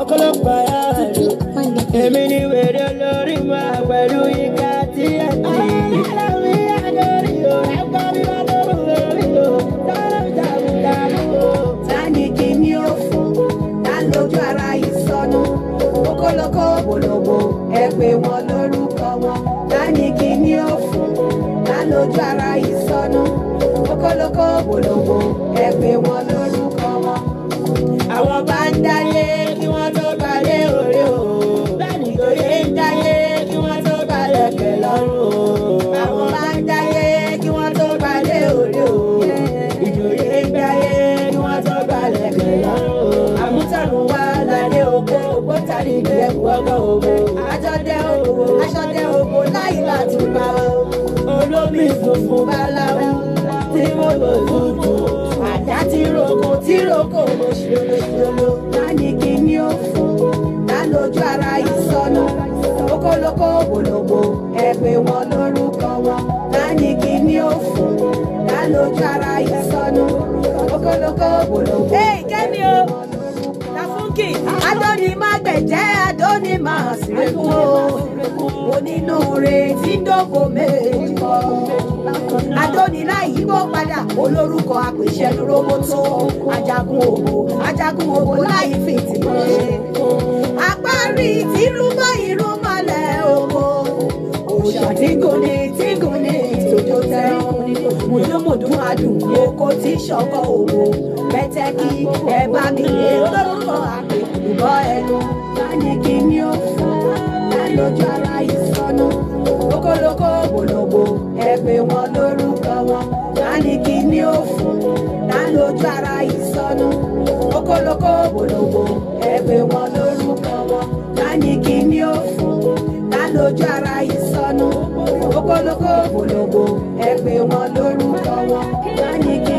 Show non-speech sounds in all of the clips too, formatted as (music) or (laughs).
ọ̀pọ̀lọpọ̀ ara rẹ̀ èmi ni wèrè olórí wa pẹ̀lú ìka tí ẹ̀ ti. ọ̀rọ̀ mi á lórí o ẹ̀kọ́ mi á lórí orí o tọ́lọ́ jagunjagun o. ta ni kí ni ó fún ta lójú ara ìsọnù okòlókò òbòlòbò ẹ pè wọ́n lórúkọ wọn ta kí ni ó fún ta lójú ara ìsọnù okòlókò òbòlòbò ẹ pè wọ́n lórúkọ àwọn bá ń dáyé kí wọ́n tó balẹ orí o nítorí ń dáyé kí wọ́n tó balẹ kẹ lọ́rùn o àwọn bá ń dáyé kí wọ́n tó balẹ orí o nítorí ń dáyé kí wọ́n tó balẹ kẹ lọ́rùn o àmútọ̀run wá lálé oko ògbóǹtarì ìgbẹ́kú ọgọ́ ògbó àjọdẹ ògbó àjọdẹ ògbó láì bàtúbà o olómi funfun bá láwọn tí mo lò lù roko mo ṣòro ṣòro ta ni kí ni ó fún ta lójú ara ìsọnù okoloko òbòlòbò ẹgbẹ́ wọn lórúkọ wọn ta ni kí ni ó fún ta lójú ara ìsọnù okoloko òbòlòbò. ẹ kẹ́mi o tafunki adóni má gbẹ̀jẹ́ adóni má sírẹ́kù o onínúure tí ń adónilá yìí bó padà olórúkọ àpèṣẹ́nu roboto ajagun òbò ajagun òbò láì fìtì mọ́ṣẹ́ apárí tìrúmọ́ ìrúmọ́lẹ̀ òbò òòṣà tíngúni tíngúni ìtòjó tẹ́rùn mùdúmùdú adùn oko tí ṣọkọ òwò pẹ́tẹ́kì ẹ bá mi lé lórúkọ àpèkùbọ ẹnu bá ní kí ni ó fọ́ ẹ lójú ara ìsọnù. Okoloko Bolobo, ẹ pè wọ́n lórúkọ wọn lánìkì ní òfun lálójú ara ìsọnù lókòlókò gbòlògbò ẹ pè wọ́n lórúkọ wọn lánìkì ní òfun lálójú ara ìsọnù lókòlókò gbòlògbò ẹ pè wọ́n wọn lánìkì.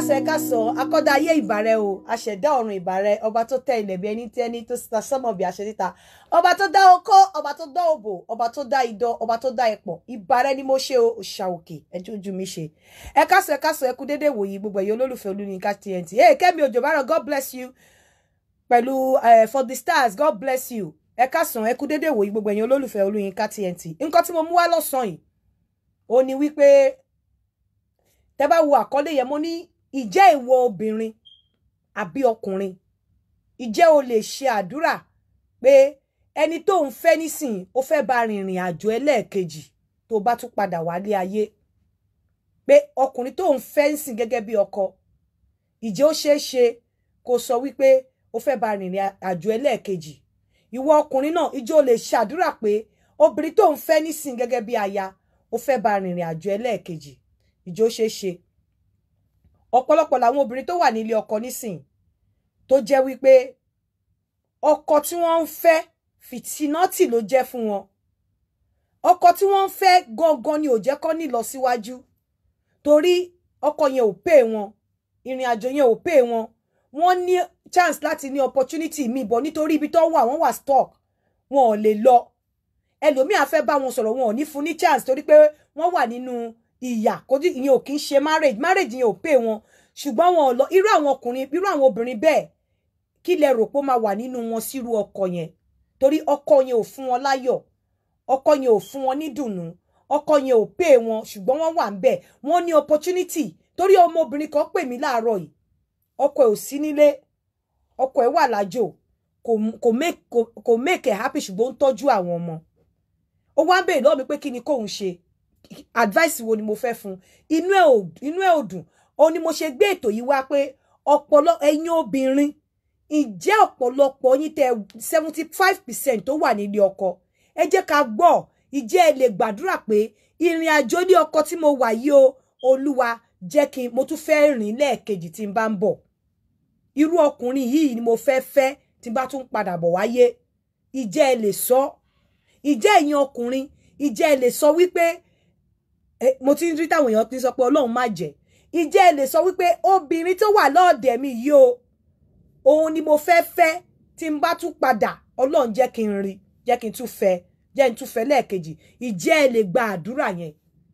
kásẹ̀ kásọ̀ akọ́dá ayé ìbàrẹ̀ o aṣẹ̀dá ọ̀run ìbàrẹ̀ ọba tó tẹ ilẹ̀ bí ẹni tẹ́ni tó síta sọ́mọ̀ bí aṣẹ títa ọba tó dá okó ọba tó dá òbò ọba tó dá idọ ọba tó dá ẹpọ̀ ìbàrẹ̀ ni mo ṣe o òṣà òkè ẹjọ́ ojú mi ṣe ẹ kásẹ̀ kásọ̀ ẹ kú dédé wòyí gbogbo ẹ̀yọ́ olólùfẹ́ olúyinka TNT ẹ kẹ́mi òjò bá rọ God bless you pẹ̀lú for the stars God bless you ẹ kásán ẹ kú dédé wòyí gbogbo ẹ̀yin olólùfẹ́ olúyinka TNT nǹkan tí mo mú wá lọ́sàn-án yìí ó ní wípé tẹ́ bá wo àkọlé yẹn mo ní ìjẹ́ ìwọ obìnrin àbí ọkùnrin ìjẹ́ o lè ṣe àdúrà pé ẹni tó ń fẹ́ nísìn ó fẹ́ bá rìnrìn àjò ẹlẹ́ẹ̀kejì tó bá tún padà wálé ayé pé ọkùnrin tó ń fẹ́ nísìn gẹ́gẹ́ bí ọkọ ìjẹ́ ó ṣeé ṣe kó sọ wípé ó fẹ́ bá rìnrìn àjò ẹlẹ́ẹ̀kejì ìwọ ọkùnrin náà ìjẹ́ o lè ṣàdúrà pé obìnrin tó ń fẹ́ nísìn gẹ́gẹ́ bí aya ó fẹ́ bá rìnrìn àjò ẹlẹ́ẹ̀kejì ìjẹ́ ó ṣeé ṣe ọ̀pọ̀lọpọ̀ làwọn obìnrin tó wà nílé ọkọ nísìn tó jẹ́ wípé ọkọ tí wọ́n ń fẹ́ fìtínátì ló jẹ́ fún wọn ọkọ tí wọ́n ń fẹ́ gangan ni ò jẹ́ kó ní lọ síwájú torí ọkọ yẹn ò pè wọn ìrìn àjò yẹn ò pè wọn wọ́n ní chance láti ní opportunity mi bọ̀ nítorí ibi tó wà wọ́n wà stock wọn ò lè lọ ẹlòmíà fẹ́ bá wọn sọ̀rọ̀ wọn ò ní fún ní chance torí pé wọ́n wà nínú ìyà kojú ìyẹn ò kí ń ṣe marriage marriage yẹn ò pè wọn ṣùgbọ́n wọn ò lọ irú àwọn ọkùnrin irú àwọn obìnrin bẹ́ẹ̀ kí lẹ rò pé ó máa wà nínú wọn sírú ọkọ yẹn torí ọkọ yẹn ò fún wọn láyọ̀ ọkọ yẹn ò fún wọn ní dùnnú ọkọ yẹn ò pè wọn ṣùgbọ́n wọ́n wà ń bẹ̀ ní opportunity torí ọmọbìnrin kan pè mí láàárọ̀ yìí ọkọ ẹ̀ ò sí nílé ọkọ ẹ̀ wà lájò make kò make ẹ̀ happy ṣùgbọ́n ó ń tọ́jú àwọn ọmọ ó wá ń bèèrè lọ́ọ̀ mi pé kí ni kóun ṣe advice wo ni mo fe fún inú ẹ̀ ò inú ẹ̀ ò dùn ó ní mo ṣe gbé ètò yìí wá pé ọpọlọ ẹ̀yin obìnrin ǹjẹ́ ọ̀pọ̀lọpọ̀ yín tẹ seventy five percent tó wà nílé ọkọ ẹ jẹ́ ká gbọ́ ìjẹ́ ẹ lè gbàdúrà pé ìrìn àjò ní ọkọ tí mo wà yìí o olúwa jẹ́ kí mo tún fẹ́ rìn lẹ́ẹ̀kejì tí n bá ń bọ̀ irú ni mo fe fe tí n bá tún padà bọ̀ wáyé ìjẹ́ ẹ lè sọ ìjẹ́ ẹ̀yin ọkùnrin ìjẹ́ ẹ lè mo ti ń rí táwọn èèyàn ti sọ pé ọlọ́run má jẹ́ ìjẹ́ ẹ lè sọ wípé obìnrin tó wà lọ́ọ̀dẹ̀ mi yìí o òun ni mo fẹ́ fẹ́ tí n bá tún padà ọlọ́run jẹ́ kí n rí jẹ́ kí n tún fẹ́ jẹ́ n tún fẹ́ lẹ́ẹ̀kejì ìjẹ́ ẹ lè gba àdúrà yẹn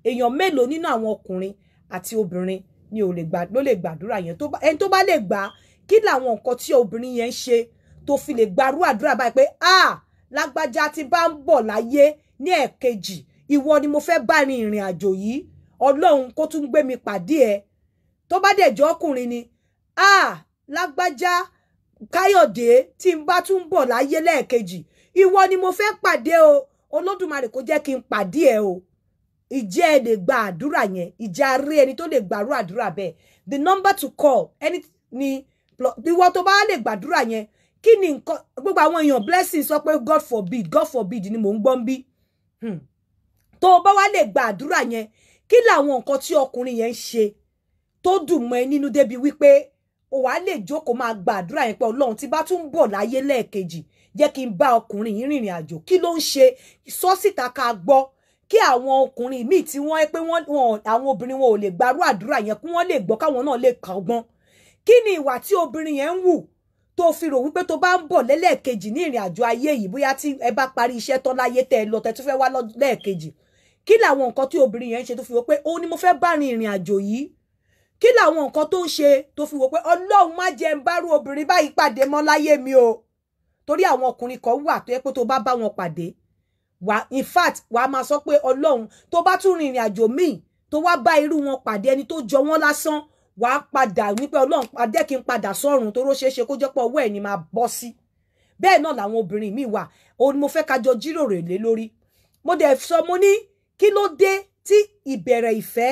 èèyàn mélòó nínú àwọn ọkùnrin àti obìnrin ni ò lè gbà ló lè gbàdúrà yẹn ẹni tó bá lè gbà kí làwọn nǹkan tí obìnrin yẹn ń ṣe tó fi lè gbarú àdúrà báyìí pé ah lágbájá tí bá ń bọ̀ láyé ní ẹ̀ẹ̀kejì ìwọ ni mo fẹ́ bá rin ìrìn àjò yìí ọlọ́run kó tún gbé mi pàdé ẹ tó bá dẹ̀ jẹ́ ọkùnrin ni a lágbájá káyọ̀dé tí n bá tún bọ̀ láyé lẹ́ẹ̀kejì ìwọ ni mo fẹ́ pàdé o olódùmarè kó jẹ́ kí n pàdé ẹ o ìjẹ́ ẹ lè gba àdúrà yẹn ìjẹ́ aré ẹni tó lè gbàrú àdúrà bẹ́ẹ̀ the number to call any ni ìwọ tó bá lè gbàdúrà yẹn kí ni nǹkan gbogbo àwọn èèyàn blessing sọ pé God forbid God forbid ni mò ń gbọ́n bí. Hmm tó o bá wá lè gba àdúrà yẹn kí làwọn nǹkan tí ọkùnrin yẹn ń ṣe tó dùn mọ́ ẹ nínú débi wípé o wá lè jókòó máa gba àdúrà yẹn pé ọlọ́run tí bá tún bọ̀ láyé lẹ́ẹ̀kejì jẹ́ kí n bá ọkùnrin yìí rìnrìn àjò kí ló ń ṣe sọ ká gbọ́ kí àwọn ọkùnrin míì tí wọ́n pé àwọn obìnrin wọn ò lè gbarú àdúrà yẹn kí wọ́n lè gbọ́ káwọn náà lè kà ọgbọ́n kí ni ìwà tí obìnrin yẹn ń wù tó fi rò wípé tó bá ń bọ̀ lẹ́lẹ́ẹ̀kejì ní ìrìn àjò ayé yìí bóyá tí ẹ bá parí iṣẹ́ tán láyé tẹ́ ẹ lọ tẹ́ tún fẹ́ wá lẹ́ẹ̀kejì kí làwọn nǹkan tí obìnrin yẹn ń ṣe tó fi wò pé òun ni mo fẹ́ bá rin ìrìn àjò yìí kí làwọn nǹkan tó ń ṣe tó fi wò pé ọlọ́run má jẹ́ ń bárú obìnrin báyìí pàdé mọ́ láyé mi o torí àwọn ọkùnrin kan wà tó yẹ pé tó bá bá wọn pàdé wà in fact wà á máa sọ pé ọlọ́run tó bá tún rin ìrìn àjò míì tó wá bá irú wọn pàdé ẹni tó jọ wọn lásán wà á padà wípé ọlọ́run adé kí n padà sọ́run tó róṣe ṣe kó jẹ́ pé ọwọ́ ẹ̀ ni máa bọ́ sí bẹ́ẹ̀ náà làwọn obìnrin míì wà òun ni mo fẹ́ kájọ jíròrò lé lórí mo dẹ̀ sọ mo ní kí ló dé tí ìbẹ̀rẹ̀ ìfẹ́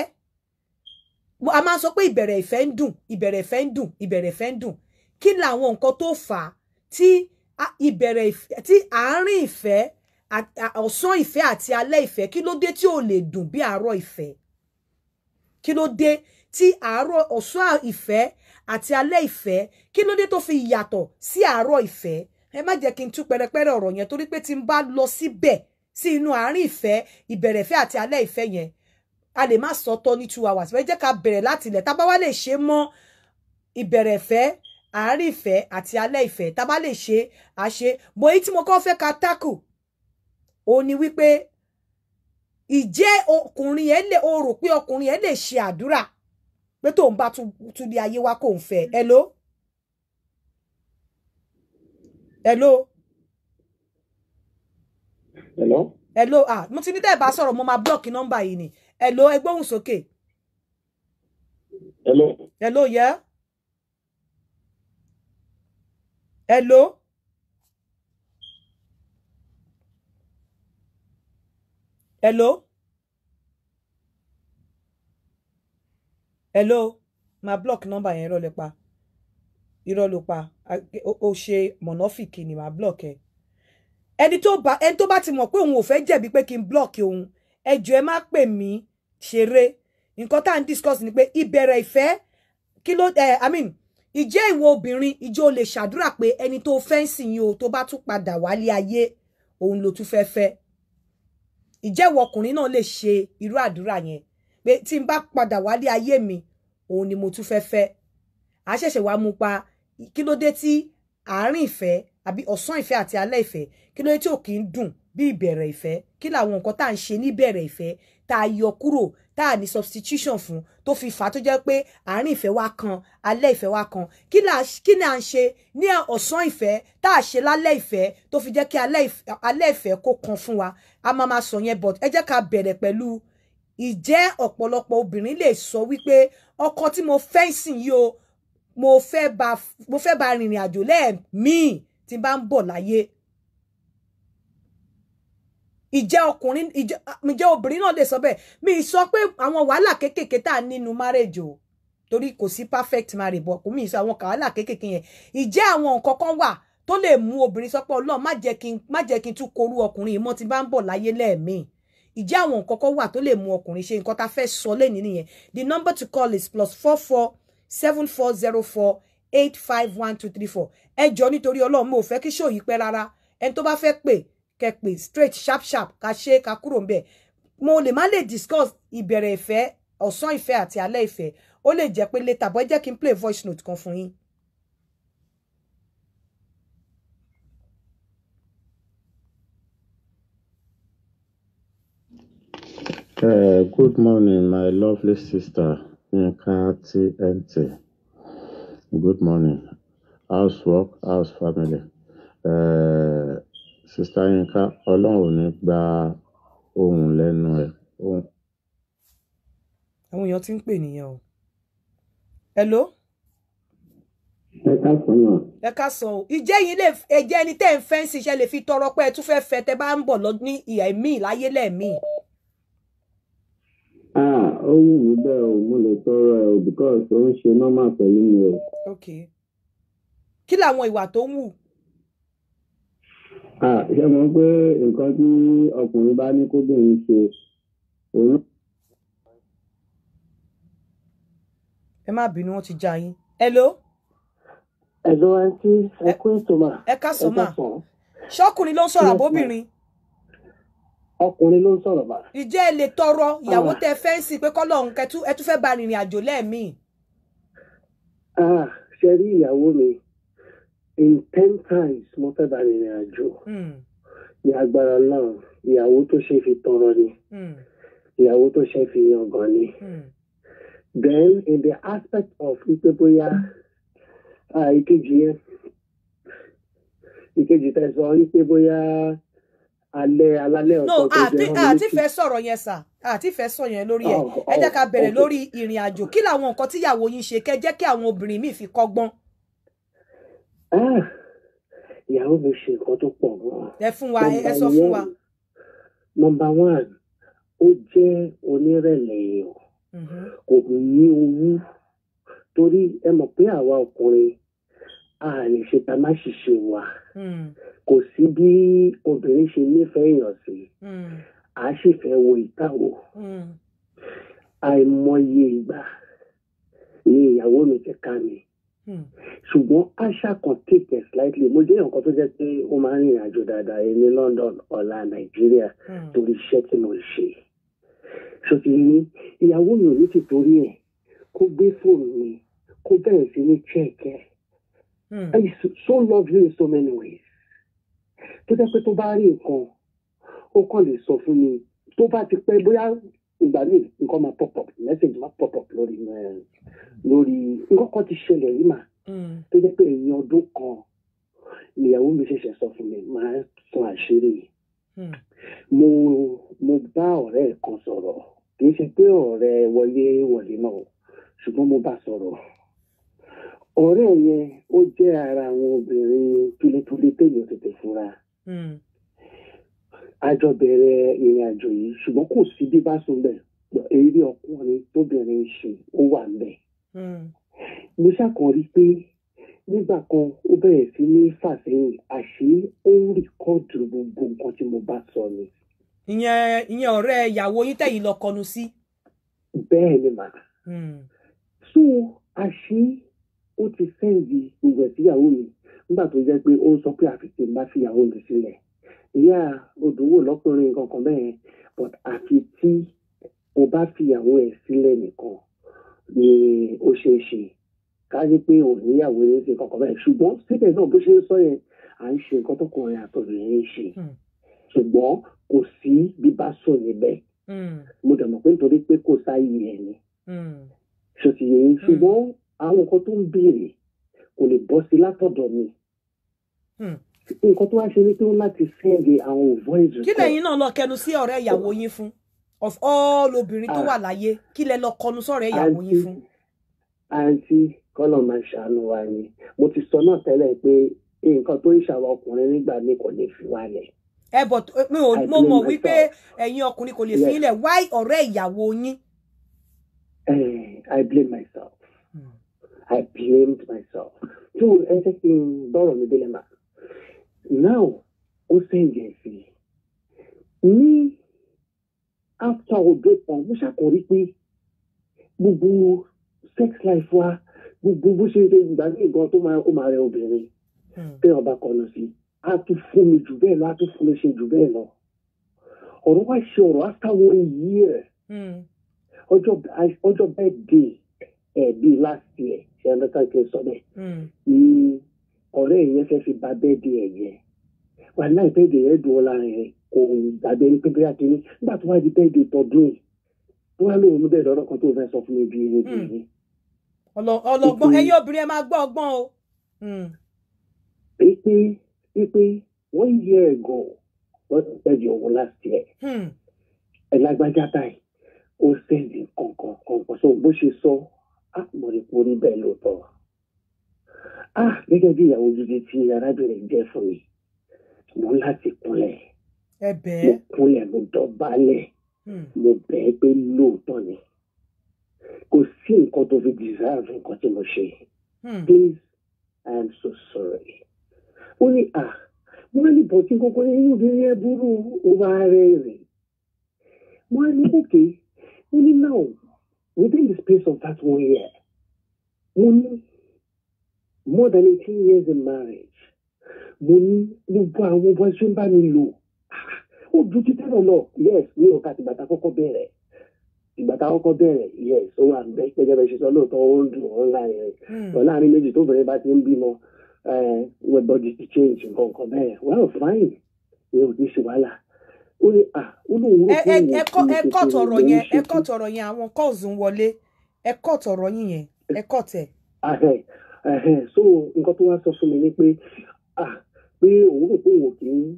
a máa sọ pé ìbẹ̀rẹ̀ ìfẹ́ ń dùn ìbẹ̀rẹ̀ ìfẹ́ ń dùn ìbẹ̀rẹ̀ ìfẹ́ ń dùn kí làwọn nǹkan tó fà á tí ìbẹ̀rẹ̀ ìfẹ́ tí àárín ìfẹ́ ọ̀sán ìfẹ́ àti alẹ́ ìfẹ́ kí ló dé tí ò lè dùn bí àárọ̀ ìfẹ́ kí ló dé tí àárọ̀ ọ̀sán ìfẹ́ àti alẹ́ ìfẹ́ kí ló dé tó fi yàtọ̀ sí àárọ̀ ìfẹ́ ẹ má jẹ́ kí n tú pẹrẹpẹrẹ ọ̀rọ̀ yẹn torí pé tí n bá lọ síbẹ̀ si sí inú àárín ìfẹ́ ìbẹ̀rẹ̀ ìfẹ́ àti alẹ́ ìfẹ́ yẹn a lè má sọ tọ́ ní two hours wẹ́n jẹ́ ká bẹ̀rẹ̀ láti ilẹ̀ tábá wá lè ṣe mọ́ ìbẹ̀rẹ̀ ìfẹ́ àárín ìfẹ́ àti alẹ́ ìfẹ́ tábá lè ṣe àṣe bó èyí tí mo kọ́ fẹ́ ka tákù òun ni wípé ìjẹ́ ọkùnrin yẹn lè o rò pé ọkùnrin yẹn lè ṣe àdúrà pé tóun bá tún lé ayé wa kò ń fẹ́ hello hello hello. hello ah mo ti ní tẹ́ ẹ bá sọ̀rọ̀ mo máa blọ́ọ̀kì nọ́mbà yìí ni hello ẹ gbóhùn sókè. hello. hello Yeah? hello. hello. hello máa block nọ́mbà yẹn irọ́ lè pa irọ́ ló pa o ṣe mọ̀nàfìkì ni block blọ́ọ̀kì ẹ̀ ẹni tó bá ẹni tó bá ti mọ̀ pé òun ò fẹ́ jẹ̀bi pé kí n block òun ẹjọ́ ẹ má pè mí ṣeré nǹkan tá à ń discuss ni pé ìbẹ̀rẹ̀ ìfẹ́ kí ló ẹ i mean ìjẹ́ ìwọ obìnrin ìjọ lè ṣàdúrà pé ẹni tó fẹ́ ń sìn yín o tó bá tún padà wálé ayé òun ló tún fẹ́ẹ́ fẹ́ ìjẹ́ ìwọ ọkùnrin náà lè ṣe irú àdúrà yẹn pé tí n bá padà wálé ayé mi òun ni mo tún fẹ́ẹ́ fẹ́ àṣẹ̀ṣẹ̀ wàá mú pa kí ló dé tí àárín ìfẹ́ àbí ọ̀sán ìfẹ́ àti alẹ́ ìfẹ́ kí ló yẹ tí ò kí ń dùn bí ìbẹ̀rẹ̀ ìfẹ́ kí làwọn nǹkan tá à ń ṣe níbẹ̀rẹ̀ ìfẹ́ tá a yọ kúrò tá a ní substitution fún tó fi fà á tó jẹ́ pé àárín ìfẹ́ wa kan alẹ́ ìfẹ́ wa kan kí ni à ń ṣe ní ọ̀sán ìfẹ́ tá a ṣe lálẹ́ ìfẹ́ tó fi jẹ́ kí alẹ́ ìfẹ́ kó kan fún wa a máa ma sọ yẹn but ẹ jẹ́ ká bẹ̀rẹ̀ pẹ̀lú ìjẹ́ ọ̀pọ̀lọpọ̀ obìnrin lè sọ wípé ọkọ tí mo fẹ́ ìsìn yìí o mo fẹ́ bá rìnrìn àjò lẹ́ẹ̀míì tí n bá ń bọ̀ láyé ìjẹ́ ọkùnrin ìjẹ́ ah, obìnrin náà lè sọ bẹ́ẹ̀ mi sọ pé àwọn wàhálà kéékèèké tá a nínú marriage o torí kò sí perfect marriage bọ̀ kò mí sọ àwọn wàhálà kéékèèké yẹn ìjẹ́ àwọn nǹkan kan wà tó lè mú obìnrin sọ pé ọlọ́run má jẹ́ kí n má jẹ́ kí n tún korú ọkùnrin mọ́ tí bá ń bọ̀ láyé lẹ́ẹ̀mí ìjẹ́ àwọn nǹkan kan wà tó lè mú ọkùnrin ṣe nǹkan tá fẹ́ sọ lẹ́ni nìyẹn the number to call is plus four four seven four zero four eight five one two three four ẹ jọ nítorí ọlọ́run mo fẹ́ kí ṣó yìí pẹ́ rárá ẹni tó bá fẹ́ pè kẹ pè straight sharp sharp ká ṣe ká kúrò ń bẹ̀ mo lè má lè discuss ìbẹ̀rẹ̀ ìfẹ́ ọ̀sán ìfẹ́ àti alẹ́ ìfẹ́ ó lè jẹ́ pé later bọ́ jẹ́ kí n play voice note kan fún yín. Uh, good morning, my lovely sister Yinka TNT. Good morning. How's work? How's family? Eh, Sister Yinka, Ọlọ́run ò ní gba ohùn lẹ́nu ẹ̀. Ohùn- àwọn èèyàn ti ń pè nìyẹn o hello ẹ káàsán náà ẹ ká sọ o ìjẹ́ yìí lè ẹjẹ́ ẹni tẹ́ ń fẹ́ ń ṣiṣẹ́ lè fi tọrọ pé ẹ tún fẹ́ fẹ́ tẹ́ bá ń bọ̀ lọ ní ìhà míì láyé lẹ́ẹ̀mí ah, ó wù mí bẹ́ẹ̀ o mo lè tọrọ ẹ̀ o because ó ń ṣe normal pẹ̀lú mi o. ok kí làwọn ìwà tó ń wù. ṣé mo pé nǹkan tí ọkùnrin bá ní kóbìnrin ṣe òun. ẹ má bínú wọn ti já yín. hello. hello àǹtí ẹ kú ìtòmà. ẹ ká sọ mà ṣọkùnrin ló ń sọ̀rọ̀ àbóbìnrin ọkùnrin ló ń sọ̀rọ̀ bá. ìjẹ́ ẹ lè tọrọ ìyàwó ah. tẹ fẹ́ sí pé kọ́lọ́hún kẹtú ẹ tún fẹ́ ba rìnrìn àjò lẹ́ẹ̀mí. Ah, ṣe rí ìyàwó mi in ten times mo fẹ́ ba rìnrìn àjò hmm. ní agbára náà ìyàwó tó ṣe fi tọrọ ni hmm. ìyàwó tó ṣe fi yangàn ni. Hmm. then in the aspect of ipe bóyá ah, ìkejì yẹn ìkejì tẹ̀sán ipe bóyá alẹ́ alálẹ́ ọ̀tọ̀ tẹ̀sẹ̀ ọ̀hún. àti fẹ́ sọ̀rọ̀ yẹn sà àti fẹ́ sọ yẹn lórí ẹ̀ oh, ẹ jẹ́ ká oh, bẹ̀rẹ̀ lórí ìrìn àjò kí làwọn nǹkan tíyàwó yín ṣe kẹ́ jẹ́ kí àwọn obìnrin míì fi kọ́gbọ́n. Ah, ìyàwó mi ṣe nǹkan tó pọ̀ gan. ẹ fún wa ẹ sọ fún wa. nọ́mbà one ó jẹ́ onírẹ̀lẹ̀ èèyàn mm-hmm. kò ní owú torí ẹ mọ̀ pé àwa ọkùnrin a lè ṣe tá má ṣiṣẹ́ wa. Mm -hmm. Hmm. kò sí bí obìnrin ṣe nífẹ̀ẹ́ èèyàn sí hmm. a sì fẹ́ wo ìtawò hmm. àìmọye ìgbà ni ìyàwó mi ti ká mi ṣùgbọ́n àṣà kan take it slightly mo jẹ́ nǹkan tó jẹ́ pé ó máa ń rìnrìn àjò dáadáa yìí ní London ọ̀la Nàìjíríà torí iṣẹ́ tí mo ń ṣe ṣòtì ní ìyàwó mi ò ní ti torí ẹ̀ kó gbé fóònù mi kó bẹ̀rẹ̀ sí ní chẹ́ẹ̀kẹ́ Mm. And he so loves you in so many ways. Tó jẹ́ pé tó bá rí nǹkan, ó kàn lè sọ fún mi. Tó bá ti pẹ́ bóyá ìgbà míì nǹkan máa pop up message máa pop up lórí lórí nǹkan kan ti ṣẹlẹ̀ yìí mà. Tó jẹ́ pé èyí ọdún kan ìyàwó mi ṣẹ̀ṣẹ̀ sọ fún mi máa sọ àṣírí. Mo mo bá ọ̀rẹ́ kan sọ̀rọ̀ kì í ṣe pé ọ̀rẹ́ wọlé wọlé náà ṣùgbọ́n mo bá sọ̀rọ̀ ọ̀rẹ́ yẹn ó jẹ́ ara àwọn obìnrin túlétúlé téèyàn tètè fura. àjọ hmm. bẹ̀rẹ̀ ìrìn àjò yìí ṣùgbọ́n kò sí bí bá sùn bẹ̀ eré ọkùnrin tóbìnrin ṣe ó wà ń bẹ̀. Hmm. mo ṣàkànrí pé nígbà kan ó bẹ̀rẹ̀ sí ní fàsẹ́yìn àṣé ó ń rìkọ́dù gbogbo nǹkan tí mo bá sọ ni. ìyẹn ìyẹn ọ̀rẹ́ ìyàwó yín tẹ̀yìn lọ kọnu sí. bẹ́ẹ̀ ni màá. Hmm. so àṣé ó ti sẹ́ǹdì gbogbo ẹ̀ síyàwó mi nígbà tó jẹ́ pé ó ń sọ pé àfi tí n bá fìyàwó mi sílẹ̀ ìyá odòwò lọ́kùnrin kankan bẹ́ẹ̀ but àfi tí mo bá fìyàwó ẹ̀ sílẹ̀ nìkan ni ó ṣe é ṣe ká ní pé òun níyàwó ẹ̀ ṣe kankan bẹ́ẹ̀ ṣùgbọ́n síbẹ̀ náà bó ṣe ń sọ yẹn à ń ṣe nǹkan tọkùnrin àtọ̀rẹ́ ń ṣe hmm. ṣùgbọ́n kò sí bíbá sùn níbẹ̀ hmm. mo dẹ̀ mọ̀ pé nítorí pé kò sáyé ẹ̀ ni hmm. ṣòtìyẹ ṣùgbọ́n àwọn nǹkan tó ń béèrè kò lè bọ́ sí látọ̀dọ̀ mi. Hmm. nǹkan tó wá ṣe ni pé wọ́n láti send àwọn voice record. kí lẹ́yìn náà lọ kẹnu sí ọ̀rẹ́ ìyàwó yín fún of all obìnrin tó ah. wà láyé kí lẹ lọ kọnu sọ̀rẹ́ ìyàwó yín fún. àǹtí kọ́lọ̀ máa ṣàánú wa ni mo ti sọ náà tẹ́lẹ̀ pé nǹkan tó ń ṣàwọn ọkùnrin nígbà mi kò lè fi wá lẹ̀ ẹ bọ mi ò mo mọ wípé ẹ̀yin ọkùnrin kò lè fi ilẹ̀ wáì ọ̀rẹ́ ìyàwó yín. Eh, I blame myself. I blamed myself. Two, enter in borrow the dilemma. Now, Osengensi, me, after good ọdún kan, mo ṣàkórí me. gbogbo sex life wa, gbogbo bó ṣe ṣe ìgbà ní nǹkan tó máa ó máa rẹ obìnrin. Bẹ́ẹ̀ hmm. ọba kọ̀nà sí, a tún fún mi jù bẹ́ẹ̀ lọ, a tún fún mi ṣe jù bẹ́ẹ̀ lọ. Ọ̀rọ̀ wa ṣe ọ̀rọ̀ after one year. Hmm. Ọjọ́ bẹ́ẹ̀ dé ẹ̀ bíi last year ṣe ẹ̀ lọ́kàn kí n sọ bẹ́ẹ̀ hmm. ni ọ̀rẹ́ yẹn fẹ́ fi ba bẹ́ẹ̀dì ẹ̀ yẹn wà láì bẹ́ẹ̀dì yẹn dùn ọ́ lára kò gbàgbé ní pípẹ́ àkíní nígbà tó wá di bẹ́ẹ̀dì tọdún wọn á lóun bẹ́ẹ̀dì ọ̀rọ̀ kan tó fẹ́ sọ fún mi bíi níbi hmm. yìí. ọlọ́gbọ́n ẹ̀yin obìnrin ẹ máa gbọ́ ọgbọ́n o. Hmm. pípé pípé one year ago wọ́n ti bẹ́ẹ̀dì ọ̀hún last year ẹ̀ lágbájá báyìí ó sẹ́ẹ̀dì kọ̀ọ̀kan kọ̀ọ̀kan so bó ṣe sọ a ah, mo rí pé orí lóòótọ́ a ah, gẹ́gẹ́ bí ìyàwó gidi tí arábìnrin jẹ́ fún mi mo ń láti kúnlẹ̀ mo kúnlẹ̀ mo dọ̀bálẹ̀ hmm. mo bẹ́ẹ̀ pé lóòótọ́ ni kò sí nǹkan tó fi deserve nǹkan tí mo ṣe hmm. please I am so sorry ó ní à ah, wọ́n ní bọ̀tí kókó nínú obìnrin ẹ burú ọba rẹ̀ rẹ̀ wọ́n ní òkè ó ní náà within the space of that one year, mo more than 18 years in marriage mo ní gbogbo àwọn bó ṣe ń bá mi lò ah, ó dojú tẹ́lẹ̀ lọ yes mi ò ka tìgbà tá kọ́kọ́ bẹ̀rẹ̀ ìgbà tá kọ́kọ́ bẹ̀rẹ̀ yes ó wà bẹ́ẹ̀ gẹ́gẹ́ bẹ́ẹ̀ ṣe sọ lóòótọ́ ó ń dùn ọ́n láàrin rẹ̀ láàrin méjì tó bẹ̀rẹ̀ bá ti ń bímọ eh, wẹ́bọ̀dì ti change nǹkan kan bẹ́ẹ̀ well fine mi ò ní ṣe wàhálà ó ní à ah, ó lóun rò pé òun kò ní kò tó lóun ṣe é. ẹ kọ́ tọrọ yẹn àwọn calls ń wọlé ẹ kọ́ tọrọ yín yẹn ẹ kọ́ tẹ̀. so nǹkan tó wá sọ fún mi ni pé ah, pé òun rò pé òun kì í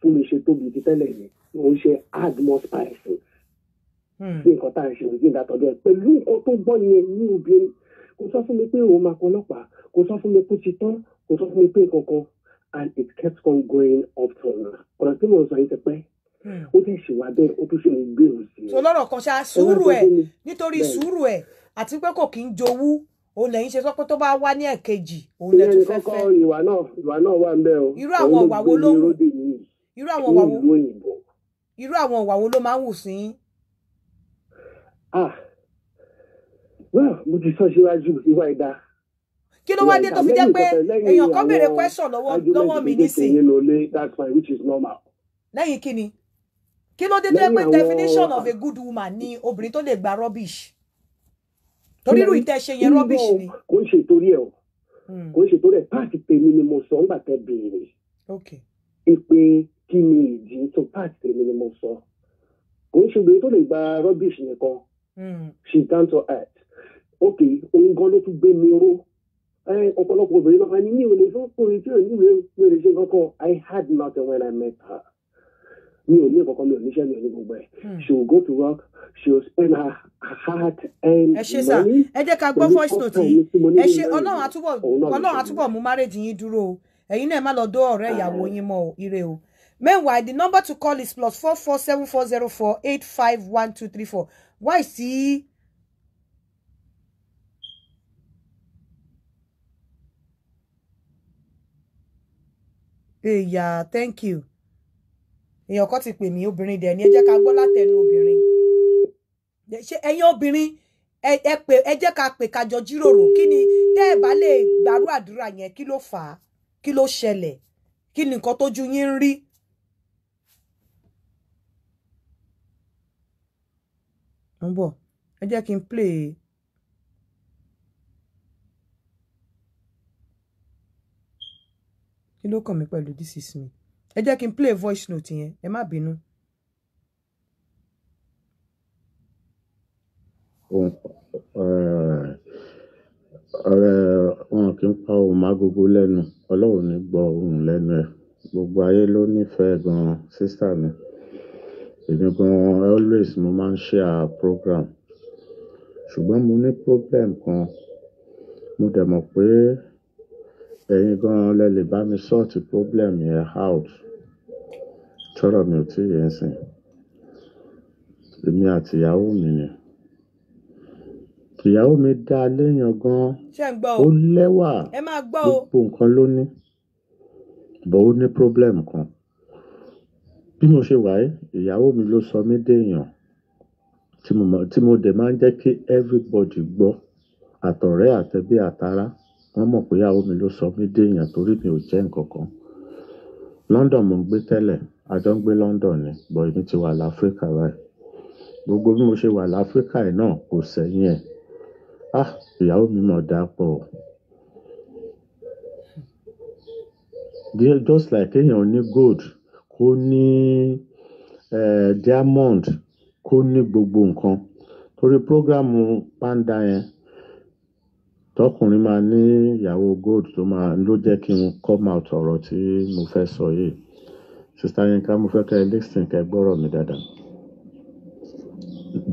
fún mi ṣe tóbi ti tẹ́lẹ̀ yẹn òun ṣe add more spice sí hmm. nǹkan tá à ń ṣe òun nígbà tọ́jú ẹ pẹ̀lú nǹkan tó gbọ́ yẹn ní ibi kò sọ fún mi pé òun máa kọ ọlọ́pàá kò sọ fún mi pé ó ti tán kò sọ fún mi pé nǹkan and it kept on going up to now ọ̀rọ̀ tí mo sọ yìí ti pẹ́ ó ti ṣèwà bẹ́ẹ̀ ó tún ṣe ń gbèrò sí i. sọlọ́rọ̀ kan ṣá sùúrù ẹ̀ nítorí sùúrù ẹ̀ àti pé kò kí ń jowú òun lẹ́yìn ṣe sọ pé tó bá wá ní ẹ̀kejì òun lẹ́ tún fẹ́ fẹ́. ìwà náà ìwà náà wà ń bẹ́ o. irú àwọn ìwà wo ló irú àwọn ìwà wo irú àwọn ìwà wo ló máa ń wù sí. ah well mo ti sọ síwájú ìwà ìdá kí ló wá dé tó fi jẹ́ pé èèyàn kan béèrè question lọ́wọ́ lọ́wọ́ mi nísìnyí. lẹ́yìn kí ni kí ló dé dé definition of a good woman ni obìnrin tó lè gba rubbish torí irú ìtẹ̀ṣe yẹn rubbish ni. kò ń ṣe torí ẹ o hmm. kò ń ṣe torí ẹ páàtì tèmi ni mo sọ ńgbà tẹ béèrè ìpè kí ni ìdí tó páàtì tèmi ni mo sọ kò ń ṣe obìnrin tó lè gba rubbish nìkan hmm. she down to earth ok òun gan ló tún gbé mi ró ọ̀pọ̀lọpọ̀ obìnrin náà ni mi ò lè fọ́ tí ò ní ìwé ìwé kankan I had nothing when I met her mi ò ní ìkọ̀kọ́ mi ò níṣẹ́ mi ò ní gbogbo ẹ̀ hmm. she will go to work she will spend her heart and money. ẹ ṣe sá ẹ jẹ́ ká gbọ́ voice note yìí ẹ ṣe ọlọ́run àtúbọ̀ ọlọ́run àtúbọ̀ mú marriage yín dúró o ẹ̀yin náà má lọ dó ọ̀rẹ́ ìyàwó yín mọ́ ire o. meanwhile the number to call is plus four four seven four zero four eight five one two three four why sí. Yeah, thank you èèyàn kan ti pè mí obìnrin dẹ̀ ni ẹ jẹ́ ká gbọ́ látẹnu obìnrin ṣé ẹ̀yin obìnrin ẹ pè ẹ jẹ́ ká pè kájọ jíròrò kí ni tẹ́ ẹ bá lè gbàrú àdúrà yẹn kí ló fà á kí ló ṣẹlẹ̀ kí ni nǹkan tójú yín ń rí. mo ẹ jẹ́ kí n play kí ló kàn mí pẹ̀lú this is me ẹ jẹ́ kí n play voice note yẹn ẹ má bínú. Eh, ọ̀rẹ́ eh, wọn kì í pa ohùn agogo lẹ́nu ọlọ́run ní gbọ́ ohùn lẹ́nu ẹ̀ gbogbo ayé ló nífẹ̀ẹ́ gan-an sísá mi èmi gan-an always mo máa ń share program ṣùgbọ́n mo ní problem kan mo dẹ̀ mọ̀ pé ẹ̀yin gan-an lẹ lè bá mi sọ́ọ̀tì problem yẹn out tọ́rọ̀ mi ò tí yẹn sìn èmi àti ìyàwó mi ni ìyàwó mi dá léèyàn gan-an ó lẹ́wà gbogbo nǹkan ló ní bọ̀ ó ní problem kan bí mo ṣe wà ìyàwó mi ló sọ mí déèyàn tí mo dẹ̀ máa ń jẹ́ kí everybody gbọ́ àtọ̀rẹ́ àtẹbí àtará wọ́n mọ̀ pé ìyàwó mi ló sọ mí déèyàn torí mi ò jẹ́ nǹkan kan London mo ń gbé tẹ́lẹ̀ a jọ ń gbé London ni bọ̀ èmi ti wà láfíríkà báyìí gbogbo bí mo ṣe wà láfíríkà yìí náà kò sẹ́yìn ẹ̀ ah ìyàwó mi mọ̀ dáa pọ̀ o just like èèyàn ní gold kó ní diamond kó ní gbogbo nǹkan torí prógrámù panda yẹn tọkùnrin máa ní ìyàwó gold tó máa ló jẹ́ kí n come out ọ̀rọ̀ tí mo fẹ́ sọ yìí sista Yinka mo fẹ́ kẹ́ ẹ listen kẹ́ ẹ mi dáadáa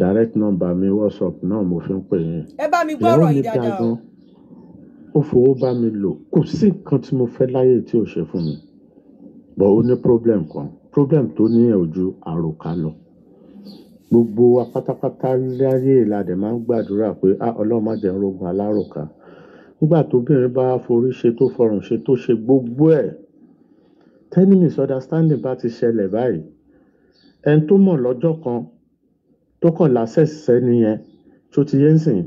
direct number mi whatsapp náà mo fi ń pè yín ẹ bá mi gbọ́rọ̀ dáadáa o ó fowó bá mi lò kò sí nǹkan tí mo fẹ́ láyé tí ò ṣe fún mi but ó ní problem kan problem tó ní ẹ̀ ojú àròkà lọ gbogbo wa pátápátá láyé la dẹ̀ máa ń gbàdúrà pé a ah, ọlọ́run má jẹ́ rogun aláròká nígbà tóbìnrin bá forí ṣe tó fọrùn ṣe tó ṣe gbogbo ẹ̀ tẹ́ni misunderstanding bá ti ṣẹlẹ̀ báyìí ẹni tó mọ̀ lọ́jọ́ kan tó kàn lásẹ̀sẹ̀ nìyẹn tó ti yé ń sìn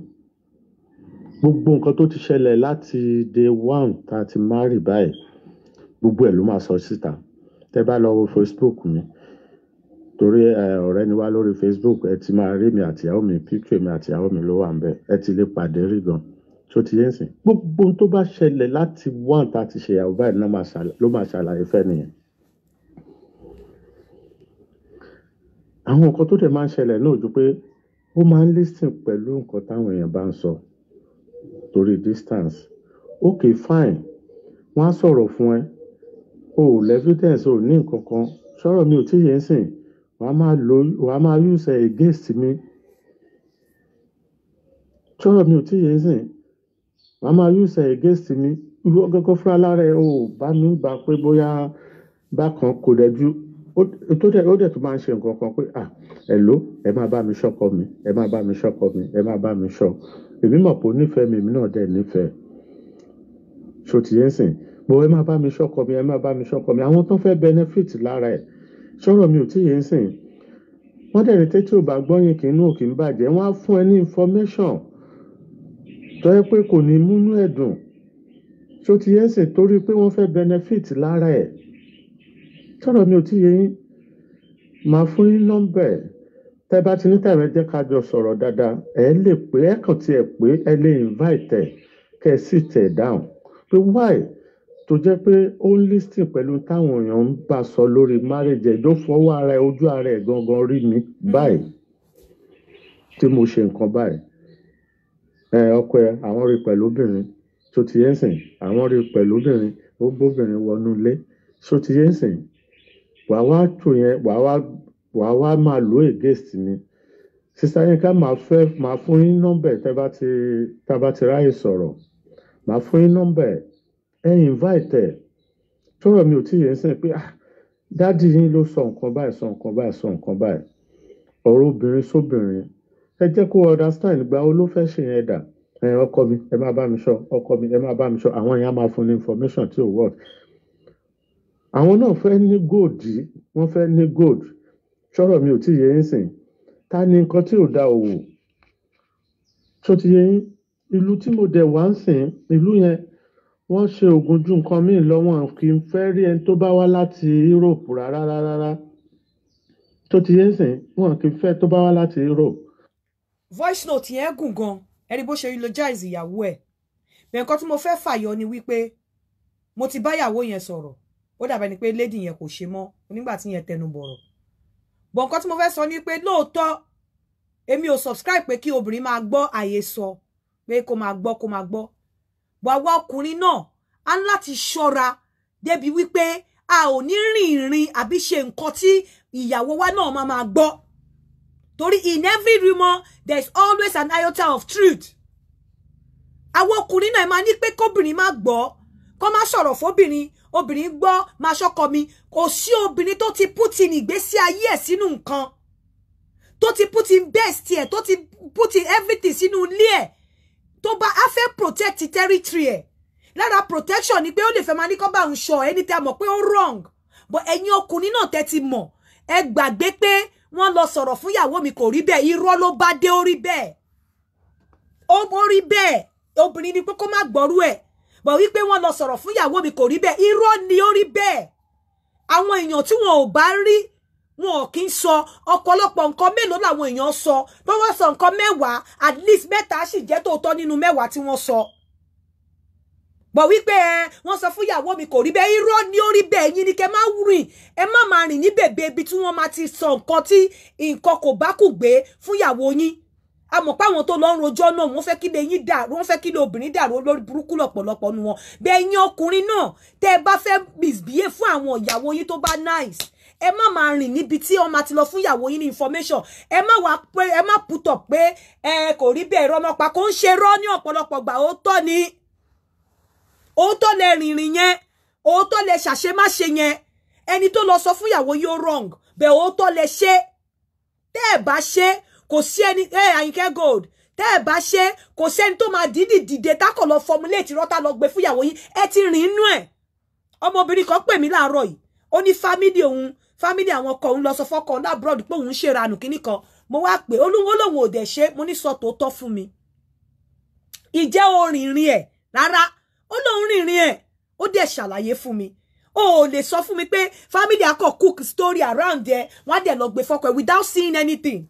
gbogbo nǹkan tó ti ṣẹlẹ̀ láti day one tá a ti marry báyìí gbogbo ẹ̀ ló máa sọ síta tẹ́ bá lọ wo Facebook mi torí ọ̀rẹ́ ni wá lórí facebook ẹ ti máa rí mi àtìyàwó mi píkṣọ mi àtìyàwó mi ló wà ń bẹ ẹ ti lè pàdé rí gan tó ti yé ń sìn gbogbo ohun tó bá ṣẹlẹ̀ láti wọ́n tá a ti ṣèyàwó báyìí ló máa ṣàlàyé fẹ́ nìyẹn. àwọn nǹkan tó dẹ̀ máa ń ṣẹlẹ̀ náà ju pé ó máa ń listen pẹ̀lú nǹkan táwọn èèyàn bá ń sọ torí distance ok fine wọ́n á sọ̀rọ̀ fún ẹ o ò lẹ́fídẹ́ǹsì ò ní nǹkan kan sọ̀rọ̀ mi ò tíye ń sìn wàá máa lo wàá use ẹ̀ against mi tọ́rọ̀ mi ò tí yé sìn wàá máa use ẹ̀ against mi ìwọ gẹ́gẹ́ fúnra lára ẹ̀ ò bá mi gbà pé bóyá bákan kò dẹ́jú tó dẹ̀ ó dẹ̀ tó máa ń ṣe nǹkan kan pé à ẹ̀ ló ẹ máa bá mi ṣọ́kọ mi ẹ máa bá mi ṣọ́kọ mi ẹ máa bá mi ṣọ́ èmi mọ̀ pé ó nífẹ̀ẹ́ mi èmi náà dẹ̀ nífẹ̀ẹ́ ṣòtìyẹ́sìn bó ẹ máa bá mi ṣọ́kọ mi ẹ máa bá mi ṣọ́kọ mi àwọn tó fẹ́ benefit lára ẹ̀ sọ̀rọ̀ mi ò tí yé ń sìn wọ́n dẹ̀ ní tẹ́tí ò bá gbọ́ yín kì í nú òkè ń bàjẹ́ wọ́n á fún ẹ ní information tó yẹ pé kò ní múnú ẹ̀ tó ti yẹ ń sìn torí pé wọ́n fẹ́ benefit lára ẹ̀ sọ̀rọ̀ mi ò tí yé yín màá fún yín nọ́mbà ẹ̀ tẹ́ bá ti ní tẹ̀rẹ̀ jẹ́ ká jọ sọ̀rọ̀ dáadáa ẹ lè pé ẹ tiẹ̀ pé ẹ lè invite ẹ kẹ́ ẹ sì tẹ̀ down pé why tó jẹ́ pé ó ń lísìn pẹ̀lú táwọn èèyàn ń bá sọ lórí márèjì ẹ̀ ló fọwọ́ ara ẹ̀ ojú ara ẹ̀ gangan rí mi báyìí mm-hmm. tí mo ṣe nǹkan báyìí ẹ ọkọ ẹ àwọn rí pẹ̀lú obìnrin tó ti yẹn sìn àwọn rí pẹ̀lú obìnrin ó gbóbìnrin wọnú ilé tó ti yẹn sìn wàá wá tò yẹn wàá wá wàá wá máa lò against mi sísá yín ká máa fẹ́ máa fún yín nọ́mbẹ̀ tẹ́ bá ti tá bá ti ráyè sọ̀rọ̀ máa fún yín nọ́mbẹ̀ ẹ invite ẹ tọrọ mi ò tí yẹn sìn pé ah dádì yín ló sọ nǹkan báyìí sọ nǹkan báyìí sọ nǹkan báyìí ọ̀rọ̀ obìnrin sóbìnrin ẹ jẹ́ kó understand gba olófẹ́ ṣe yẹn dà ẹ ọkọ mi ẹ máa bá mi sọ ọkọ mi ẹ máa bá mi sọ àwọn èèyàn máa fún ní information tí ò work àwọn náà fẹ́ ní gold wọ́n fẹ́ ní gold sọ̀rọ̀ mi ò tí yẹ ń sìn ta ni nǹkan tí ò da òwò tó ti yẹ yín ìlú tí mo dẹ̀ wá ń sìn ìlú yẹn wọ́n ṣe oògùn ju nǹkan míì lọ wọn kì í fẹ́ rí ẹni tó bá wá láti Europe rárá rárá rárá tó ti yé sìn wọn kì í fẹ́ tó bá wá láti Europe. voice note yẹn gùn gan ẹni bó ṣe eulogize ìyàwó ẹ̀ bẹ́ẹ̀ nǹkan tí mo fẹ́ fàyọ ni wípé mo ti báyàwó yẹn sọ̀rọ̀ ó dàbẹ̀ ni pé lady yẹn kò ṣe mọ́ nígbà tí yẹn tẹnu bọ̀rọ̀ bọ̀ nǹkan tí mo fẹ́ sọ ni pé lóòótọ́ èmi ò subscribe pé kí obìnrin máa gbọ́ àyè sọ pé kó máa gbọ́ kó máa gbọ́ wàwa ọkùnrin náà a ń láti ṣọ́ra débi wípé a ò ní rìn ìrìn àbí ṣe nǹkan tí ìyàwó wa náà máa máa gbọ́ torí in every rumour there is always an iota of truth àwọn ọkùnrin náà máa ní pé kóbìnrin má gbọ́ kó má sọ̀rọ̀ fóbìnrin obìnrin gbọ́ máa ṣọ́kọ mi kò sí obìnrin tó ti putin ìgbésí ayé ẹ̀ sínú nǹkan tó ti putin best ẹ̀ tó ti putin everything sínú ilé ẹ̀ tó bá a fẹ́ protect territory ẹ̀ lára protection ni pé ó lè fẹ́ máa ní kọ́ bá ń sọ ẹni tẹ́ mọ̀ pé ó wrong but ẹ̀yin ọkùnrin náà tẹ́ ti mọ̀ ẹ gbàgbé pé wọ́n lọ sọ̀rọ̀ fún ìyàwó mi kò rí bẹ́ẹ̀ irọ́ ló bá dé ó rí bẹ́ẹ̀ ó rí bẹ́ẹ̀ obìnrin ni pé kó má gbọ́rú ẹ̀ but wípé wọ́n lọ sọ̀rọ̀ fún ìyàwó mi kò rí bẹ́ẹ̀ irọ́ ni ó rí bẹ́ẹ̀ àwọn èèyàn tí wọn ò bá rí wọn ò kí ń sọ ọ̀pọ̀lọpọ̀ nǹkan mélòó làwọn èèyàn sọ tó wọ́n sọ nǹkan mẹ́wàá at least mẹ́ta sì jẹ́ tòótọ́ nínú mẹ́wàá tí wọ́n sọ. bọ̀ wípé ẹ wọ́n sọ fún ìyàwó mi kò rí bẹ́ẹ̀ irọ́ ni ó rí bẹ́ẹ̀ yín ni kẹ́ máa rìn ẹ má máa rìn ní bèbè ibi tí wọ́n máa ti sọ nǹkan tí nǹkan kò bá kù gbé fún ìyàwó yín a mọ̀ pé àwọn tó lọ ń rojọ́ náà wọ́n fẹ́ kí lè yín dàrú wọ́n fẹ́ kí lè obìnrin dàrú olórí burúkú lọ́pọ̀lọpọ̀ nu wọn bẹ́ẹ̀ yín ọkùnrin náà tẹ́ ẹ bá fẹ́ misbehave fún àwọn ìyàwó yín tó bá nice ẹ má máa rìn níbi tí wọ́n máa ti lọ fún ìyàwó yín ní information ẹ má wá pé ẹ má putọ̀ pé ẹ kò rí bẹ́ẹ̀ rọ ọmọ pa kò ń ṣe rọ́ ní ọ̀pọ̀lọpọ̀ gbà òótọ́ ni òótọ́ lẹ rìnrìn yẹn òótọ́ lẹ ṣàṣemáṣe yẹn ẹni tó lọ sọ fún ìyàwó yóò wrong bẹ́ẹ̀ òótọ́ lẹ ṣe tẹ́ ẹ bá ṣe kò sí ẹni ẹ àyíkẹ́ gold tẹ́ ẹ bá ṣe kò sẹ́ni tó máa dídì dìde tákọ̀ lọ formulate rọ́tà lọ gbé fúyàwó yín ẹ ti rìn inú ẹ̀ ọmọbìnrin kan pè mí láàárọ̀ yìí ó ní fámílì òun Family àwọn ọkọ òun lọ sọ fọkọ lábúrọ̀dù pé òun ń ṣèranù kínní kan mo wá pé olúwo lòun ò dẹ̀ ṣe mo ní sọ tòótọ́ fún mi ìjẹ́ orìnrin ẹ̀ rárá ó lóun rìnrìn ẹ̀ ó dẹ̀ ṣàlàyé fún mi o ò lè sọ fún mi pé fámílì akọ cook story around ẹ wọn á dẹ̀ lọ gbé fọkọ ẹ without seeing anything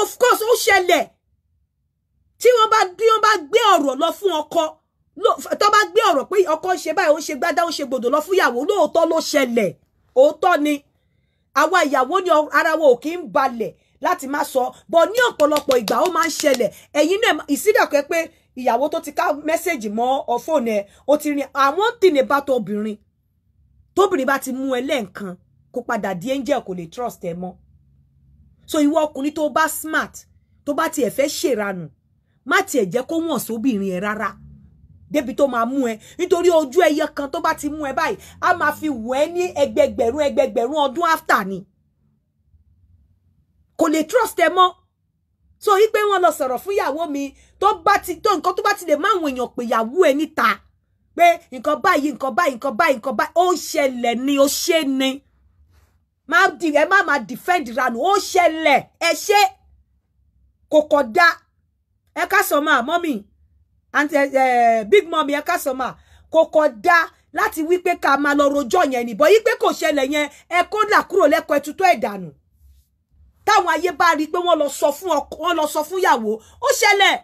of course ó ṣẹlẹ̀ tí wọ́n bá bí wọ́n bá gbé ọ̀rọ̀ lọ fún ọkọ tó bá gbé ọ̀rọ̀ pé ọkọ ń ṣe báyìí ó ń ṣe gbádá ó ń ṣe gbòdò lọ fúyàwó lóòótọ́ ló ṣẹlẹ̀ òótọ́ ni àwa ìyàwó ni ara wa ò kí ń balẹ̀ láti má sọ bọ̀ ní ọ̀pọ̀lọpọ̀ ìgbà ó máa ń ṣẹlẹ̀ ẹ̀yin náà ìsídàkẹ́ pé ìyàwó tó ti ká mẹ́sẹ̀gì mọ́ ọ̀fóònù ẹ̀ ó ti rin àwọn tìǹbì bá tó obìnrin tóbìnrin bá ti mú ẹ lẹ́ǹkan kó padà di angel kò lè trust ẹ mọ́ so ìwọ ọkùnrin tó bá smart tó bá tiẹ̀ fẹ́ ṣèrànù má tiẹ̀ jẹ́ kó wọ̀n sóbìnrin ẹ rárá débi tó máa mú ẹ nítorí ojú ẹyẹ kan tó bá ti mú ẹ báyìí a máa fi wẹ̀ ní ẹgbẹgbẹ̀rún ẹgbẹgbẹ̀rún ọdún after ni kò lè trust ẹ mọ́ so yí pé wọ́n lọ sọ̀rọ̀ fún ìyàwó mi tó bá ti tó nǹkan tó bá ti lè má àwọn èèyàn pè ìyàwó ẹ níta pé nǹkan báyìí nǹkan báyìí nǹkan báyìí nǹkan báyìí ó ṣẹlẹ̀ ni ó ṣe ni má di ẹ má má defend ranù ó ṣẹlẹ̀ ẹ ṣe kò kọ̀ da ẹ ká sọ máa mọ́ mi àǹtí big mom yẹn ká sọ ma kò kọ dá láti wí pé ká máa lọ rojọ́ yẹn nìbọn yí pé kò ṣẹlẹ̀ yẹn ẹ kó là kúrò lẹ́kọ̀ọ́ ẹtutọ́ ẹ̀dànù táwọn ayé bá rí i pé wọ́n lọ sọ fún ọkọ wọ́n lọ sọ fún ìyàwó ó ṣẹlẹ̀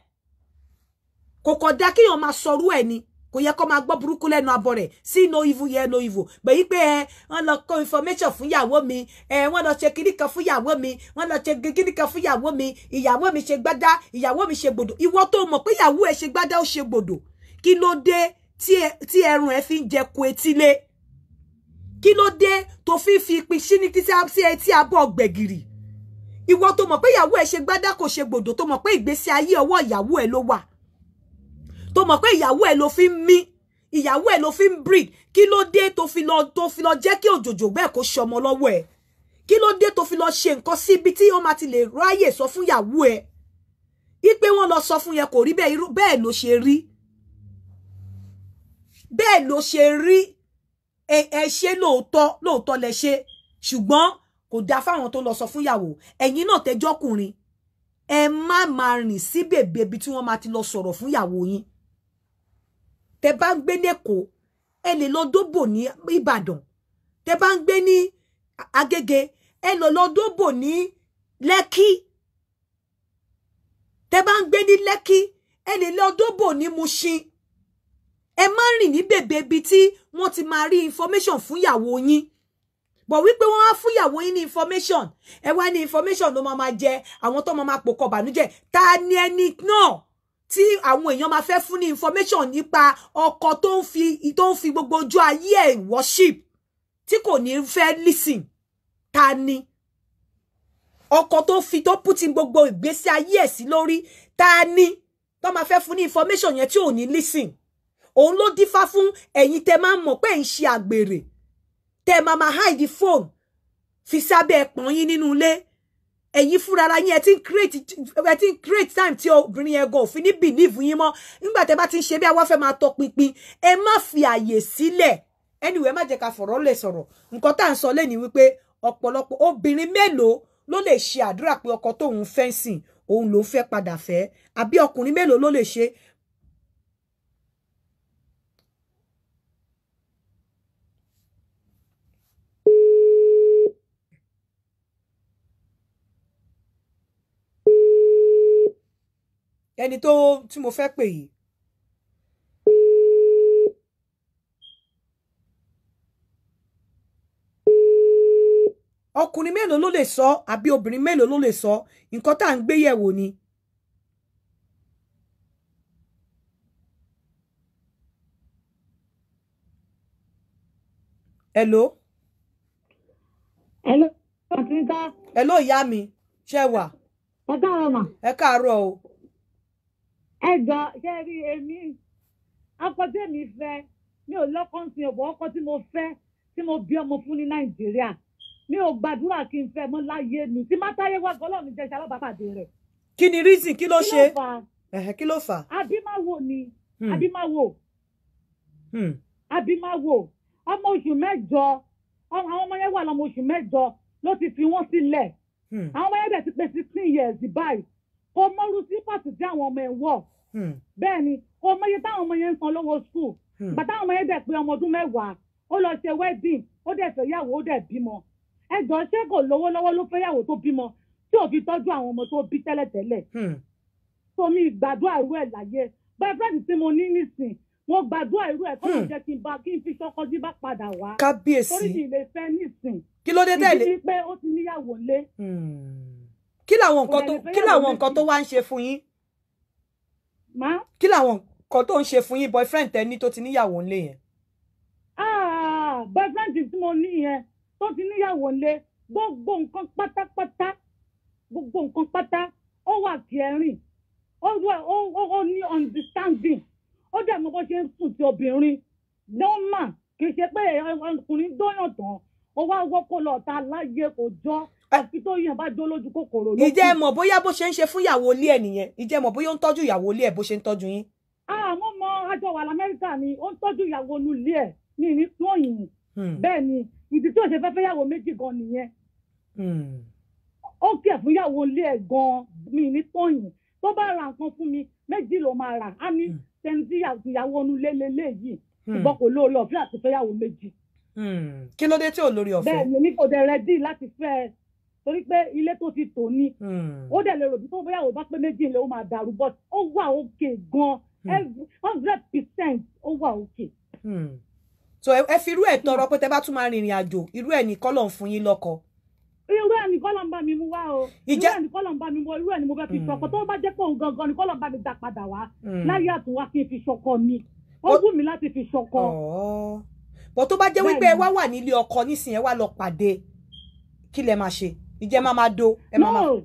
kò kọ dá kéèyàn máa sọrú ẹ̀ ni kò yẹ kó máa gbọ́ burúkú lẹ́nu abọ́ rẹ̀ sí no evil yẹ no evil gbèyí pé ẹ eh, wọ́n lọ kó information fún ìyàwó mi ẹ eh, wọ́n lọ ṣe kíní kan fún ìyàwó mi wọ́n lọ ṣe kíní kan fún ìyàwó mi ìyàwó mi ṣe gbádá ìyàwó mi ṣe gbòdò ìwọ tó mọ̀ pé ìyàwó ẹ ṣe gbádá ó ṣe gbòdò kí ló dé tí ẹrùn ẹ fi ń jẹ ko etílé kí ló dé tó fi fi pin sí títí etí abọ́ gbẹ̀gìrì ìwọ tó mọ̀ pé ìyàwó ẹ ṣe gbádá kò ṣe gbòdò tó mọ̀ pé ìgbésí ayé ọwọ́ ìyàwó ẹ ló wà tó mọ̀ pé ìyàwó ẹ̀ ló fi ń mí ìyàwó ẹ̀ ló fi ń breed kí ló dé tó fi lọ tó fi lọ jẹ́ kí òjòjò bẹ́ẹ̀ kó ṣọmọ lọ́wọ́ ẹ̀ kí ló dé tó fi lọ ṣe nǹkan síbi tí wọ́n máa ti lè ráyè sọ fún ìyàwó ẹ̀ ipe wọ́n lọ sọ fún yẹn kò rí bẹ́ẹ̀ irú bẹ́ẹ̀ ló ṣe rí bẹ́ẹ̀ ló ṣe rí ẹ ṣe lóòótọ́ lóòótọ́ lẹ ṣe ṣùgbọ́n kò dáa fáwọn tó lọ sọ fún ìyàwó ẹ̀yin náà tẹjọ́kùnrin ẹ má máa rìn sí bèbè ibi tí wọ́n máa ti lọ sọ̀rọ̀ fún ìyàwó yín tẹ bá ń gbé lẹ́kọ̀ọ́ ẹ lè lọ dóbò ní Ìbàdàn tẹ bá ń gbé ní Agége ẹ lọ lọ dóbò ní Lẹ́kì tẹ bá ń gbé ní Lẹ́kì ẹ lè lọ Mushin ẹ má rìn ní bèbè ibi tí wọ́n ti máa rí information fún ìyàwó yín bọ̀ wípé wọ́n á fún ìyàwó yín ní information ẹ wá ní information ló máa máa jẹ àwọn tó máa máa pòkọ̀ bànújẹ́ ta ni ẹni No tí àwọn èèyàn máa fẹ́ fún ní information nípa ọkọ tó ń fi tó ń fi gbogbo ojú ayé ẹ̀ worship tí kò ní fẹ́ listen ta ni ọkọ tó fi tó put in gbogbo ìgbésí ayé ẹ̀ sí lórí ta ni tó máa fẹ́ fún ní information yẹn tí ò ní listen òun ló dífá fún ẹ̀yin tẹ máa ń mọ̀ pé ẹ̀ ń ṣe àgbèrè tẹ máa máa hide the phone fi sábẹ́ ẹ̀pọ̀n yín nínú ilé ẹ̀yin fúnra ara yín ẹ ti ń create ẹ ti ń create time tí obìnrin yẹn gan òfin ní believe yín mọ́ nígbà tẹ́ bá ti ń ṣe bí àwa fẹ́ máa tọpinpin ẹ má fi àyè sílẹ̀ anyway ẹ má jẹ́ ká fọ̀rọ̀ lè sọ̀rọ̀ nǹkan tá à ń sọ lẹ́ni wípé ọ̀pọ̀lọpọ̀ obìnrin mélòó ló lè ṣe àdúrà pé ọkọ tóun fẹ́ sìn òun ló fẹ́ padà fẹ́ àbí ọkùnrin mélòó ló lè ṣe ẹni tó tí mo fẹ́ pè yìí. ọkùnrin mélòó ló lè sọ àbí obìnrin mélòó ló lè sọ nǹkan tá à ń gbé yẹ̀wò ni. hello. hello àti hello ìyá mi ṣe wà. ẹ káàárọ̀ mà. ẹ káàárọ̀ o ẹ gan ṣe rí èmi ọkọ tèmi fẹ́ mi ò lọ́kàn sí ọ̀pọ̀ ọkọ tí mo fẹ́ tí mo bí ọmọ fún ní nàìjíríà mi ò gbàdúrà kí n fẹ́ mọ́ láyé mi tí mátáyé wá gan ọlọ́run jẹ́ ṣalábàpàdé rẹ̀. kí ni reason kí ló ṣe kí ló fà. abimawo ni hmm. abimawo hmm. abimawo ọmọ oṣù mẹ́jọ àwọn ọmọ yẹn wà lọ́mọ oṣù mẹ́jọ ló ti fi wọ́n sílẹ̀ hmm. àwọn ọmọ yẹn bẹ̀ ti pé sixteen years báyìí kò mọ́rú sípàtì tí àwọn ọmọ ẹ̀ wọ̀ hmm. bẹ́ẹ̀ ni kò mọye táwọn ọmọ yẹn ń san lọ́wọ́ skul hmm. bàtà àwọn ọmọ yẹn dẹ̀ pé ọmọ ọdún mẹ́wàá ó lọ ṣe wedding ó dẹ̀ fẹ́yàwó ó dẹ̀ bímọ ẹjọ́ ṣé kò lówó lọ́wọ́ ló fẹ́yàwó tó bímọ tí ò fi tọ́jú àwọn ọmọ tó bí tẹ́lẹ̀tẹ́lẹ̀ tómi hmm. gbàdúrà irú ẹ̀ láyé boyfriend tí mo ní nísìn mo gbàdúrà irú ẹ̀ kọ́ni jẹ́ kí n bá kí n fi ṣọ́kọ́ sí bá padà wá kábíyèsí torí mi lè fẹ́ nísìn kí ló dé tẹ́lẹ̀ ìdí ni pé ó ti níyàwó lé kí làwọn nǹkan tó kí làwọn nǹkan tó wá ń ṣe fún yín kí làwọn nǹkan tó ń ṣe fún yín boyfriend tẹ ní tó ti níyàwó ńlé yẹn. Ah, boyfriend tí mo ní yẹn tó ti níyàwó ńlé gbogbo nǹkan pátápátá gbogbo nǹkan pátá ó wà kẹrin ó ní understanding ó dẹ̀ mọ́ bó ṣe ń sùn ti obìnrin normal kì í ṣe pé ọkùnrin dóyàn tán ó wá wọ́pọ̀ lọ́ọ̀ta láyé kò jọ́ àfi tó yàn bá dó lójú kòkòrò lókù. ìjẹ́ mọ̀ bóyá bó ṣe ń ṣe fún ìyàwó ilé ẹ̀ nìyẹn ìjẹ́ mọ̀ bóyá ó ń tọ́jú ìyàwó ilé ẹ̀ bó ṣe ń tọ́jú yín. àwọn ọmọ àjọ wà lamẹ́ríkà ni ó ń tọ́jú ìyàwó olùlé ẹ̀ ní ìní tún òyìn hmm. bẹ́ẹ̀ ni ìdí tó ṣe fẹ́ fẹ́ yàwó méjì gan nìyẹn. Hmm. ó kẹ̀ fún ìyàwó ilé ẹ̀ gan ní ìní tún òyìn tó bá ra nǹkan fún mi méjì ló máa rà á ní tẹ́ntì hmm. ìyàwó onúlé lélẹ́yìí ṣùgbọ́n kò lóò lọ fún àti fẹ́yàwó méjì. kí ló dé tí ò lórí ọ̀fẹ́. bẹ́ẹ̀ ni mi kò dẹ̀ torí pé ilé tó ti tò ní hmm. ó dẹ̀ lè ròbí tó bóyá ò bá pé méjì lè ó máa dàrú but ó wà òkè gan hmm. hundred percent ó wà òkè. Hmm. so ẹ fi irú ẹ tọrọ pé tẹ bá tún máa rìnrìn àjò irú ẹ ní kọlọ ń fún yín lọ́kọ. irú ẹ ní kọlọ ń bá mi mú wá o irú ẹ ní kọlọ ń bá mi mú irú ẹ ní mo fẹ́ fi ṣọkọ tó bá jẹ́ pé òun gangan ní kọlọ ń bá mi dá padà wá láyé àtúnwá kí n fi ṣọkọ mi ó wù mí láti fi ṣọkọ. Oh. bó tó bá jẹ́ wípé ẹ wá wà nílé ọkọ nísìnyẹn wá lọ pàdé kí lẹ máa ṣe ìjẹ́ máa máa do no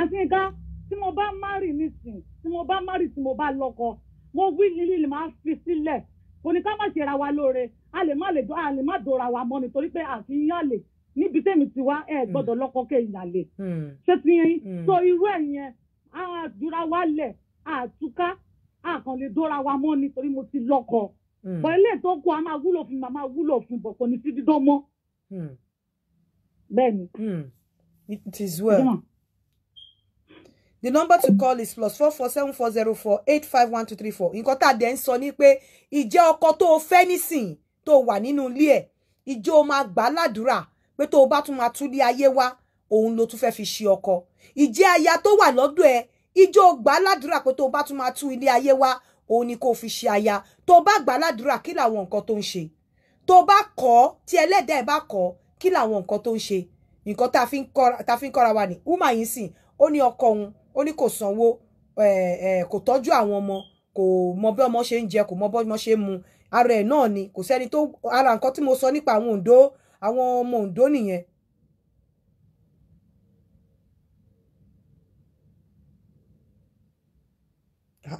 àtìká tí mo bá márì nísìn tí mo bá márì tí mo bá lọ́kọ mo wí nílì ni màá fi sílẹ̀ kò ní ká má ṣe ra wa lóore a lè má lè do a lè má dora wa mọ́ nítorí pé àfihàn lè níbi tèmi ti wá ẹ hmm. gbọ́dọ̀ lọ́kọ kéèyàn lè hmm. ṣé ti yẹn hmm. so irú ẹ̀ yẹn a dura wa lẹ̀ àtúká àkànlè dóra wa mọ́ nítorí mo ti lọ́kọ bọ̀ ilé tó kù a máa wúlò fún màmá wúlò fún bọ̀ kò ní sí dídán mọ́ bẹ́ẹ̀ni. Hmm. it is well. the number to call is plus four four seven four zero four eight five one two three four. nǹkan tá a dẹ̀ ń sọ ni pé ìjẹ́ ọkọ tó o fẹ́ nísìn tó o wà nínú ilé ẹ̀ ìjẹ́ o máa gbà á ládùúrà pé tó o bá tún máa túlé ayé wá òun ló tún fẹ́ fi ṣe ọkọ ìjẹ́ aya tó wà lọ́dọ̀ ẹ̀ ìjẹ́ o gbà á ládùúrà pé tó o bá tún máa tún ilé ayé wá òun ni kò fi ṣe aya tó o bá gbà á ládùúrà kí làwọn nǹkan tó ń ṣe tó o bá kọ̀ tí ẹlẹ́dàá ẹ bá kọ̀ kí làwọn nǹkan tó ń ṣe nǹkan tá a fi ń kọ́ra wa ni woman yìí sìn ó ní ọkọ òun ó ní kò sanwó kò tọ́jú àwọn ọmọ kò mọ bí ọmọ ṣe ń jẹ kò mọ bí ọmọ ṣe ń mu ara ẹ̀ náà ni kò sẹ́ni tó ara nǹkan tí mo sọ nípa àwọn òǹdó àwọn ọmọ òǹdó nìyẹn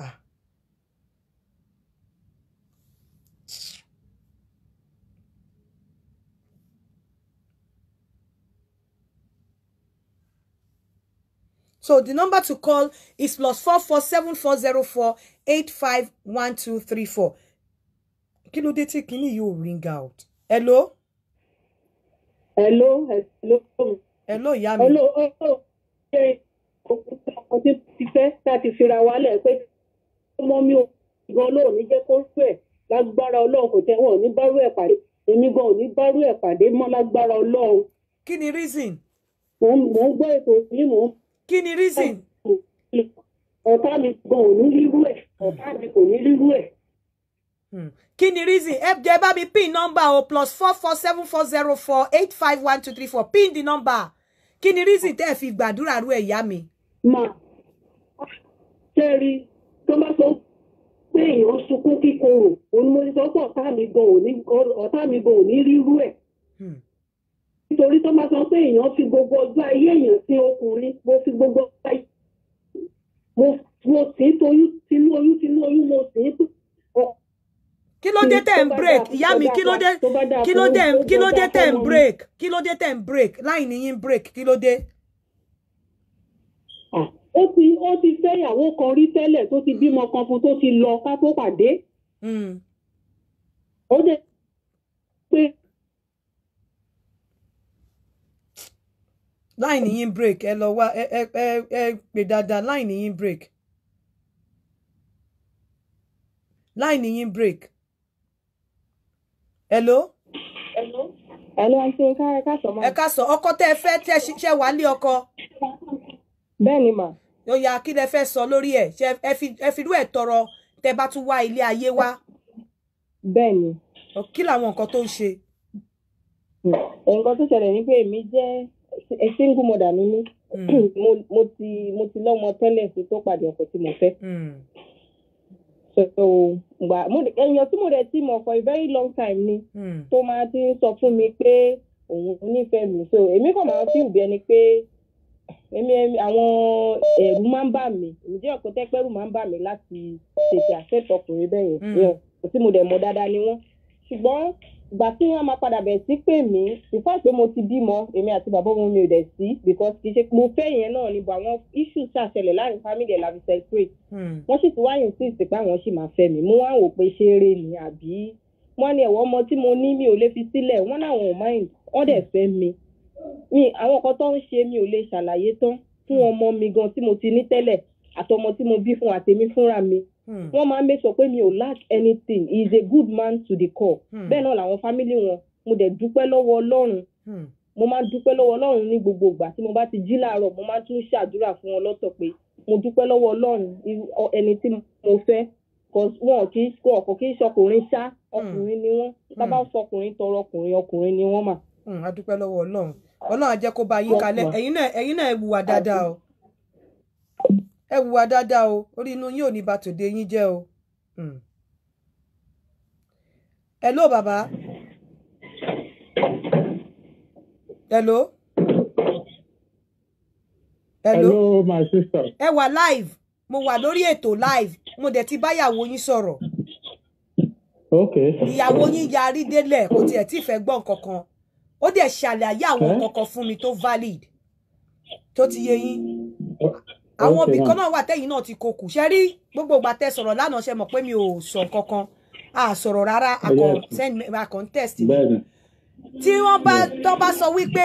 ah. So the number to call is plus four four seven four zero four eight five one two three four. Kilo ló dé you kínní yìí ò ring out? Hello. Hello, hello. Hello, ìyá mi. Hello, hello. Oh, oh, ṣé òkúta ọkọ tí ti fẹ́ láti fira wálẹ̀ pé ọmọ mi ò gan lóò ní jẹ́ kó rú ẹ̀ lágbára ọlọ́run kò tẹ́wọ̀n ní bárú ẹ̀ pàdé èmi gan ò ní bárú ẹ̀ pàdé mọ́ lágbára ọlọ́run. Kí ni reason? Mò ń gbọ́ ètò yìí mò ń kí ni reason. ọ̀tá mi gan ò ní rírú ẹ̀ ọ̀tá mi kò ní rírú ẹ̀. Hmm. kí ni reason ẹ jẹ́ bá mi pin number o plus four four seven four zero four eight five one two three four pin the number kí ni reason tẹ́ ẹ fi gbàdúrà rú ẹ̀ yá mi. mà ṣe rí tó bá sọ pé èèyàn sunkún kíkorò òun mo sọ pé ọ̀tá mi gan ò ní rírú ẹ̀. Hmm nítorí tó máa sọ pé èèyàn fi gbogbo ọjọ́ ayé èèyàn sí ọkùnrin mo fi gbogbo ọjọ́ ayé mo mo sì ń toyún tinú oyún tinú oyún mo sì ń kí ló dé tẹ̀ ń break ìyá mi kí ló dé kí ló dé kí ló dé tẹ̀ ń break kí ló dé tẹ̀ ń break láì níyìn break kí ló dé. ó ti ó ti fẹ́yàwó kan rí tẹ́lẹ̀ tó ti bímọ kan fún tó ti lọ ká tó pàdé. Hmm. ó dẹ̀ pé láìní yín break ẹ lọ wá ẹ ẹ ẹ pè dáadáa láìní yín break láìní yín break. hello. hello. hello àǹtí ẹ̀ka ẹ̀ka sọ mọ́. ẹ̀ka sọ ọkọ tẹ́ ẹ fẹ́ tẹ́ ṣiṣẹ́ wà lé ọkọ. bẹ́ẹ̀ ni mà. ó yá kí lẹ fẹ́ sọ lórí ẹ̀ ṣe ẹ fi irú ẹ̀ tọrọ tẹ́ bá tún wá ilé ayé wá. bẹ́ẹ̀ ni. kí làwọn nǹkan tó ń ṣe. nǹkan tó ṣẹlẹ̀ ni pé èmi jẹ́ ẹ single mother ni mí mm. (clears throat) mo mo ti mo ti lọ́mọ tẹ́lẹ̀ kí tó pàdé ọkọ tí mo fẹ́. Mm. so gba mo èèyàn tí mo dẹ̀ ti mọ̀ for a very long time ni mm. tó máa ti ń sọ fún mi pé òun nífẹ̀ẹ́ mi so èmi kàn máa fi ìbí ẹni pé èmi àwọn ẹ̀rù máa ń bà mí ìdí ọ̀kọ́ tẹ́pẹ́rù máa ń bà mí láti tètè àṣẹ tọkùnrin bẹ́ẹ̀ yẹn tí mo dẹ̀ mọ̀ dáadáa ni wọ́n ṣùgbọ́n gbà tí wọn máa padà bẹ̀rẹ̀ sí pè mí ìfá pé mo ti bímọ èmi àti bàbá òun mi ò dẹ̀ sí because kì í ṣe mo fẹ́ yẹn náà ni bọ̀ àwọn issues ṣàṣẹlẹ̀ láàrin family ẹ̀ láti celebrate hmm. wọ́n sì tún wá insist pé àwọn sì máa fẹ́ mi mo wá wò pé ṣé eré ni àbí wọ́n ní ẹ̀wọ́ ọmọ tí mo ní mi ò lè fi sílẹ̀ wọ́n náà ò mind wọ́n dẹ̀ fẹ́ mi mi àwọn kan tó ń ṣe mi ò lè ṣàlàyé tán fún ọmọ mi gan tí mo ti ní tẹ́lẹ̀ àtọmọ tí mo bí fún àtèmi fúnra mi Hmm. wọ́n máa ń make sure pé mi ò lack anything he is a good man to the core hmm. bẹ́ẹ̀ náà làwọn fámìlì wọn mo dẹ̀ dúpẹ́ lọ́wọ́ ọlọ́run hmm. mo máa ń dúpẹ́ lọ́wọ́ ọlọ́run ní gbogbo ìgbà tí mo bá ti jí láàárọ̀ mo máa ń tún ṣàdúrà fún wọn lọ́tọ̀ pé mo dúpẹ́ lọ́wọ́ ọlọ́run ẹni tí mo fẹ́ wọn kì í kọ ọkọ kì í ṣọkùnrin ṣá ọkùnrin ni wọn bàbá sọkùnrin tọrọ ọkùnrin ọkùnrin ni wọn mà. a dúpẹ́ lọ́wọ́ ọlọ́run ọlọ́run á jẹ́ kó bá yín kalẹ̀ ẹ̀yin náà ẹ̀yin náà ẹ wùwà dáadáa o ẹ wùwà dáadáa o orí inú yín ò ní ba yín jẹ́ o. Hmm. hello bàbá. hello. hello. my sister. ẹ wà live mo wà lórí ètò live mo dẹ̀ ti báyàwó yín sọ̀rọ̀. okay. ìyàwó yín yarí délẹ̀ kò tiẹ̀ tí ì fẹ́ gbọ́ nǹkan ó dẹ̀ ṣàlàyé àwọn eh? nǹkan fún mi tó valid tó ti yé yín àwọn ibì kan náà wà tẹ́yìn náà ti kokù ṣe rí gbogbo ìgbà tẹ́ sọ̀rọ̀ lánàá ṣe mọ̀ pé mi ò sọ kankan a sọ̀rọ̀ rárá akọ send me contest mi tí wọ́n bá tó bá sọ wípé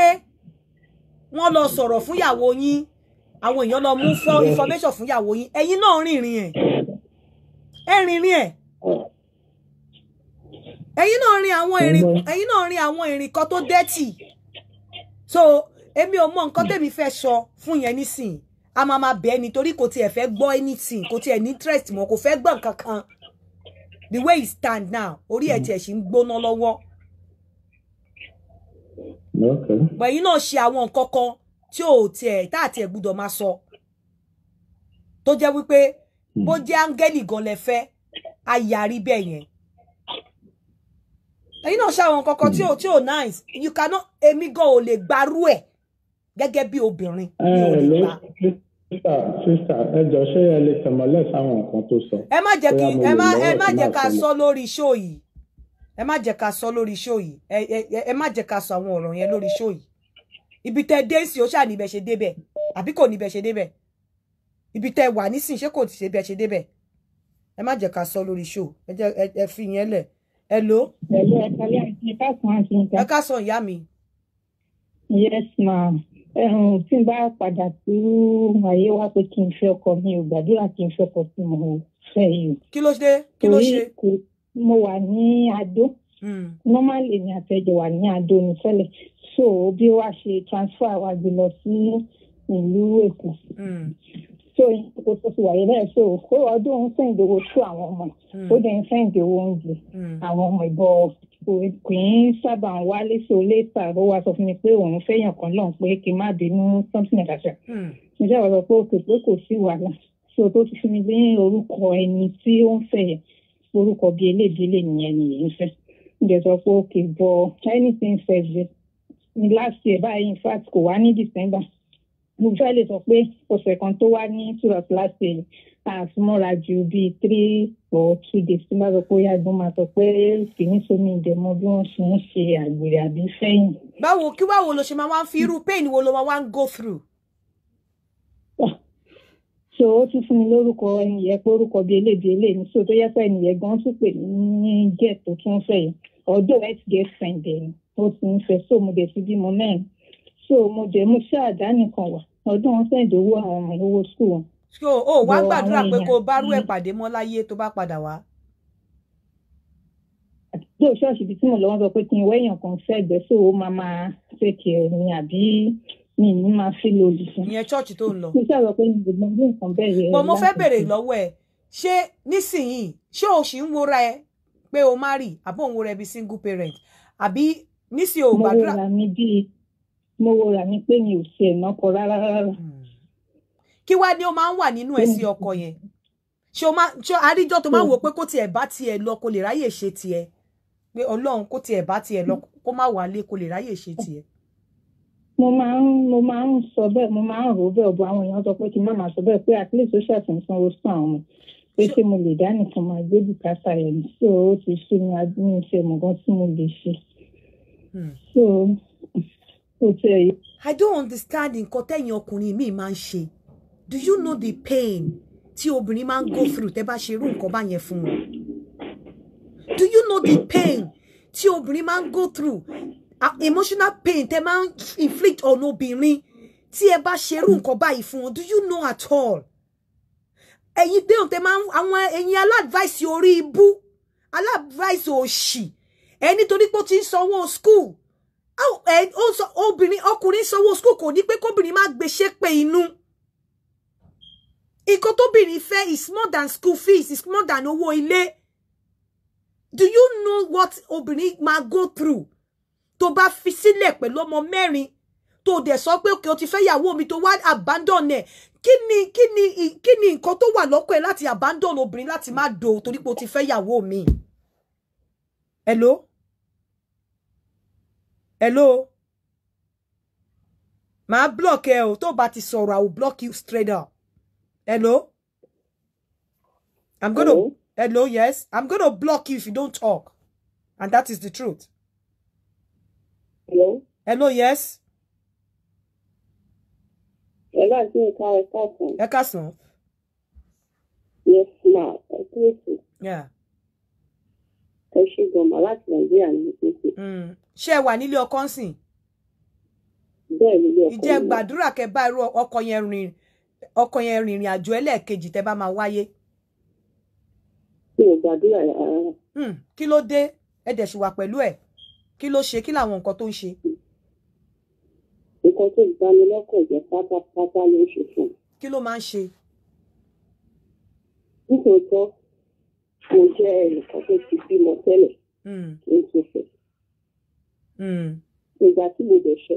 wọ́n lọ sọ̀rọ̀ fúnyàwó yín àwọn èèyàn lọ mú fọ́ information fúnyàwó yín ẹ̀yin náà rìnrìn ẹ̀ ẹ̀ rìnrìn ẹ̀ ẹ̀yin náà rin àwọn ìrìn ẹ̀yin náà rin àwọn ìrìn kan tó dẹ́tì so èmi ò mọ nǹkan tèmi fẹ́ sọ fún yẹn nísìnyí a máa máa bẹ́ẹ̀ nítorí kò tiẹ̀ fẹ́ gbọ́ anything kò tiẹ̀ ní interest mọ́ kò fẹ́ gbọ́ nǹkan kan the way he stand now orí ẹ̀ mm. tiẹ̀ sì ń gbóná lọ́wọ́. bẹ̀yìn náà ṣe àwọn nǹkan kan tí ò tiẹ̀ tá àti ẹ̀ gbúdọ̀ máa sọ tó jẹ́ wípé mm. bó jẹ́ áńgẹ́lì gan lẹ fẹ́ a yàrí bẹ́ẹ̀ yẹn ẹ̀yin náà ṣe àwọn nǹkan kan tí ò mm. tí ò nice you cannot èmi gan ò lè gbarú ẹ̀ gẹ́gẹ́ bí obìnrin ní onígbà. sísà sísà ẹ jọ ṣé ẹ lè tẹ̀mọ́lẹ̀ sáwọn nǹkan tó sọ. ẹ má jẹ́ kí ẹ má ẹ má jẹ́ ká sọ lórí show yìí ẹ má jẹ́ ká sọ lórí show yìí ẹ ẹ ẹ má jẹ́ ká sọ àwọn ọ̀rọ̀ yẹn lórí show yìí ibi tẹ dé sí o ṣáà níbẹ̀ ṣe débẹ̀ àbí kò níbẹ̀ ṣe débẹ̀ ibi tẹ wà nísìn ṣé kò ṣe bẹ̀ ṣe débẹ̀ ẹ má jẹ́ ká sọ lórí show ẹ jẹ́ ẹ fi yẹn lẹ̀ ẹ lò. ẹ ká sọ ìyá mi. yes ma'am tí n bá padà sí ayé wa pé kí n fẹ́ ọkọ mi ò gbàdúrà kí n fẹ́ ọkọ tí mo fẹ́ yìí. kí ló ṣe kí ló ṣe. torí mo wà ní adó hmm. normally ni àtẹ̀jẹ̀ wà ní adó ní tẹ́lẹ̀ so bí wàá ṣe transfer wa gbé lọ sí ìlú èkó hmm. so kò tó ti wáyé bẹ́ẹ̀ so ó ọdún ń sẹ́ǹdì owó tú àwọn ọmọ hmm. ó dẹ̀ ń sẹ́ǹdì owó oúnjẹ àwọn ọmọ ìbọn kò kì í sábà ń wálé so later ó wá sọ fún mi pé òun fẹ́yàn kan lọ́hùn pé kí n má bínú something like that. Hmm. mo ṣe àwọn sọ pé òkè pé kò sí wàhálà so tó ti fún mi ní orúkọ ẹni tí ó ń fẹ́ orúkọ bíi eléèdélé nìyẹn nìyẹn fẹ́. mo jẹ sọ pé òkè bọ anything fẹ́ ṣe last year báyìí in fact kò wá ní December mo fẹ́ lè sọ pé ọ̀sẹ̀ kan tó wá ní turas last year àsúmọ́ra ju bíi three or two days tí n bá sọ pé àgbọn máa sọ pé kìíní sómi ìdẹ̀mọ bí wọ́n ṣe ń ṣe àgbèrè àbí sẹ́yìn. báwo kí wàá wo lo ṣe máa wá ń fi irú pain wo lo máa wá ń go through. so ó tún fún mi lórúkọ ẹnìyẹn pé orúkọ bíi eléèbí eléèmí so tó yẹ pé ẹnìyẹn gan tún pè ní gẹ̀ẹ́ tó tún fẹ́ yìí ọ̀dọ̀ ẹ̀ ti gẹ̀ẹ́ fẹ̀ǹdẹ̀ ni ó ti ń fẹ́ so mo dẹ̀ ti bímọ mẹ́rin so mo dẹ̀ mo ṣáà dá nìkan wà ọdún ọ̀sẹ̀ ìdówó ara owó school wọn. ṣé o ò wá gbàdúrà pé kó o bá rú ẹ̀ mm. pàdé mọ́ láyé tó bá padà wá. àtúntò ṣọ́ọ̀ṣì ibi tí mo lọ wọ́n sọ pé kí n wẹ́yàn kan fẹ́gbẹ́ so ó máa máa fèkì ẹ̀yìn àbí mi ní máa fi lo olùsùn. ìyẹn ṣọ́ọ̀ṣì tó ń lọ. mo sọ̀rọ̀ pé mi ò mọ nǹkan bẹ́ẹ̀ yẹn. mo fẹ́ bèrè lọ́wọ́ ẹ̀ ṣé nísìnyìí ṣé o ṣì ń wora ẹ pé o má rì àbọ̀ òun wora ẹ bí single parent àbí nísìnyìí o gbàdúrà. mo wora mo wo ra mi pé mi ò ṣe ẹ̀nà ọkọ̀ rárá rárá. Hmm. kí wàá ní o máa ń wà nínú ẹ̀sìn ọkọ yẹn ṣé o máa ṣé àríjọ tó máa wò pé kó tiẹ̀ bá tiẹ̀ lọ kó lè ráyè ṣe tiẹ̀ pé ọlọ́run kó tiẹ̀ bá tiẹ̀ lọ kó má wálé kó lè ráyè ṣe tiẹ̀. mo máa ń mo máa ń sọ bẹ́ẹ̀ mo máa ń rò ó bẹ́ẹ̀ ọ̀bọ̀ àwọn èèyàn sọ pé kí n má máa sọ bẹ́ẹ̀ pé at least ó ṣàtúnṣan owó sún àwọn pé ṣé mo lè dá nìkan máa gbé bùkátà yẹn so ó ti ṣe mi adúmí ìṣe mọ̀gán tí mo lè ṣe. Hmm. I don't understand nǹkan tẹ̀yin ọkùnrin mi máa ń Do you know the pain tí obìnrin máa go through tẹ́ bá ṣe irú nǹkan báyẹn fún wọn? Do you know the pain tí obìnrin máa go through? Uh, emotional pain tẹ́ máa inflict on obìnrin tí ẹ bá ṣe irú nǹkan báyìí fún wọn. Do you know at all? Ẹ̀yin déhùn tẹ́ máa ń àwọn ẹ̀yin aláàdváìsì orí ibú aláàdváìsì òṣì ẹ nítorí pé ó ti ń sanwó school obìnrin ọkùnrin sanwó skul kò ní pé kóbìnrin má gbé ṣépè inú nǹkan tóbìnrin fẹ́ is more than school fees is more than owó ilé do you know what obìnrin máa go through tó bá fi sílẹ̀ pẹ̀lú ọmọ mẹ́rin tó dẹ̀ sọ pé òkè o ti fẹ́ yàwó mi tó wá abandon ẹ̀ kí ni kí ni kí ni nǹkan tó wà lọ́kọ̀ ẹ̀ láti abandon obìnrin láti má do torí pé o ti fẹ́ yàwó mi. hello hello màá block ẹ o tó bá ti sọ̀rọ̀ i block you straight up hello i'm gonna hello, hello yes i'm gonna block you if you don't talk and that is the truth hello hello yes hello àti ẹka ẹka sàn A sàn. yes ma ẹ kí èsì. ẹ ṣe gbọmọ láti nàìjíríà ní ìpínlẹ̀ ṣé ẹ wà nílé ọkọ ń sìn. bẹ́ẹ̀ ni ilé ọkọ ìjẹ́ gbàdúrà kẹ bá irú ọkọ yẹn rìn ọkọ yẹn rìn ìrìn àjò ẹlẹ́ẹ̀kejì tẹ bá máa wáyé. mi ò gbàdúrà rárá. Eh, eh. hmm, kí ló dé ẹ dẹ̀ sì wà pẹ̀lú ẹ̀ kí ló ṣe kí làwọn nǹkan tó ń ṣe. nǹkan tó ń bani lọ́kàn jẹ́ pátápátá ló ń ṣe fún un. kí ló máa ń ṣe. nítòótọ́ mo jẹ́ ẹnìkan tó ti bímọ tẹ́lẹ̀ kí n tó fẹ́. Hmm. ìgbà tí mo dẹ̀ ṣe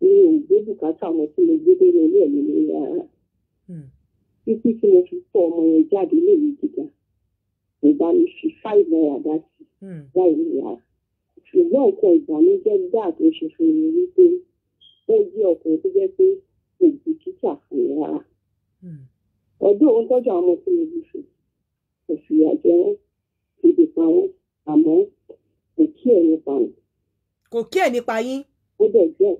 mi ò gbé bùkátà ọmọ tí mo gbé dé ilé ẹ̀mí ní rárá hmm. títí tí mo fi tọ́ ọmọ yẹn jáde léwu gíga ìgbà mi fi five naira dá sí láì ní ara ṣùgbọ́n nǹkan ìbànújẹ́ gbáà tó ṣe fún mi wípé ó jẹ́ ọkùnrin tó jẹ́ pé kò bìkítà fún mi rárá hmm. ọdún òun tọ́jú àwọn ọmọ tí mo bí fún kò fìyà jẹ wọ́n fìdí pa àmọ́ kò kí ẹ̀yìn pa wọ́n kò kí ẹ̀ nípa yín. ó dẹ̀ jẹ́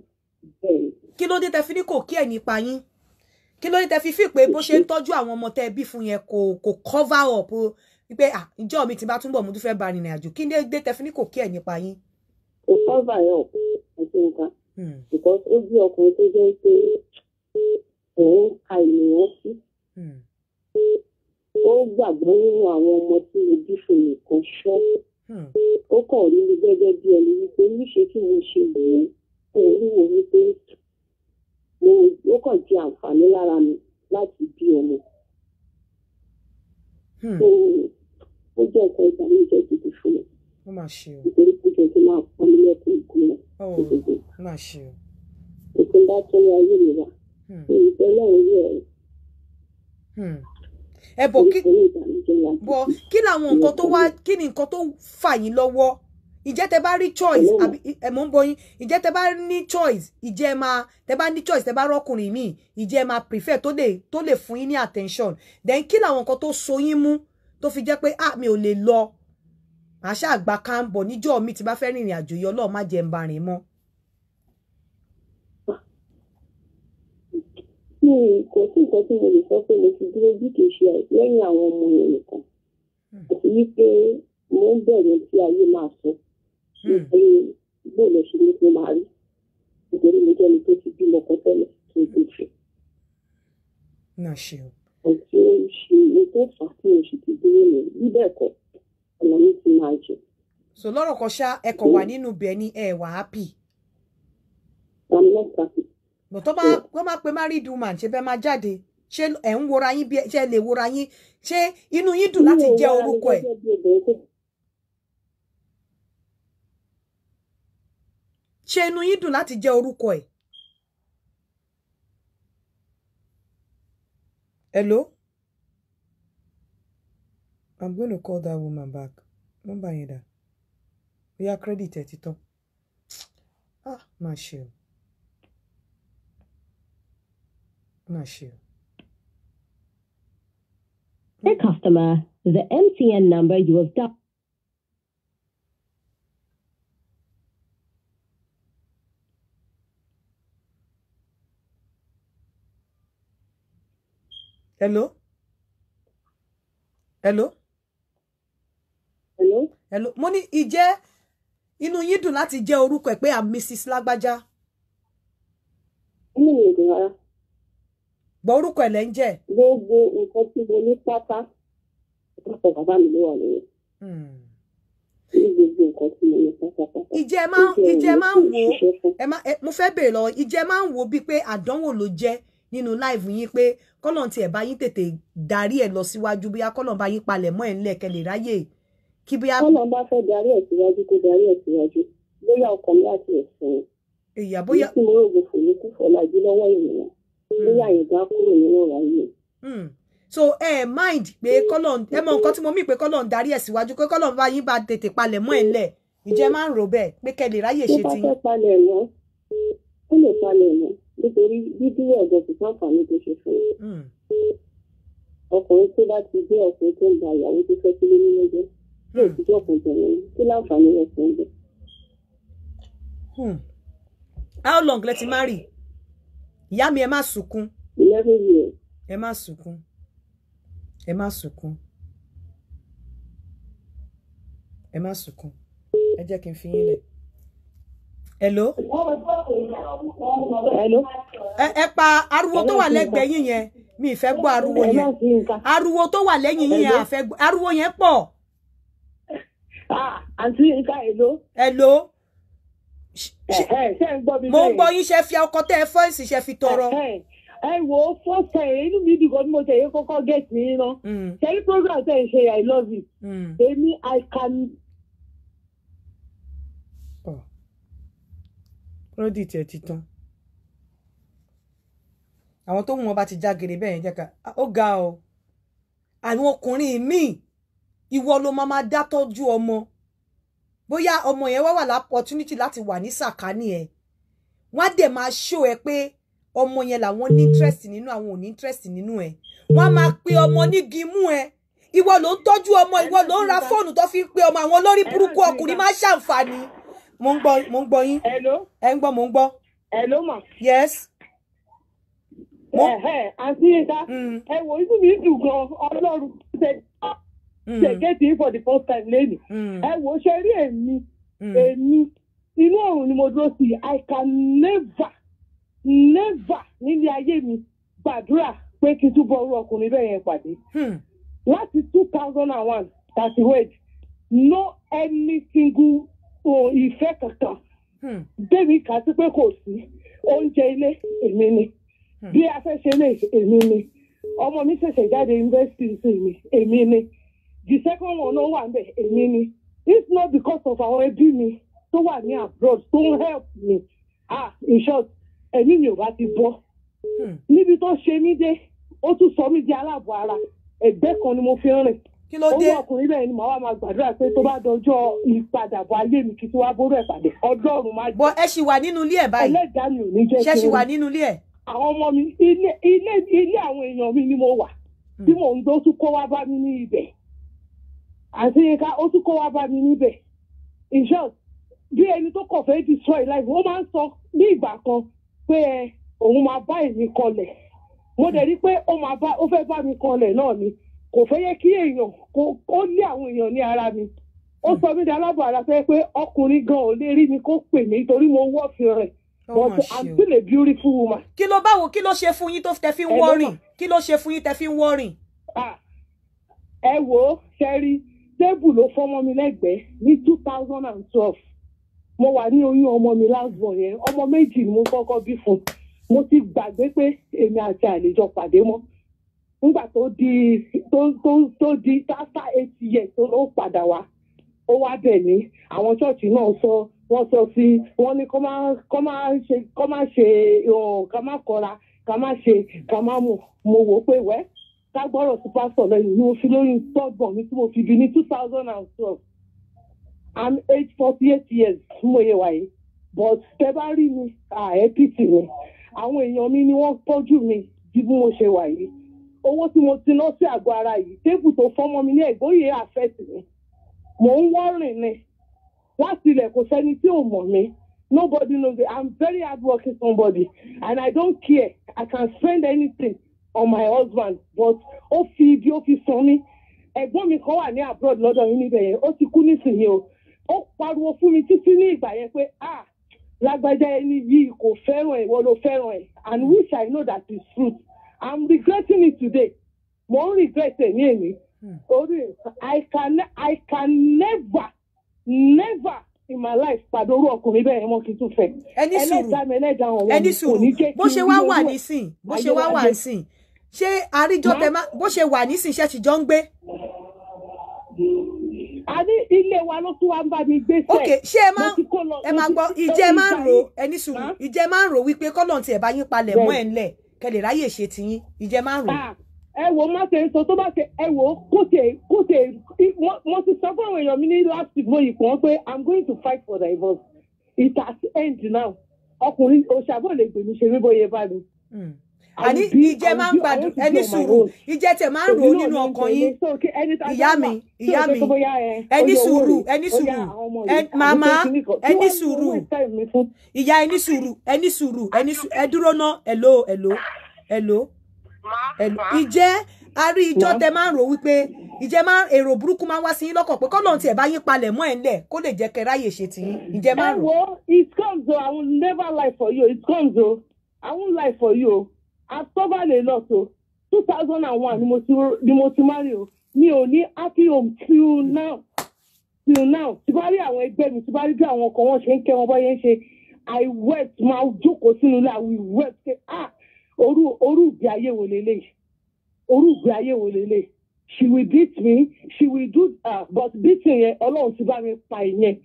bẹ́ẹ̀. kí ló dé tẹ fi ní kò kí ẹ̀ nípa yín kí ló dé tẹ fi fi pé bó ṣe ń tọ́jú àwọn ọmọ tẹ bí fún yẹn kò kò cover up wípé ah ìjọ mi ti bá túnbọ̀ mo tún fẹ́ ba rìnrìn àjò kí ló dé tẹ fi ní kò kí ẹ̀ nípa yín. kò cover up àti nǹkan hmm. because ó jẹ́ ọkùnrin tó jẹ́ pé òun ka ènìyàn sí hmm. ó gbàgbọ́ nínú àwọn ọmọ tí mo bí fún nìkan ṣọ́ọ̀ṣì. Hmm. ó kàn rí mi gẹ́gẹ́ bí ẹni wípé níṣe tí mo ṣe wòó fún olúwo wípé ó kàn jẹ àǹfààní lára mi láti bí ọmọ. Hmm. ó jẹ́ ẹ̀ka ìgbàlejò gidi fún mi. ó mà ṣe o. nítorí kújọ tó máa pọ́n mi lẹ́kùn ìgbìmọ̀. ó mà ṣe o. ìpínlẹ̀ tó ní ayé mi wà. ìpínlẹ̀ òwúrọ̀ rẹ̀. Hmm ẹ bọ̀ kí bọ̀ kí làwọn nǹkan tó wá kí ni nǹkan tó fà yín lọ́wọ́ ìjẹ́ tẹ bá rí choice àbí ẹ mọ̀ ń bọ̀ yín ìjẹ́ tẹ bá ní choice ìjẹ́ máa tẹ bá ní choice tẹ bá rọ́kùnrin míì ìjẹ́ máa prefer tó lè tó lè fún yín ní attention then kí làwọn nǹkan tó so yín mú tó fi jẹ́ pé ah mi ò lè lọ àṣà àgbà kan bọ̀ níjọ́ mi ti bá fẹ́ rìnrìn àjò yọ ọlọ́ọ̀ má jẹ́ ń bá rìn mi kò sí nǹkan tí mo lè sọ pé mo ti dúró bí kì í ṣe lẹ́yìn àwọn ọmọ yẹn nìkan hmm. àti wípé mo ń bẹ̀rù tí ayé máa sọ wípé hmm. bóò lọ ṣe ní pé máa rí nítorí mo jẹ́ni tó ti bímọ kan tẹ́lẹ̀ tó ti fẹ́. ọ̀tí ó ń ṣe ètò ọ̀fà tí mo sì ti dúró ní bíbẹ̀ kọ́ ọ̀nà mi ti máa jẹ. sọ lọ́rọ̀ kan ṣá wà nínú bẹ́ẹ̀ ni ẹ wà happy. I'm not happy bọ̀ tó bá wọ́n máa pe married woman ṣe bẹ́ẹ̀ máa jáde ṣé ẹ̀ ń wora yín bí ṣe lè wora yín ṣé inú yín dùn láti jẹ́ orúkọ ẹ̀. ṣé inú yín dùn láti jẹ́ orúkọ ẹ̀. hello i'm going to call that woman back nọ́mbà yẹn dà bóyá credit ẹ̀ ti tán ah má ṣe o. bless you. Dear customer, the MTN number you have dialed. Hello? Hello? Hello? Hello? Mo Ije. ìjẹ́ yidu yín je láti jẹ́ orúkọ Mrs. Lagbaja. Inú mi gbọ́ orúkọ ẹ̀ lẹ́ ń jẹ́. gbogbo nǹkan tí mo ní pátá ọkọ̀ bàbá mi ló wà lóyún. Hmm. Ìjẹ́ máa ń ìjẹ́ máa ń wò ó mo fẹ́ bèèrè lọ ìjẹ́ máa ń wò ó bíi pé àdánwò ló jẹ́ nínú láìfù yín pé kọ́lọ̀n tiẹ̀ bá yín tètè darí ẹ̀ lọ síwájú bóyá kọ́lọ̀n bá yín palẹ̀ mọ́ ẹ̀ ńlẹ̀ kẹlẹ̀ ráyè kí bóyá. kọ́lọ̀n bá fẹ́ darí ẹ̀ síwájú kó darí ẹ̀ síwájú bóyá ọkàn mi àti ẹ̀sìn. ìyá bóyá. bí mo rògbò fòyín kú fọlá ìdílọ́wọ́ ènìyàn bóyá hmm. ìgbà kúrò nínú ọ̀rọ̀ ayé. Hmm. so ẹ eh, mind pé hmm. kọ́lọ̀ ẹ mọ nǹkan tí mo mì pé kọ́lọ̀ ń darí ẹ̀ síwájú pé kọ́lọ̀ bá yín bá tètè palẹ̀ mọ́ ẹ̀ ńlẹ̀ ìjẹ́ máa ń rò bẹ́ẹ̀ pé kẹ́lẹ̀ ráyè ṣe ti. tó bá fẹ́ palẹ̀ mọ́ ó lè palẹ̀ mọ́ nítorí dídúró ẹ̀jẹ̀ kò sáǹfààní tó ṣe fún ọkùnrin tó bá ti gbé ọkùnrin tó ń ba ìyàwó tó fẹ́ sílé nílé jẹ́ yóò ti jọ́ ọkùnrin jẹ̀wọ́n kí láǹfààní how long lẹ ti marry? ìyá mi ẹ má sunkún ẹ má sunkún ẹ má sunkún ẹ má sunkún ẹ jẹ́ kí n fi yín lẹ̀. Hello. Hello. Ẹ ẹ pa ariwo tó wà lẹ́gbẹ̀ẹ́ yín yẹn mi ìfẹ́ gbọ́ ariwo yẹn ariwo tó wà lẹ́yìn yín yẹn àfẹ́ ariwo yẹn pọ̀. Ah, àǹtí Yinka, hello. Hello mo ń gbọ́ yín ṣe fi ọkọ tẹ́ ẹ fọ́ǹsì ṣe fi tọrọ ẹ wo first time inú mi dùn kọ́ni mo ṣe yẹ kọ́kọ́ get mi iná ṣẹ́yìn program ṣe ń ṣe i love it mm. èmi i can. rọ́dì tiẹ̀ ti tán àwọn tó mú wọn bá ti já gèrè bẹ́ẹ̀ yẹn jẹ́ ká ah, ó ga ọ àwọn ọkùnrin míì ìwọ ló máa máa dá tọ́jú ọmọ bóyá ọmọ yẹn wá wà lápọtúnítì láti wà ní sàkání ẹ wọn á dẹ̀ máa ṣó ẹ pé ọmọ yẹn làwọn ní interest nínú àwọn ò ní interest nínú ẹ wọn á máa pe ọmọ nígi mú ẹ ìwọ ló ń tọ́jú ọmọ ìwọ ló ń ra fóònù tó fi ń pe ọmọ àwọn olórí burúkú ọkùnrin máa ṣàǹfààní mo ń gbọ́ mo ń gbọ́ yín ẹ ń gbọ́ mo ń gbọ́. hello ma. yes. àǹtí yín ta mm. ẹ wò ó sì mí dùn gan ọlọ́run ṣe ṣèkéèdì mm. for the first time lẹ́nu mm. ẹ wò ó ṣe rí èmi mm. èmi inú ọ̀run ni mo dúró sí i can never never nílé ayé mi gbàdúrà pé kí n túbọ̀ orú ọkùnrin bẹ́ẹ̀ yẹn pàdé hmm. láti two thousand and one thirty eight no any single ìfẹ́ kankan débi hmm. kà sí pé kò sí oúnjẹ ilé èmi ni hmm. bí a fẹ́ ṣe lé èmi ni ọmọ mi ṣẹ̀ṣẹ̀ jáde yunifásitì sí mi èmi ni the second one náà wà níbẹ̀ èmi ni it's not because of our ẹbí mi tó wà ní abroad tó ń help me ah in short ẹ̀mí mi ò bá ti bọ́ hmm. níbi tó ṣe mí dé ó tún sọ mí di aláàbọ̀ ara ẹ̀gbẹ́ kan ni mo fi ń rìn kí ló dé owó ọkùnrin bẹ́ẹ̀ ni màá wà máa gbàdúrà pé tó bá dọjọ́ ìpadàbọ̀ ayé mi kí tí wàá bóró ẹ̀ pàdé ọdọ́run máa jẹ́. bọ ẹ ṣì wà nínú ilé ẹ báyìí ẹlẹ́dàá mi ò ní jẹ́ kí n ṣe ṣì wà nínú ilé ẹ. àwọn ọmọ mi ilé ilé ilé àwọn èèyàn mi ni mo wà hmm. tí mò ń gbó tún kó wá bá mi ní ibẹ̀ àti nǹkan ó tún kó wá bá mi níbẹ̀ in short bí ẹni tó kọ̀ fẹ́ destroy life ó máa ń sọ ní ìgbà kan pé ẹ òun máa bá èmi kọlẹ̀ mo dẹ̀ rí pé ó máa bá ó fẹ́ bá mi kọlẹ̀ náà ni kò fẹ́ yẹ kí èèyàn kó ó ní àwọn èèyàn ní ara mi ó sọ mí di alábọ̀ ara fẹ́ pé ọkùnrin gan ò lè rí mi kó pè mí torí mo wọ́ fi rẹ̀ but I'm still a beautiful woman. kí ló báwo kí ló ṣe fún yín tó tẹ fi ń wọ́rìn kí ló ṣe fún yín tẹ fi ń wọ́rìn. Ah, ẹ wo ṣe rí i tébù ló fọ́mọ́ mi lẹ́gbẹ̀ẹ́ ní two thousand and twelve mo wà ní oyún ọmọ mi last born yẹn ọmọ méjì ni mo kọ́kọ́ bí fún mo ti gbàgbé pé èmi àti àlejò pàdé mọ́ nígbà tó di tó tó tó di after eight years tó ló padà wá ó wá bẹ̀ ní àwọn ṣọ́ọ̀ṣì náà sọ wọ́n sọ sí wọ́n ní kó má kó má ṣe kó má ṣe ká má kọra ká má ṣe ká má mọ̀ mo wò ó pé wẹ́ẹ́ ká sí pásítọ̀ lẹ́yìn ni mo fi lóyún third born tí mo fi bí ní two thousand and twelve i'm age forty eight years mo yẹ wáyé but tẹ bá rí mi àẹ́pìtì mi àwọn èèyàn mi ni wọ́n tọ́jú mi bí mo ṣe wà owó tí mo ti ná sí àgọ́ ara yìí téèpù tó fọ́mọ mi ní ẹ̀gbóyè àfẹ́tì mi mò ń wọ́rìn ni wá sílẹ̀ kò sẹ́ni tí ò mọ̀ mi nobody knows me i'm very hardworking somebody and i don't care i can spend anything on my husband but ó fi igi ó fi san mí ẹ̀gbọ́n mi kan wà ní abroad lọ́dọ̀ yín níbẹ̀ yẹn ó ti kú nísìnyí o ó pariwo fún mi títí ní ìgbà yẹn pé ah lágbájá ẹni yìí kò fẹ́ràn ìwọ ló fẹ́ràn ẹ̀ and which I know that is truth I'm regretting it today mo ń regret ẹ̀ ní èmi hmm. orí I can I can never never in my life pàdóró ọkùnrin bẹ́ẹ̀ mọ́ kí n tún fẹ́ ẹlẹ́dàá mi ẹlẹ́dàá ọ̀wọ́ mi kò ní jẹ́ kí n lówó ẹ̀ bó ṣe wá wà nísìn bó ṣe wá wà nísìn ṣé àríjọ tẹ má bó ṣe wà nísìnyí ṣe ti jọ ń gbé. a ní ilé wa ló tún wá ń bá mi gbé sẹ́ẹ̀. ok ṣé ẹ máa ẹ máa gbọ́ ìjẹ́ máa ń rò ẹni sùúrù ìjẹ́ máa ń rò wípé kọ́lọ̀ tiẹ̀ bá yín palẹ̀ mọ́ ẹ̀ ńlẹ̀ kẹlẹ̀ ráyè ṣe tiyín ìjẹ́ máa ń rò ah, ẹ wò má ṣe ń sọ tó bá ṣe ẹ wò kó ṣe kó ṣe mo ti sọ fún àwọn èèyàn mi ní last week mo yìí kàn pé i'm going to fight for the divorce it has end now ọkùnrin òṣàbọ̀ lè gbèmí ṣe mí bóyá bá mi. Hmm àní ìjẹ máa ń gbàdùn ẹni eh, sùúrù ìjẹ tẹ máa ń rò ó nínú ọkàn yín ìyá mi ìyá mi ẹni sùúrù ẹni sùúrù màmá ẹni sùúrù ìyá ẹni sùúrù ẹni sùúrù ẹni sùúrù ẹ dúró ná ẹlò ẹlò ẹlò ìjẹ àrí ìjọ tẹ máa ń rò wípé ìjẹ máa èrò burúkú máa wá sí yín lọ́kàn pé kọ́lọ́n tiẹ̀ bá yín palẹ̀ mọ́ ẹ̀ ńlẹ̀ kó lè jẹ́ kẹ́ ṣe tì yín ìjẹ máa rò. ẹ wo it comes o i will never lie for you it comes o i won't lie for you o october lè lọ tó two thousand and one ni mo ti marry o mi ò ní happy home till now till now tí bá rí àwọn ẹgbẹ́ mi tí bá rí bí àwọn ọkọ̀ wọn ṣe ń kẹ́ wọn bọ́ yẹn ṣe i wept máa jókòó sínú ilé àwọn wept pé ah orú orú ìgbé ayé wo leléyìí orú ìgbé ayé wo leléyìí she will beat me she will do ah uh, but beating yẹn ọlọ́run ti bá mi pa ìyẹn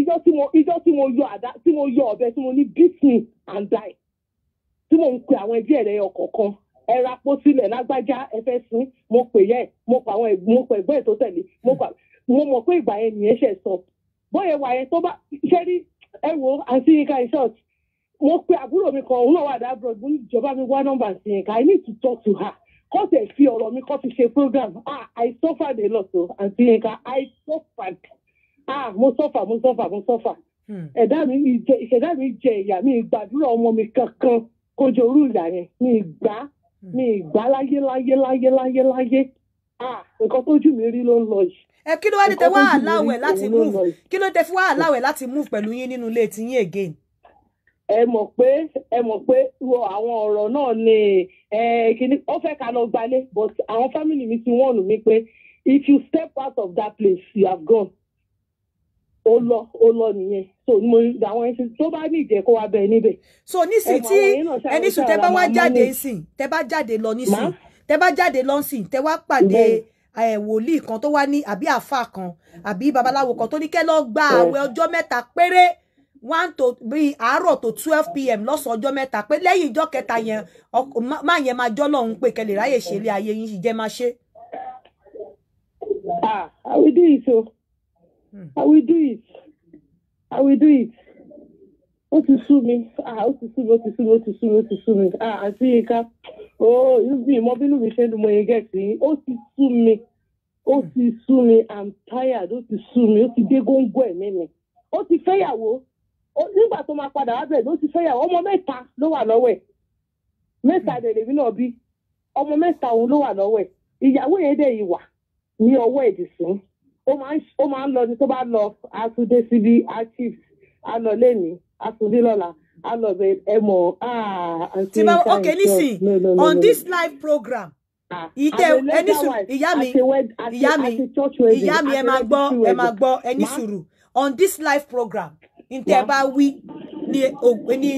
ìjọ tí mo ìjọ tí mo yọ àdá tí mo yọ ọ̀bẹ tí mo ní beat me and die tí mò ń pe àwọn ẹbí ẹ̀rẹ́ ọ̀kọ̀ọ̀kan ẹ ra pọ́ sílẹ̀ lágbájá ẹ fẹ́ mo pè yẹ mo pa àwọn mo pẹ̀ gbọ́ ètò tẹ̀lé mo pa mo mọ̀ pé ìgbà yẹn nìyẹn ṣẹ̀ sọ bóyá wà yẹn tó bá ṣe rí ẹ wo Yinka in short mo pe àbúrò mi kan òun náà wà dáàbò mo ìjọba mi wá nọ́mbà sí Yinka I need to talk to her kó tẹ̀ fi ọ̀rọ̀ mi kó fi ṣe program ah I suffered a lot o àǹtí Yinka I suffered ah mo suffer mo suffer mo suffer hmm. ẹ̀dá mi ìṣẹ̀dá mi jẹ ìyà mi ìgbàdúrà ọmọ mi kankan kó jẹ orú ìyá yẹn ní ìgbà ní hmm. ìgbà láyé láyé láyé láyé láyé nǹkan tójú mi rí ló ń lọ yìí. ẹ kí ló wá ní tẹ wá àláwẹ̀ láti move kí ló tẹ fi wá àláwẹ̀ láti move pẹ̀lú yín nínú ilé tí yín again. ẹ mọ̀ pé ẹ mọ̀ pé àwọn ọ̀rọ̀ náà ni kìíní ó fẹ́ ká lọ gbalé but àwọn family mi ti wọ́n nù mí pé if you step out of that place you have gone ó lọ ó lọ nìyẹn so mo àwọn ẹṣin tó bá ní ìjẹ kó wá bẹ níbẹ̀. so nísìn tí ẹni sùn tẹ bá wá jáde sìn tẹ bá jáde lọ nísìn tẹ bá jáde lọ sìn tẹ wá pàdé wòlíì kan tó wá ní àbí àfa kan àbí babaláwo kan tó ní kẹ́ lọ gba àwẹ̀ ọjọ́ mẹ́ta péré one to bíi àárọ̀ tó twelve pm lọ́sàn-án ọjọ́ mẹ́ta pé lẹ́yìn ìjọ́ kẹta yẹn má yẹn máa jọ́ lọ́hún pé kẹlẹ̀ ráyè ṣe ilé ayé yín jẹ́ máa ṣe. ah àwídí ìṣó. I hmm. will do it. I will do it. o ti sú mi, o ti sú mi, o ti sú mi, o ti sú mi, ó ti sú mi. ooo, ibi ìmọ̀ bínú mi ṣe ń dùn mọ́ ti sue mi, o hmm. ti sue mi, I'm tired, o ti sú mi, ó ti dé góńgó ẹ̀mí mi. ti o nígbà tó máa padà wá bẹ̀rẹ̀ ló ti fẹ́yàwó, ọmọ mẹ́ta ló wà lọ́wọ́ ẹ̀. Mẹ́ta hmm. dẹ̀ lèmi náà bí, ọmọ mẹ́ta òun ló wà lọ́wọ́ ẹ̀. Ìyàwó yẹn dẹ̀ yìí wà ní ọwọ́ ó máa ń lọ ní tó bá lọ àtúndé síbi archives a lọ àtúndé lọ́la a bẹ ẹ mọ̀ àǹtí ìta ìjọ ok nísìn on this live program ah, ìtẹ ẹni sùúrù ìyá mi ìyá mi ìyá mi ẹ máa gbọ́ ẹ máa gbọ́ ẹni sùúrù on this live program ntẹ bá wí ni ni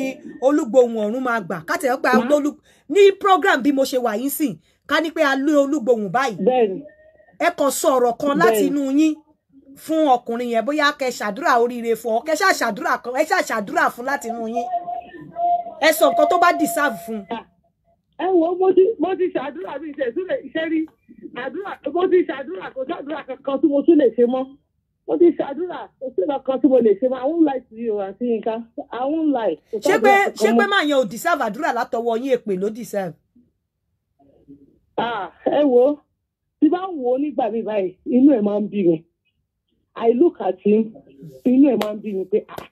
olúgbòhùn ọ̀run máa gbà kátẹ̀ ọ́ pé ní program bí mo ṣe wà yín sìn ká ní pé a lé olúgbòhùn báyìí ẹ kàn sọ ọ̀rọ̀ kan láti inú yín fún ọkùnrin yẹn bóyá kẹ ṣàdúrà oríire fún ọ kẹ ṣáà ṣàdúrà kan ẹ ṣáà ṣàdúrà fún láti inú yín ẹ sọ nǹkan tó bá deserve fún. ẹ wo mo ti mo ti ṣàdúrà mi ìṣẹ̀sílẹ̀ iṣẹ́ rí àdúrà mo ti ṣàdúrà kò ṣàdúrà kankan tí mo tún lè ṣe mọ́ mo ti ṣàdúrà kò sí kankan tí mo lè ṣe mọ́ àwọn láì sí o àti nǹkan àwọn láì. ṣé pé ṣé pé máa yan ò àdúrà látọwọ́ yín èpè ló deserve. Ah, ẹ wo tí bá wò ó nígbà mi báyìí inú ẹ̀ máa ń bí mi I look at him inú ẹ̀ máa ń bí mi pé ah,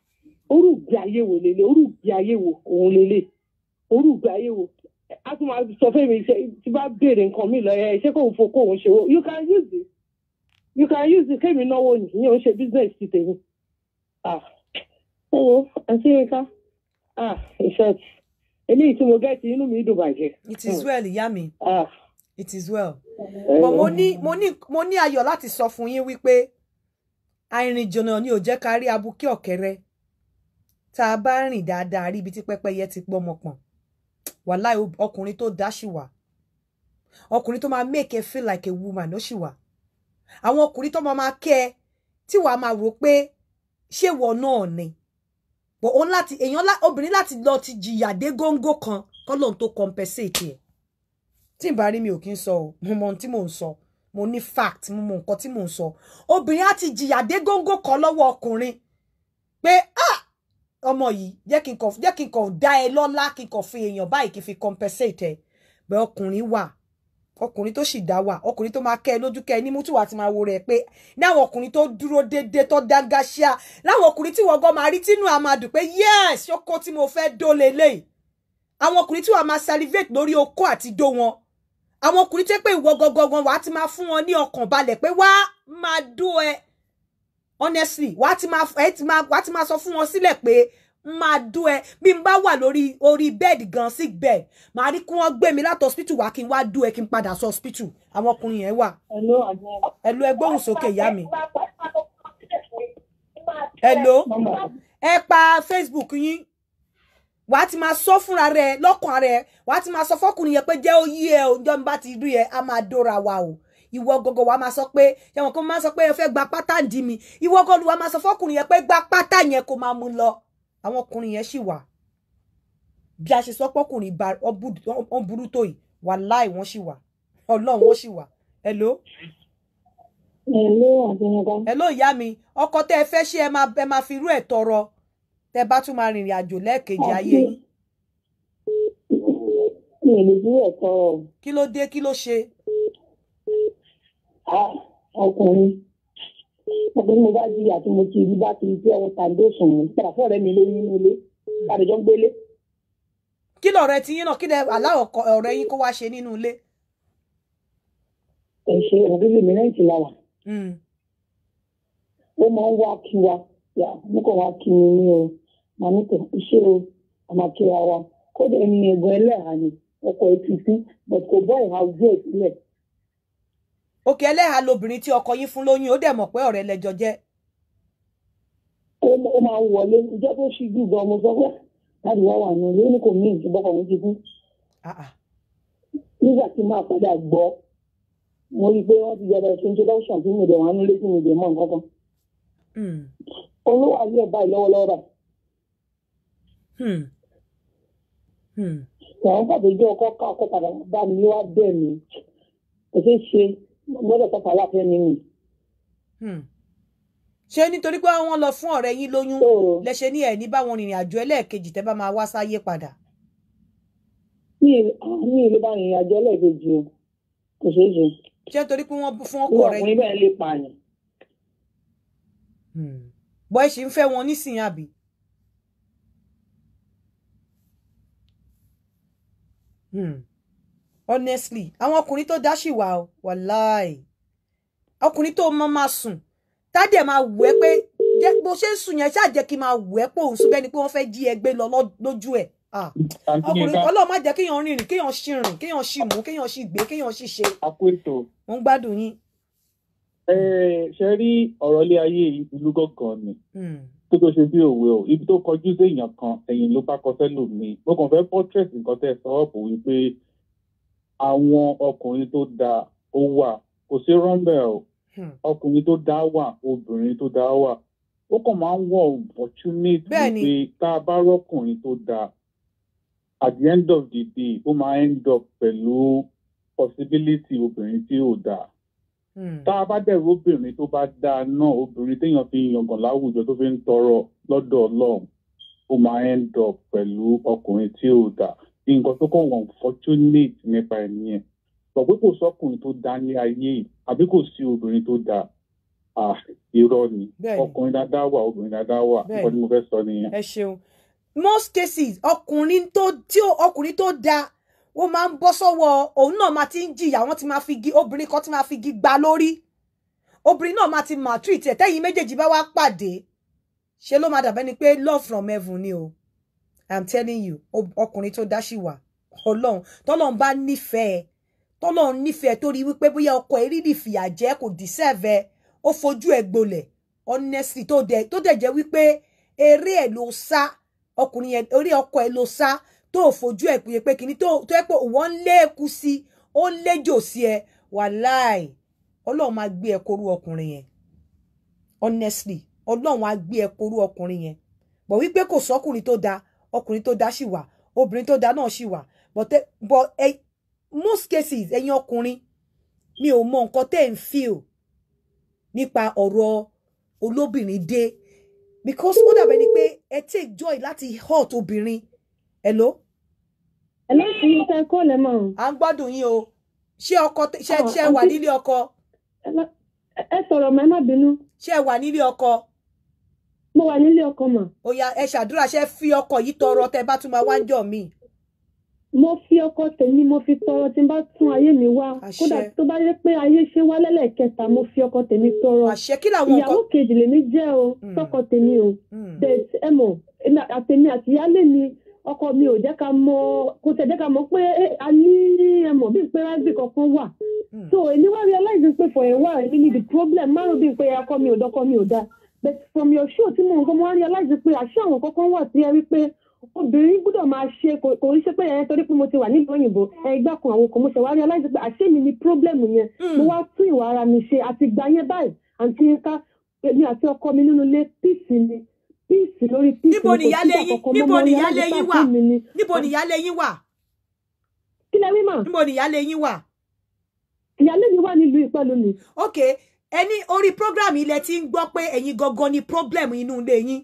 orúgbìn ayé wo lélẹ̀ orúgbìn ayé wo òun lélẹ̀ orúgbìn ayé wo a tún máa sọ fún mi tí bá béèrè nǹkan mi lọ́yẹ̀ ṣé kò fo kó òun ṣe o you can use it you can use it kémi náwó nìyẹn ò ń ṣe business ti tèmi ah, owó àti yínká ah in short eléyìí tí mo gẹ́ẹ̀tì inú mi dùn bàjẹ́. it is well ìyá mi. Ah, it is well. Eh. but mo ní mo ní mo ní ayọ̀ láti sọ fún yín wípé àìrìn jọ̀nà ni ò jẹ́ ká rí abuké ọ̀kẹ́rẹ́ tá a bá rìn dáadáa rí ibi tí pẹ́pẹ́yẹ ti pọ́ ọmọpọ̀n wàláì ọkùnrin tó dá ṣì wà ọkùnrin make her feel like a woman ó ṣì wà àwọn ọkùnrin tó máa máa kẹ́ ẹ tí wàá máa rò pé ṣé ni but òun láti èèyàn obìnrin láti lọ ti jìyà dé góńgó kan kọ́ lóun tó compensate ẹ̀ tí n bá rí mi ò kí ń sọ o mo mọ ohun tí mò ń sọ mo ní fact mo mọ nǹkan tí mò ń sọ obìnrin á ti jìyà dé góńgó kan lọ́wọ́ ọkùnrin pé ah ọmọ yìí jẹ́ kí n kàn jẹ́ kí n kàn dá ẹ lọ́lá kí n kàn fi èèyàn báyìí kí n fi compensate ẹ bẹ́ẹ̀ ọkùnrin wà ọkùnrin tó sì dá wà ọkùnrin tó máa kẹ ẹ lójú kẹ ẹ ní mútùwà tí máa wo rẹ pé láwọn ọkùnrin tó dúró déédéé tó dáńgáṣíà láwọn ọkùnrin tí wọn gan máa rí tínú àmàdù pé yes ọkọ tí mo fẹ́ dó lélẹ̀ àwọn ọkùnrin tí wọn máa salivate lórí okó àti dó wọn àwọn ọkùnrin tẹ́ pé ìwọ gangan wàá ti máa fún wọn ní ọkàn balẹ̀ pé wá máa dún ẹ honestly wàá ti máa ẹ ti máa wàá ti máa sọ fún wọn sílẹ̀ pé máa dún ẹ bí n bá wà lórí orí bẹ́ẹ̀dì gan sick bed màá rí kí wọ́n gbé mi láti hospital wá kí n wá dún ẹ kí n padà sọ hospital àwọn ọkùnrin yẹn wà. ẹ̀lú ẹgbóhùn sókè ìyá mi. ẹ̀lú ẹ pa Facebook yín wà á ti máa sọ fúnra rẹ lọ́kàn ara wà á ti máa sọ fọ́kùnrin yẹn pé jẹ́ ó ẹ o jọ́ mi bá ti rí ẹ a máa dóra wa o ìwọ gọgọ wa máa sọ pé ẹwọn kó máa sọ pé ẹ fẹ́ gba pátá ń mi ìwọ gọlù wa máa sọ fọ́kùnrin yẹn pé gba pátá yẹn kó máa mú lọ àwọn ọkùnrin yẹn sì wà bí a ṣe sọ pọkùnrin bá ọ burú tó yìí wà láì wọ́n sì wà Ọlọ́run wọ́n sì wà hello. hello àbẹ̀yẹ̀dá. hello ìyá mi ọkọ tẹ́ ẹ fẹ́ ṣe ẹ máa fi irú ẹ̀ tọrọ tẹ bá tún máa rìnrìn àjò lẹ́ẹ̀kejì ayé yín. mi ò lè dúró ẹ̀kọ́ o. kí ló dé kí ló ṣe. ọkùnrin ọkùnrin mo bá di àti mo ti rí bá ti rí pé ọwọ́ tàbí òsùn mi padà fún ọ̀rẹ́ mi lórí nínú ilé àdéjọ́ ń gbélé. kí lọ̀rẹ́ ti yín náà kí lẹ aláwọ̀ ọ̀rẹ́ yín kó wá ṣe nínú ilé. ẹ ṣe òbílẹ̀ mi náà ti la wà. Hmm. ó máa ń wá kí wa yà á wá kí mi ní o manito ìṣirò àmàkìrà wa kódà ẹni ẹ̀gbọ́n ẹlẹ́hà ni ọkọ ètùtù but kò bọ́ ìhà ojú ẹ̀ sílẹ̀. òkè ẹlẹ́hà lobìnrin tí ọkọ yín fún lóyún ó dẹ̀ mọ̀ pé ọ̀rẹ́ lẹ́jọ́ jẹ́. ó máa ń wọlé ìjọ tó ṣì jù gan mo sọ pé láti wá wà ní ilé ní kò ní ìjọba kan ti kú. Ah, ah. nígbà tí máa padà gbọ́ mo rí i pé wọ́n ti jẹ́ bẹ̀rẹ̀ introduction tí mi dẹ̀ wọ́n á nílé tí mi dẹ̀ mọ̀ nǹkan kan. Hmm. olówó ayé ẹ̀ báyìí lọ́wọ́lọ́wọ́ báyìí Hmm. Hmm. àwọn pàtó jẹ́ ọkọ ká ọkọ padà bá mi wá bẹ́ẹ̀ mi kò ṣeé ṣe gbọ́dọ̀ pàpà láfẹ́ mi nì. Hmm. ṣé nítorí pé wọ́n lọ fún ọ̀rẹ́ yín lóyún lẹ́ṣẹ̀ ní ẹ̀ ní báwọn rìnrìn àjò ẹlẹ́ẹ̀kejì tẹ́ bá máa wá sáyé padà. mi mi ló bá rìnrìn àjò ẹlẹ́ẹ̀kejì o kò ṣeé ṣe. ṣé nítorí pé wọ́n fún ọkọ rẹ̀ yín. ìwà ọkùnrin bẹ́ẹ̀ lè pààyàn. bọ́ ẹ ṣì ń fẹ́ wọn nísìnyí Hmm. honestly àwọn ọkùnrin tó dá sí wa o wàláì ọkùnrin tó mọ máa sùn tádẹ máa wù ẹ́ pé bó ṣe ń sùn yẹn ṣáà jẹ́ kí n máa wù ẹ́ pé òun sùn bẹ́ẹ̀ ni pé wọ́n fẹ́ jí ẹgbẹ́ lọ lójú ẹ̀ ọkùnrin ọlọ́run má jẹ́ kéèyàn rìnrìn kéèyàn ṣì rìn kéèyàn ṣì mú kéèyàn ṣì gbé kéèyàn ṣì ṣe. àpètò mo ń gbádùn yín. ṣe rí ọ̀rọ̀ ilé ayé ìlú gọ̀ọ̀gàn ni. Mm kó tó ṣe bí òwe o ibi tó kọjú sí èèyàn kan ẹ̀yìn ló bá kọsẹ́ lò mí mo kàn fẹ́ portrait nǹkan tẹ́ sọ́ọ̀bù wípé àwọn ọkùnrin tó dáa ó wà kò sí rọ́ńbẹ̀ o hmm. ọkùnrin tó dáa wà obìnrin tó dáa wà ó kàn máa ń wọ opportunity pé tá a bá rọ́kùnrin tó dáa at the end of the day ó máa end up pẹ̀lú possibility obìnrin tí ò dáa. Hmm. tá a bá dẹ̀rù obìnrin tó bá dáa náà obìnrin téèyàn fi yangàn láwùjọ tó fi ń tọrọ lọ́dọ̀ ọlọ́run ó máa end up pẹ̀lú ọkùnrin tí ò dà nǹkan tó kàn wọ́n fortunate nípa ẹni yẹn sọ pé kò sọkùnrin tó dá ní ayé yìí àbí kò sí obìnrin tó dá irọ́ ni ọkùnrin dáadáa wà obìnrin dáadáa wà nǹkan tí mo fẹ́ sọ nìyẹn. ẹ ṣeun most cases ọkùnrin tó tí ọkùnrin tó dá wọ́n máa ń bọ́ sọ́wọ́ òun náà máa ti ń jìyà wọ́n ti máa fi gi obìnrin kan ti máa fi gi gba lórí obìnrin náà máa ti maltreat ẹ̀ tẹ́yìn méjèèjì bá wá pàdé ṣe ló máa dàbẹ́ ni pé love from heaven ni o i'm telling you ọkùnrin tó dá sí wà ọlọ́run tọ́lọ́run bá nífẹ̀ẹ́ tọ́lọ́run nífẹ̀ẹ́ torí wípé bóyá ọkọ ẹ̀ rí ìfìyà jẹ́ kò deserve ẹ̀ ó fojú ẹ̀ gbolẹ̀ honestly tó dẹ̀ tó dẹ̀ jẹ́ wípé eré ẹ̀ ló sá ọkùnrin ẹ̀ orí ọkọ ẹ̀ ló sá tó fojú ẹ̀ pé kíní tó tó ẹ́ pé wọ́n lé eku sí ó léjò sí ẹ wàláì ọlọ́run máa gbé ẹ korú ọkùnrin yẹn honestly ọlọ́run á gbé ẹ korú ọkùnrin yẹn bọ̀ wípé kò sọ́kùnrin tó da ọkùnrin tó da ṣì wà obìnrin tó da náà ṣì wà but but most cases ẹ̀yin eh, ọkùnrin mi ò mọ nǹkan tẹ́ ẹ̀ ń feel nípa ọ̀rọ̀ olóbìnrin dé because ó dàbẹ̀ ni pé ẹ take joy láti hurt obìnrin hello ẹlẹ́sìn iṣẹ́ kó lẹ́ mọ̀. à ń gbádùn yín o ṣé ọkọ ṣe ṣe ah, wà nílé ọkọ. ẹ sọ̀rọ̀ mọ́ ẹ má bínú. ṣé ẹ wà nílé ọkọ. mo wà nílé ọkọ mà. ó yá ẹ ṣàdúrà ṣe fi ọkọ yìí tọrọ tẹ bá tún máa wá ń jọ mí. mo fi ọkọ tèmi mo fi tọrọ tí n bá tún ayé mi wá kódà tó bá yẹ pé ayé ṣe wá lẹ́lẹ́kẹta mo fi ọkọ tèmi tọrọ. àṣẹ kí làwọn ọkọ ìyàwó kejì lèmi jẹ́ o sọ́kọ hmm. tèmi o. Hmm. ẹ mọ̀ àtèmi àtìyálé mi ọkọ mi ò jẹ́ ká mọ̀ kò tẹ̀ jẹ́ ká mọ̀ pé eh, a ní ẹmọ̀ bíi pé rẹ́sì kankan wà hmm. so èmi wá realize pé for a while èmi ni the problem márùn bíi pé akọ mi ò dọ́kọ mi ò da but from your show tí mo ń kọ́ mo wá realize pé àṣé àwọn kankan wà tí ẹ rí pé obìnrin gbọ́dọ̀ máa ṣe kò ń ṣe pé ẹ̀ torí pé mo ti wà nílùú òyìnbó ẹgbẹ́ kan àwọn kan mo ṣe wá realize pé àṣé mi ni problem yẹn hmm. mo wá tún ìwà ara mi ṣe àti gbà yẹn báyìí àǹtí yín ká èmi àti ọkọ mi nínú ilé peace ni píìsì lórí píìsì níbo ni ìyálé yín níbo ni ìyálé yín wà níbo ni ìyálé yín wà. kí lẹ wí mà. níbo ni ìyálé yín wà. ìyálé yín wà nílùú ìpẹ́lú mi. ok ẹni orí program ilẹ̀ ti ń gbọ́ pé ẹ̀yin gangan ni problem inú ilé yín.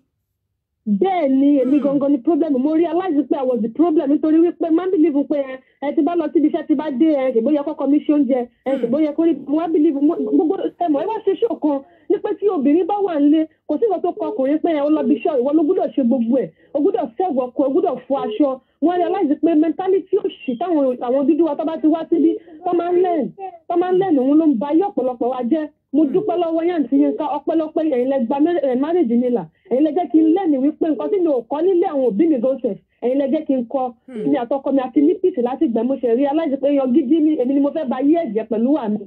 bẹ́ẹ̀ ni èmi hmm. gangan ni problem mo realize pé i was the problem nítorí wípé máa ń believe pé ẹ ti bá lọ síbi iṣẹ́ ti bá dé ẹ ṣègbóyẹ kọ́kọ́ mi ṣe oúnjẹ ẹ ṣègbóyẹ hmm. kórìí mo wá believe gbogbo ẹ̀mọ́ ẹ wá ṣe ṣòkan ni pé tí obìnrin bá wà nílé kò sí nǹkan tó kọ ọkùnrin pé ẹ ọlọ́bi iṣẹ́ ìwọ ló gbúdọ̀ ṣe gbogbo ẹ̀ o gbúdọ̀ sẹ́wọ̀ ọkọ o gbúdọ̀ fọ aṣọ wọn rí aláìsí pé mẹńtálítì òṣì táwọn àwọn dúdú wa tó bá ti wá síbí tó máa ń lẹ́nu tó máa ń lẹ́nu òun ló ń ba ayé ọ̀pọ̀lọpọ̀ wa jẹ́ mo dúpẹ́ lọ́wọ́ yẹn àti yín ká ọpẹ́lọpẹ́ ẹ̀yin lẹ gba márèjì mi là ẹ̀yin lẹ jẹ́ kí n lẹ́nu wípé nǹkan tí mi ò kọ́ nílé àwọn òbí mi gan sẹ̀ ẹ̀yin lẹ jẹ́ kí n kọ́ hmm. mi àtọkọ mi àti ní pìsì láti gbẹ̀mú ṣe rí aláìsí pé yan gidi ni èmi ni mo fẹ́ ba ayé ẹ̀jẹ̀ pẹ̀lú àmì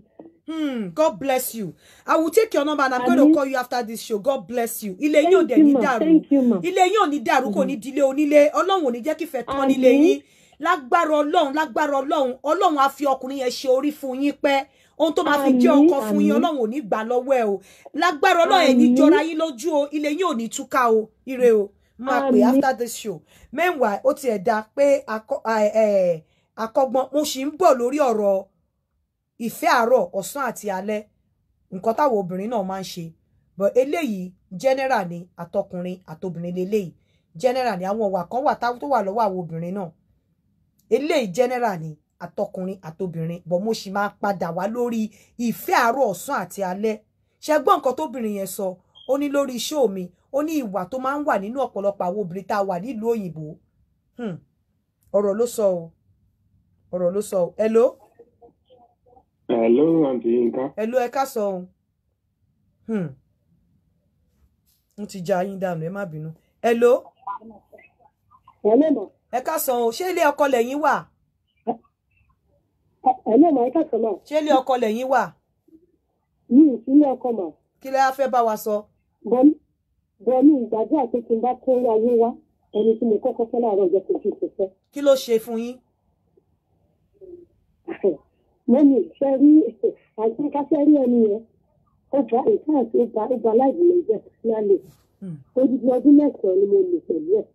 Hmm, God bless you. I will take your number and I'm Amen. going to call you after this show. God bless you. Ilé yín ò dẹ̀ ní dàrú. Ilé yín ò ní dàrú kò ní mm-hmm. dilé onílé. Ọlọ́run ò ní jẹ́ kí fẹ́ tán nílé yín. Lágbára Ọlọ́run, lágbára Ọlọ́run. Ọlọ́run á fi ọkùnrin yẹn ṣe orí fún yín pẹ́. Ohun tó máa fi jẹ́ ọkọ fún yín Ọlọ́run ò ní gbà lọ́wọ́ ẹ o. Lágbára Ọlọ́run ẹ̀ ní jọra yín lójú o. Ilé yín ò ní túká o. Ire o. Máa pè after this show. Meanwhile, o ti ẹ̀ dá Eh. àkọ́gbọ́n mo ṣì ń bọ̀ lórí ọ̀rọ̀ ìfẹ́ àárọ̀ ọ̀sán àti alẹ́ nǹkan táwọn obìnrin náà máa ń ṣe but eléyìí general ni àtọkùnrin àtobìnrin leléyìí general ni àwọn ọ̀wà kan wà tó wà lọ́wọ́ àwọn obìnrin náà eléyìí general ni àtọkùnrin àtobìnrin but mo sì máa padà wá lórí ìfẹ́ àárọ̀ ọ̀sán àti alẹ́ ṣe gbọ́ nǹkan tóbìnrin yẹn sọ ó ní lórí iṣẹ́ mi ó ní ìwà tó máa ń wà nínú ọ̀pọ̀lọpọ̀ àwọn obìnrin tá a wà nílùú òyìnbó hmm. ọ̀rọ̀ ló sọ ọ̀rọ̀ ló sọ ọ́ hello hello àǹtí Yínká. hello ẹ ká sọ ohun hmm. n ti ja yín dànù ẹ má bínú hello. hello ma. ẹ ká sọ ohun ṣé ilé ọkọ lẹ́yìn wà. hello ma ẹ ká sọ ma. ṣé ilé ọkọ lẹ́yìn wà. mi ì sílé ọkọ mà. kí lẹ́ fẹ́ bá wa sọ. bọ́ọ̀lù bọ́ọ̀lù ìgbàdúrà pé kí n bá kó ayé wá ẹni tí mo kọ́kọ́ fẹ́ láàárọ̀ ọjọ́ kejì ìfẹ́fẹ́. kí ló ṣe fún yín mẹ́mi ìfẹ́ rí àti káfẹ́ rí ẹni yẹn ó gba ìfẹ́ àti ó gba ó gba láìpẹ́ lè jẹ́ lálẹ́ odidi ọdún mẹ́sàn-án ni mo lò pẹ̀lú ẹ̀.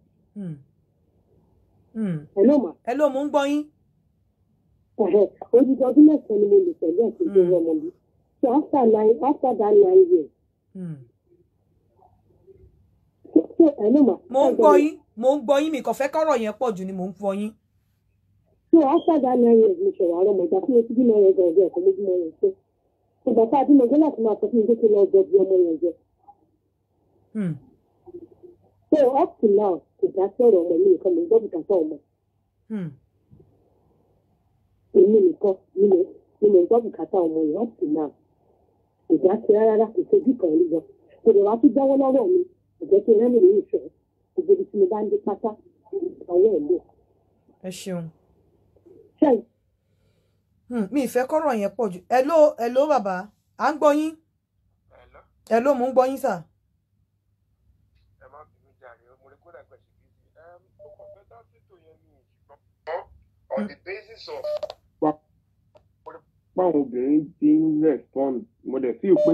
hello ma. hello mo ń gbọ́ yín. odidi ọdún mẹ́sàn-án ni mo lò pẹ̀lú ẹ̀ tó gbé hmm. ọmọ mi so after nine after that nine years. Hmm. mo ń gbọ́ yín mo ń gbọ́ yín mi kò fẹ́ kọ́rọ̀ yẹn pọ̀ jù ni mo ń gbọ́ yín so after that nine years mo ṣẹ̀wá rẹ̀ mo ìgbà tí mo ti bímọ yẹn gan-an ẹ̀kọ́ mo bímọ yẹn jẹ́ ìgbà tá a bímọ jẹ́ láti máa sọ fún mi pé kí n lọ jọ bí ọmọ yẹn jẹ́. so up to now kò dá sí ọ̀rọ̀ ọmọ mi nìkan mo gbọ́ bùkátà ọmọ. èmi nìkan ni mo gbọ́ bùkátà ọmọ yẹn up to now kò dá sí rárá kò ṣe bí kan lọ kò dẹ̀ wá tún jáwọ́ lọ́wọ́ mi kò jẹ́ kí n rẹ́mi ní ìṣẹ́ Hmm, mi ìfẹ́ kọ́rọ̀ yẹn pọ̀ jù hello hello bàbá à ń gbọ́ yín hello mò ń gbọ́ yín sà. on obìnrin ti ń respond mo dẹ̀ fi pé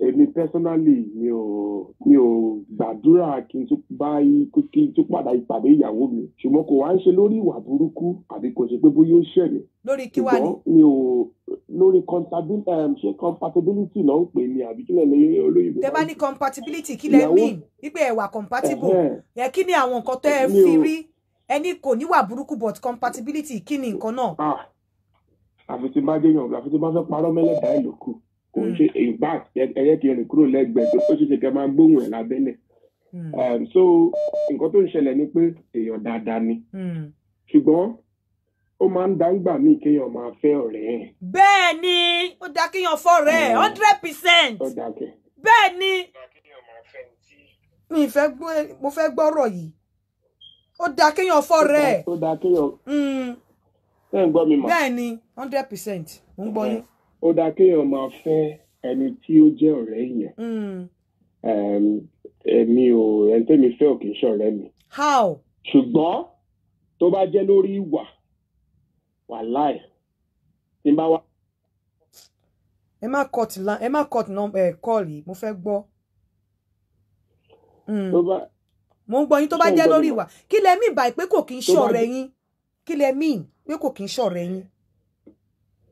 èmi personally mi ò mi ò gbàdúrà kí n tún bá kí n tún padà ìpàdé ìyàwó mi ṣùgbọ́n kò wá ń ṣe lórí ìwà burúkú àbí kò ṣe pé bóyá ó ṣẹ̀ mí. lórí kí wá ni. mi ò lórí ṣé compatibility ló ń pè mí àbí kí lẹ́nu olóyìnbó. tẹ bá ní compatibility kí lẹ mean wípé ẹ wà compatible yẹ kí ni àwọn nǹkan tẹ ẹ fi rí ẹni kò níwà burúkú but compatibility kí ni nǹkan náà. Ah, àfi tí bá jẹyàn àfi tí bá fẹ́ parọ́ mẹ́lẹ́dàá ẹ̀ lókù kò hmm. ṣe in fact ẹyẹ ti rìn kúrò lẹ́gbẹ̀ẹ́ tó ó ṣeéṣe kẹ́ máa gbóhùn ẹ̀ lábẹ́lẹ̀ hmm. um, so nǹkan tó ń ṣẹlẹ̀ ni pé èèyàn dáadáa ni hmm. ṣùgbọ́n ó máa ń dáńgbà míì kéèyàn máa fẹ́ ọ̀rẹ́ ẹ̀. bẹ́ẹ̀ ni ó dá kéèyàn fọ́ọ̀rẹ́ ẹ̀ hundred percent bẹ́ẹ̀ ni mi fẹ́ gbọ́ mo fẹ́ gbọ́rọ̀ yìí ó dá kéèyàn fọ́ọ̀rẹ́ ẹ̀. ó dá ni hundred percent mo ń gbọ́ yín ó dáa kéèyàn máa fẹ́ ẹni tí ó jẹ́ ọ̀rẹ́ èèyàn hmm. èmi ò ẹni tẹ́mi fẹ́ ò kì í ṣọ̀rẹ́ mi. how. ṣùgbọ́n tó bá jẹ́ lórí ìwà wàláì tí n bá wá. ẹ má cut ẹ má cut call yìí mo fẹ́ gbọ́. Hmm. mo ń gbọ́ yín tó bá jẹ́ lórí ìwà kí lẹ mí báyìí pé kò kí ń ṣọ̀rẹ́ yín kí lẹ mí pé kò kí ń ṣọ̀rẹ́ yín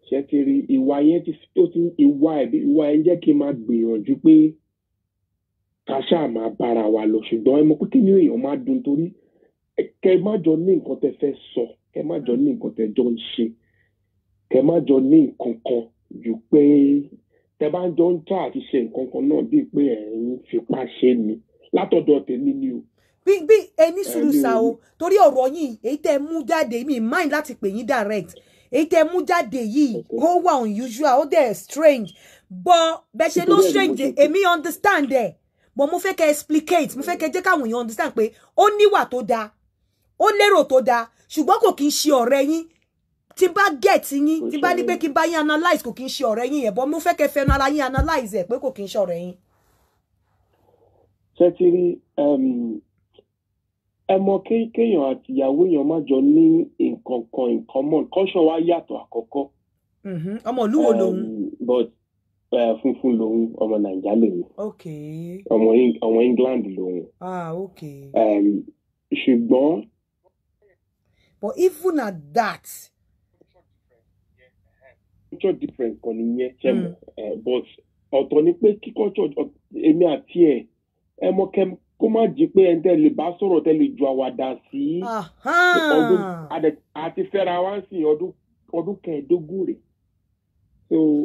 ṣe ti rí ìwà yẹn tó ti ìwà ẹbí ìwà yẹn jẹ́ kí n máa gbìyànjú pé ká ṣáà máa bára wa lọ ṣùgbọ́n ẹ mọ̀ pé kí ni èèyàn máa dùn torí kẹ má jọ ní nǹkan tẹ fẹ́ sọ kẹ má jọ ní nǹkan tẹ jọ ń ṣe kẹ má jọ ní nǹkan kan jù pé tẹ bá ń jọ ń tà àti ṣe nǹkan kan náà bíi pé ẹ ń fipá ṣe ni látọ̀dọ̀ tèmi ni o. bí bí ẹni sùúrù sa o torí ọ̀rọ̀ yìí èyí tẹ́ mú jáde mi mind láti pè yín direct èyí tẹ mú jáde yìí ó wà unusual ó dẹ̀ strange bọ́ bẹ́ẹ̀ ṣe ló strange èmi understand ẹ̀ bọ́ mo fẹ́ kẹ́ explicate mo fẹ́ kẹ́ jẹ́ káwọn èèyàn understand pé ó níwà tó dáa ó lérò tó dáa ṣùgbọ́n kò kí ń ṣe ọ̀rẹ́ yín tí bá get yín tí bá ní pé kí n bá yín analyse kò kí ń ṣe ọ̀rẹ́ yín yẹn bọ́ mo fẹ́ kẹ́ fẹnu ara yín analyse ẹ̀ pé kò kí ń ṣe ọ̀rẹ́ yín. ṣé ti rí um, ẹ kéèyàn àti ìyàwó èèyàn má jọ ní nǹkan kan nǹkan mọ kọ́ṣọ̀ wa yàtọ̀ àkọ́kọ́. Mm-hmm. ọmọ ìlú um, lòun. but uh, funfun lòun ọmọ nàìjà lòun. ọmọ england lòun. Ah, um, ṣùgbọ́n. but even at that. culture difference kan nìyẹn ṣẹ́mu mm. uh, but ọ̀tọ̀ ni pé kí culture èmi àti ẹ̀ ẹ mọ kẹ́mi kó má jí pé ẹni tẹ́ lè bá sọ̀rọ̀ tẹ́ lè ju àwàdà sí ọdún àti fẹ́ra wá sí ọdún kẹẹ̀ẹ́dógún rẹ̀.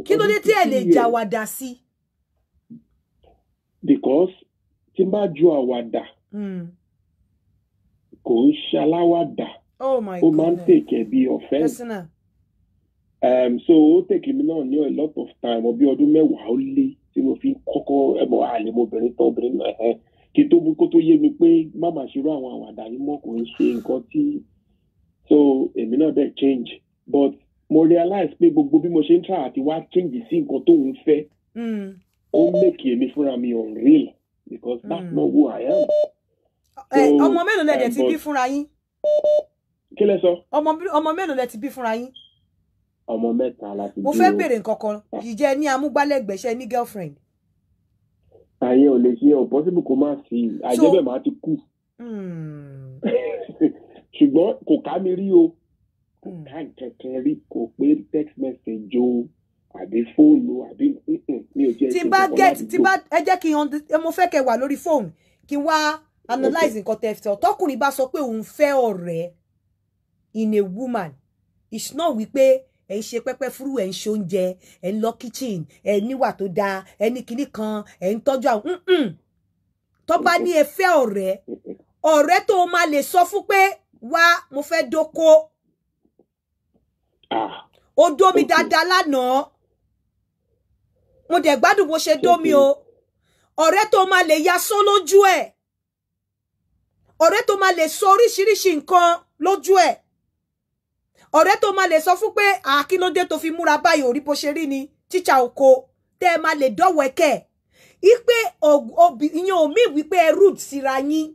kí ló dé tí ẹ lè jàwàdà sí. because tí n bá ju àwàdà hmm. kò ń ṣaláwàdà oh ó máa ń tèkẹ́ bí ọ̀fẹ́. Um, so ó tèkè mi náà ní a lot of time ọbí ọdún mẹ́wàá ó lé tí mo fi kọ́kọ́ ẹ̀mọ́ àlè mo bẹ̀rẹ̀ tán obìnrin náà kí tó kó tó yé mi pé má mà ṣerú àwọn àwàdà yìí mọ́ kò ń ṣe nǹkan tí so èmi náà dẹ̀ change but mo realize pé gbogbo bí mo ṣe ń tra àti wá change sí nǹkan tó ń fẹ́ hmm. ó mèkì èmi fúnra mi unreal because that's mm. not hmm. who I am. Eh, ọmọ mélòó lẹ dẹ̀ eh, ti bí fúnra yín. kí lẹ sọ. ọmọ mélòó lẹ ti bí fúnra yín. ọmọ mẹ́ta la ti bí o. mo fẹ́ bèrè nǹkan kan ìjẹ́ ní amúgbálẹ́gbẹ̀ṣẹ́ ní girlfriend àyẹ ò lè ṣe ọ possible kó má sí i àjẹbẹ màá ti kú hmm. ṣùgbọ́n kò ká mi rí o kò hmm. ká kẹ̀kẹ́ rí kò pé text message o àbí fóònù àbí mi ò jẹ́ tí bá get tí bá ẹ jẹ́ kí n mo fẹ́ kẹ wà lórí fóònù kí n wá analyze nǹkan tẹ fẹ́ tọkùnrin bá sọ pé òun fẹ́ ọ̀rẹ́ in a woman it's not wípé ẹ̀ ń ṣe pẹ́pẹ́ fúrú ẹ̀ ń ṣe oúnjẹ ẹ̀ ń lọ kitchen ẹ̀ níwà tó dáa ẹ̀ ní kinní kan ẹ̀ ń tọ́jú àwọn tó bá ní ẹ fẹ́ ọ̀rẹ́ ọ̀rẹ́ tó máa lè sọ fún pé wá mo fẹ́ dóko ó ah. dómi dáadáa lánàá mo dẹ̀ gbádùn bó ṣe dómi o ọ̀rẹ́ tó máa lè yasọ́ lójú ẹ̀ ọ̀rẹ́ tó máa lè sọ oríṣiríṣi nǹkan lójú ẹ̀ ọ̀rẹ́ tó máa lè sọ fún pé àkínódé tó fi múra báyìí ò bó ṣe rí ni tíṣà oko tẹ́ ẹ máa lè dọ́wọ́ ẹ̀kẹ́ ipe ìyẹn omi wípé ẹ rude síra yín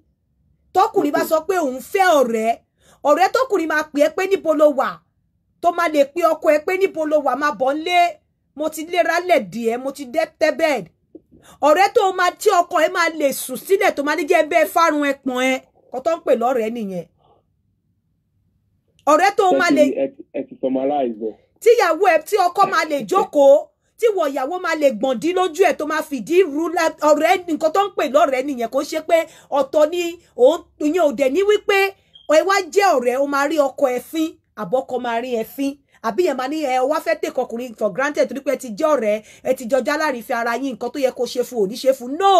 tọkùnrin bá sọ pé òun fẹ́ ọ̀rẹ́ ọ̀rẹ́ tọkùnrin máa pè é pé níbo ló wà tó máa lè pe ọkọ ẹ pé níbo ló wà máa bọ̀ nlé mo ti léra lẹ̀ díẹ̀ mo ti dé tẹ́bẹ̀d ọ̀rẹ́ tó máa tí ọkọ ẹ máa lè sùn sílẹ̀ tó máa ní bẹ́ẹ̀ fárun ẹpọ̀n ẹ kọ́ ń pè lọ́rẹ̀ẹ́ nìyẹn ọ̀rẹ́ tó máa lè. ẹ ti summarize. tíyàwó ẹ tí ọkọ máa lè jókòó tí wọ ìyàwó máa lè gbọ̀ndín lójú ẹ̀ tó máa fìdí ru ọ̀rẹ́ nǹkan tó ń pè lọ́rẹ̀ẹ́ nìyẹn kó ṣe pé ọ̀tọ̀ ni ìyẹn ò dẹ̀ ní wípé ẹ wá jẹ́ ọ̀rẹ́ ó máa rí ọkọ ẹ fín àbọ̀kọ máa rí ẹ fín àbí yẹn máa ní ẹ wá fẹ́ tèkọ ọkùnrin for granted torí pé ẹ ti jẹ́ ọ̀rẹ́ ẹ ti jọjá láàrin fi ara yín nǹkan tó yẹ kó ṣe fún òní ṣe fún no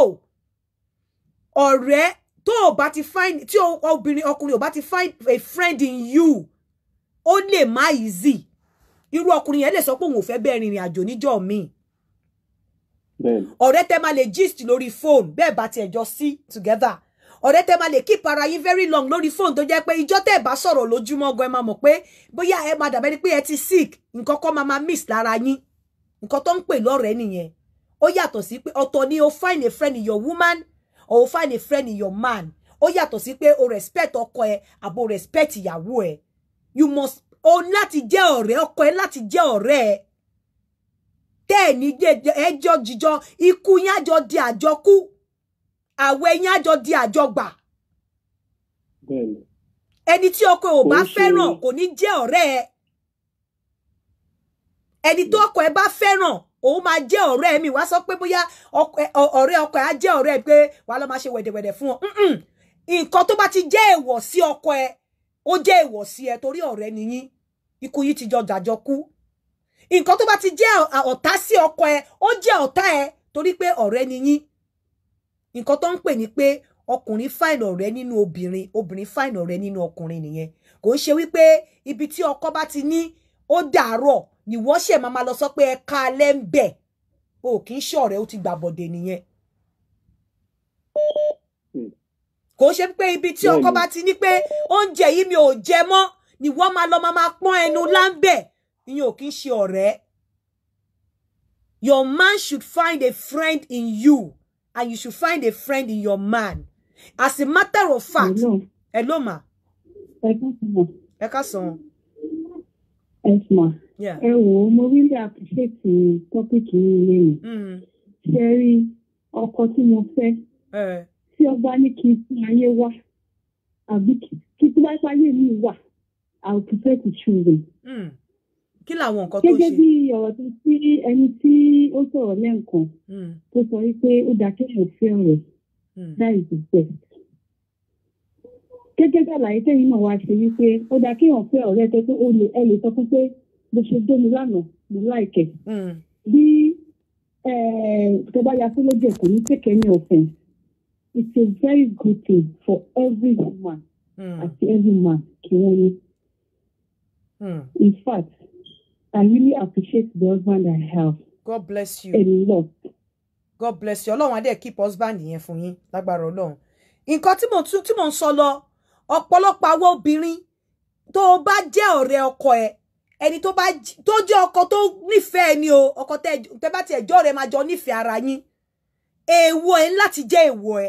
ọ̀rẹ́ tó o bá ti find tí obìnrin ọkùnrin ò bá ti find a friend in you ó lè má izi irú ọkùnrin yẹn lè sọ pé òun ò fẹ́ bẹ́ẹ̀ rìnrìn àjò níjọ́ míì ọ̀rẹ́ tẹ́ máa lè gist lórí phone bẹ́ẹ̀ bá tiẹ̀ jọ sí together máa keep ara very long lórí phone tó jẹ pé ìjọ́ teba soro bá ogo lójúmọ́ gan ẹ máa mọ̀ pé bóyá ẹ máa ni pé ẹ ti sick nǹkan kan máa miss lára yín nǹkan tó ń pè nìyẹn ó sí ni o find a friend your woman or find a friend your man ó sí pé o respect ọkọ ẹ àbò respect ìyàwó ẹ you must o láti jẹ́ ọ̀rẹ́ ọkọ ẹ láti jẹ́ ọ̀rẹ́ ẹ tẹ́ ẹ̀ ní ẹjọ́ jíjọ ikú yín àjọ di àjọkú àwẹ̀ yín àjọ di àjọgbà ẹni tí ọkọ ò bá fẹ́ràn kò ní jẹ́ ọ̀rẹ́ ẹ ẹni tó ọkọ ẹ bá fẹ́ràn òun máa jẹ́ ọ̀rẹ́ mi wá sọ pé bóyá ọ̀rẹ́ ọkọ ẹ á jẹ́ ọ̀rẹ́ pé wàá lọ máa ṣe wẹ̀dẹ̀wẹ̀dẹ̀ fún ọ nǹkan tó ti jẹ́ èèwọ̀ sí ọkọ ẹ ó jẹ́ èèwọ̀ sí ẹ torí ọ̀rẹ́ ni yín ikú yìí ti jọ jàjọ kú nǹkan tó bá ti jẹ́ ọ̀tá sí ọkọ ẹ ó jẹ́ ọ̀tá ẹ torí pé ọ̀rẹ́ ni yín nǹkan tó ń pè ní pé ọkùnrin fáìn ọ̀rẹ́ nínú obìnrin obìnrin fáìn ọ̀rẹ́ nínú ọkùnrin nìyẹn kò ń ṣe wípé ibi tí ọkọ bá ti ní ó dàárọ̀ ni wọ́n ṣe máa lọ sọ pé ẹ ká alẹ́ ń bẹ̀ o kì í ṣọ̀rẹ́ ó ti gbàbọ̀dẹ̀ nìyẹn kò ṣe pé ibi tí ọkọ bá ti ní pé oúnjẹ yìí mi ò jẹ mọ́ ni wọ́n máa lọ máa pọ́n ẹnu láńbẹ̀ ìyẹn ò kí ń ṣe ọ̀rẹ́. Your man should find a friend in you and you should find a friend in your man. As a matter of fact, ẹ ló mà. Ẹ ká sàn. Ẹ sàn. Ẹ wò ó, mo really appreciate topic yìí lẹ́yìn. Mm. Ṣé rí ọkọ tí mo fẹ́? Eh tí ọba ní kí n fún ayé wá àbí kí tó bá pa mi wà i will prepare to choose him. Hmm. kí làwọn nǹkan tó ṣe. gẹ́gẹ́ bí ọ̀rọ̀ tó sí ẹni tí ó sọ̀rọ̀ lẹ́ǹkan hmm. tó sọ wípé ó dá kéèyàn fẹ́ràn that is the best. gẹ́gẹ́ bí àlàyé tẹ̀yìn náà wá ṣe wípé ó dá kéèyàn fẹ́ ọ̀rẹ́ tó tó ó lè ẹ lè sọ fún pé bó ṣe dómi lánàá mo láìkẹ́ hmm. bí tó bá ya fún ẹ̀kọ́ ní kékeré ní ọ̀fẹ́ it's a very good thing for every woman àti mm. every man kí wọ́n ní. Hmm. in fact I really appreciate the husband I have. God bless you. a lot. God bless you ọlọ́run adé keep husband yẹn fún yín lágbára ọlọ́run nǹkan tí mò ń tí mò ń sọ lọ ọ̀pọ̀lọpọ̀ àwọn obìnrin tó o bá jẹ́ ọ̀rẹ́ ọkọ ẹ ẹni tó bá tó jẹ́ ọkọ tó nífẹ̀ẹ́ ni o ọkọ tẹ bá tiẹ̀ jọ́ ọ̀rẹ́ máa jọ nífẹ̀ẹ́ ara yín èèwọ̀ ẹ láti jẹ́ èèwọ̀ ẹ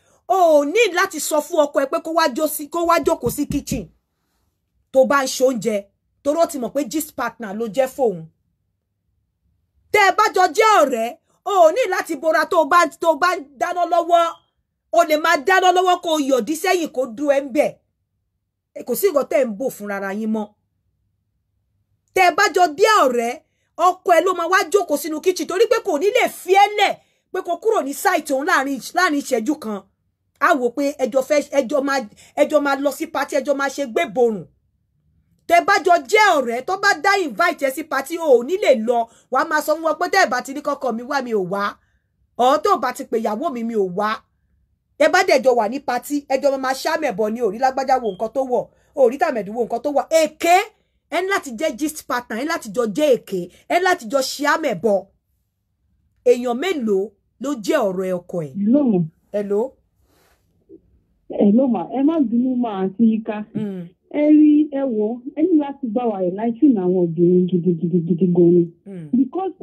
o ni lati sọ fun ọkọ ẹ pe ko wa jó si kó wá jókòó sí kitchen to ba ń ṣe toro ti mọ̀ pe gist partner lo jẹ́ fóun tẹ́ ẹ bá jọ jẹ́ o ni lati bora to bá tó bá dáná lọ́wọ́ o lè máa dáná lọ́wọ́ kó yọ̀dí sẹ́yìn kó ko du ń bẹ̀ kò sí nǹkan tẹ́ ń bò fún rara yín mo. tẹ́ ẹ bá jọ jẹ́ ọ̀rẹ́ ọkọ ẹ ló máa wá sinu kitchen tori pe ko ni le fi ẹ́ lẹ̀ pé kó kúrò ní site òun laarin ìṣẹ́jú kan á wò pé ẹjọ́ fẹ́ ẹjọ́ máa ẹjọ́ máa lọ sí pati ẹjọ́ máa ṣe gbéborùn tẹ bá jọ jẹ́ ọ̀rẹ́ tó bá dá invite ẹ sí pati o ò ní lè lọ wàá máa sọ fún wọn pé tẹ́ ẹ bá ti ní kọ́kọ́ mi wá mi ò wá ọ̀hún tó bá ti pè ìyàwó mi mi ò wá ẹ bá dẹ̀jọ party. ní pati ẹjọ́ máa ṣàmẹ̀bọ̀ ni òrí lágbájá wo nǹkan tó wọ̀ òrí tàmẹ̀dù wo nǹkan tó wọ̀ èké ẹ ní láti jẹ́ gist partner ẹ ní láti jọ jẹ́ èké ẹ ní láti jọ ṣàmẹ̀bọ̀ èèyàn mélòó ló jẹ́ ọ̀rọ̀ ẹ̀ ọkọ ẹ̀ hello. ẹ̀ló eh, ẹ má bínú àti ika mm. ẹ rí ẹ wọ láti wa àwọn obìnrin gidigidigidi gan ni mm. because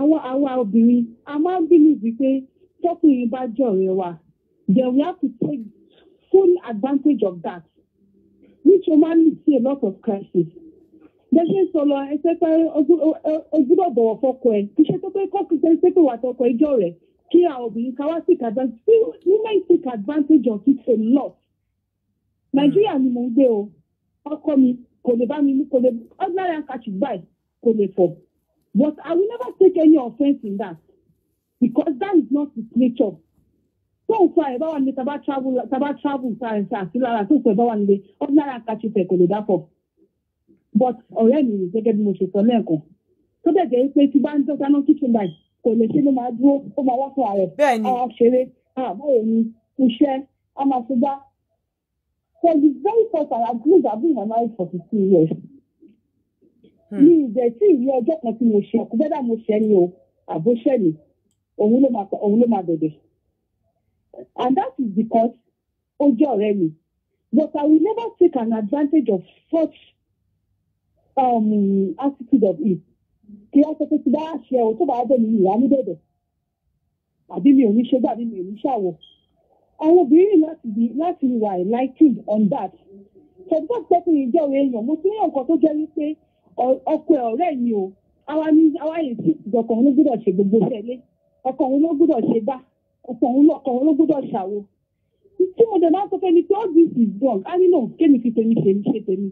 àwọn obìnrin a máa ń wípé tọkùnrin bá jọ̀rẹ́ wa then we have to take full advantage of that which humanly see a lot of crisis sọlọ o bọ̀wọ̀ ẹ tó pé wà tọkọ kí àwọn obìnrin kan wá take advantage women take advantage of it a lot nàìjíríà ni mò ń gbé o ọkọ mi kò lè bá mi mú kò lè ordinary akachi báyìí kò lè fọ but i will never take any offence in that because that is not his nature tó ń fa ẹ̀ bá wà taba travel taba travel sáyẹnsì àti lára tó ń fa ẹ̀ bá wà nílé ordinary akachi fẹ̀ kò lè dá fọ but ọ̀rẹ́ mi gẹ́gẹ́ bí mo ṣe sọ lẹ́ẹ̀kan tó bẹ̀ jẹ́ pé tí bá ń dọ́ta náà kíkún báyìí kò lè sí máa dúró ó máa wá fún ààrẹ àwa ṣeré àbáyọ ni iṣẹ́ a máa fi gbá. for the very first time i believe i been married for fifteen years. Hmm. mi ìdẹ̀ tí ìrí ọjọ́ kan tí mo ṣe ọkọ bẹ́ẹ̀ dà mo ṣẹ́ ni o àbó ṣẹ́ ni òun ló máa òun ló máa bẹ̀bẹ̀. and that is because ó jẹ́ ọ̀rẹ́ mi but i will never take an advantage of such um, attitude of it kí á sọ pé tí bá ṣe ọ tó bá dé mi ìyá níbẹ̀bẹ̀ àbí mi ò ní ṣe gbàbí mi ò ní ṣàwọ̀ àwọn obìnrin láti be láti wà enlightened on that ṣùgbọ́n pẹ́pẹ́ yìí jẹ́ òye èèyàn mo ti ní ọ̀kan tó jẹ́ wípé ọkọ ẹ̀ ọ̀rẹ́ mi o àwa ní àwa yìí tí ọkàn òun ló gbúdọ̀ ṣe gbogbo tẹ̀lé ọkàn òun ló gbúdọ̀ ṣe bá ọkàn òun ló gbúdọ̀ ṣàwo tí mo dẹ̀ máa sọ pé ni pé all this is wrong á nílò kémi fi tèmi ṣe mi ṣe tèmi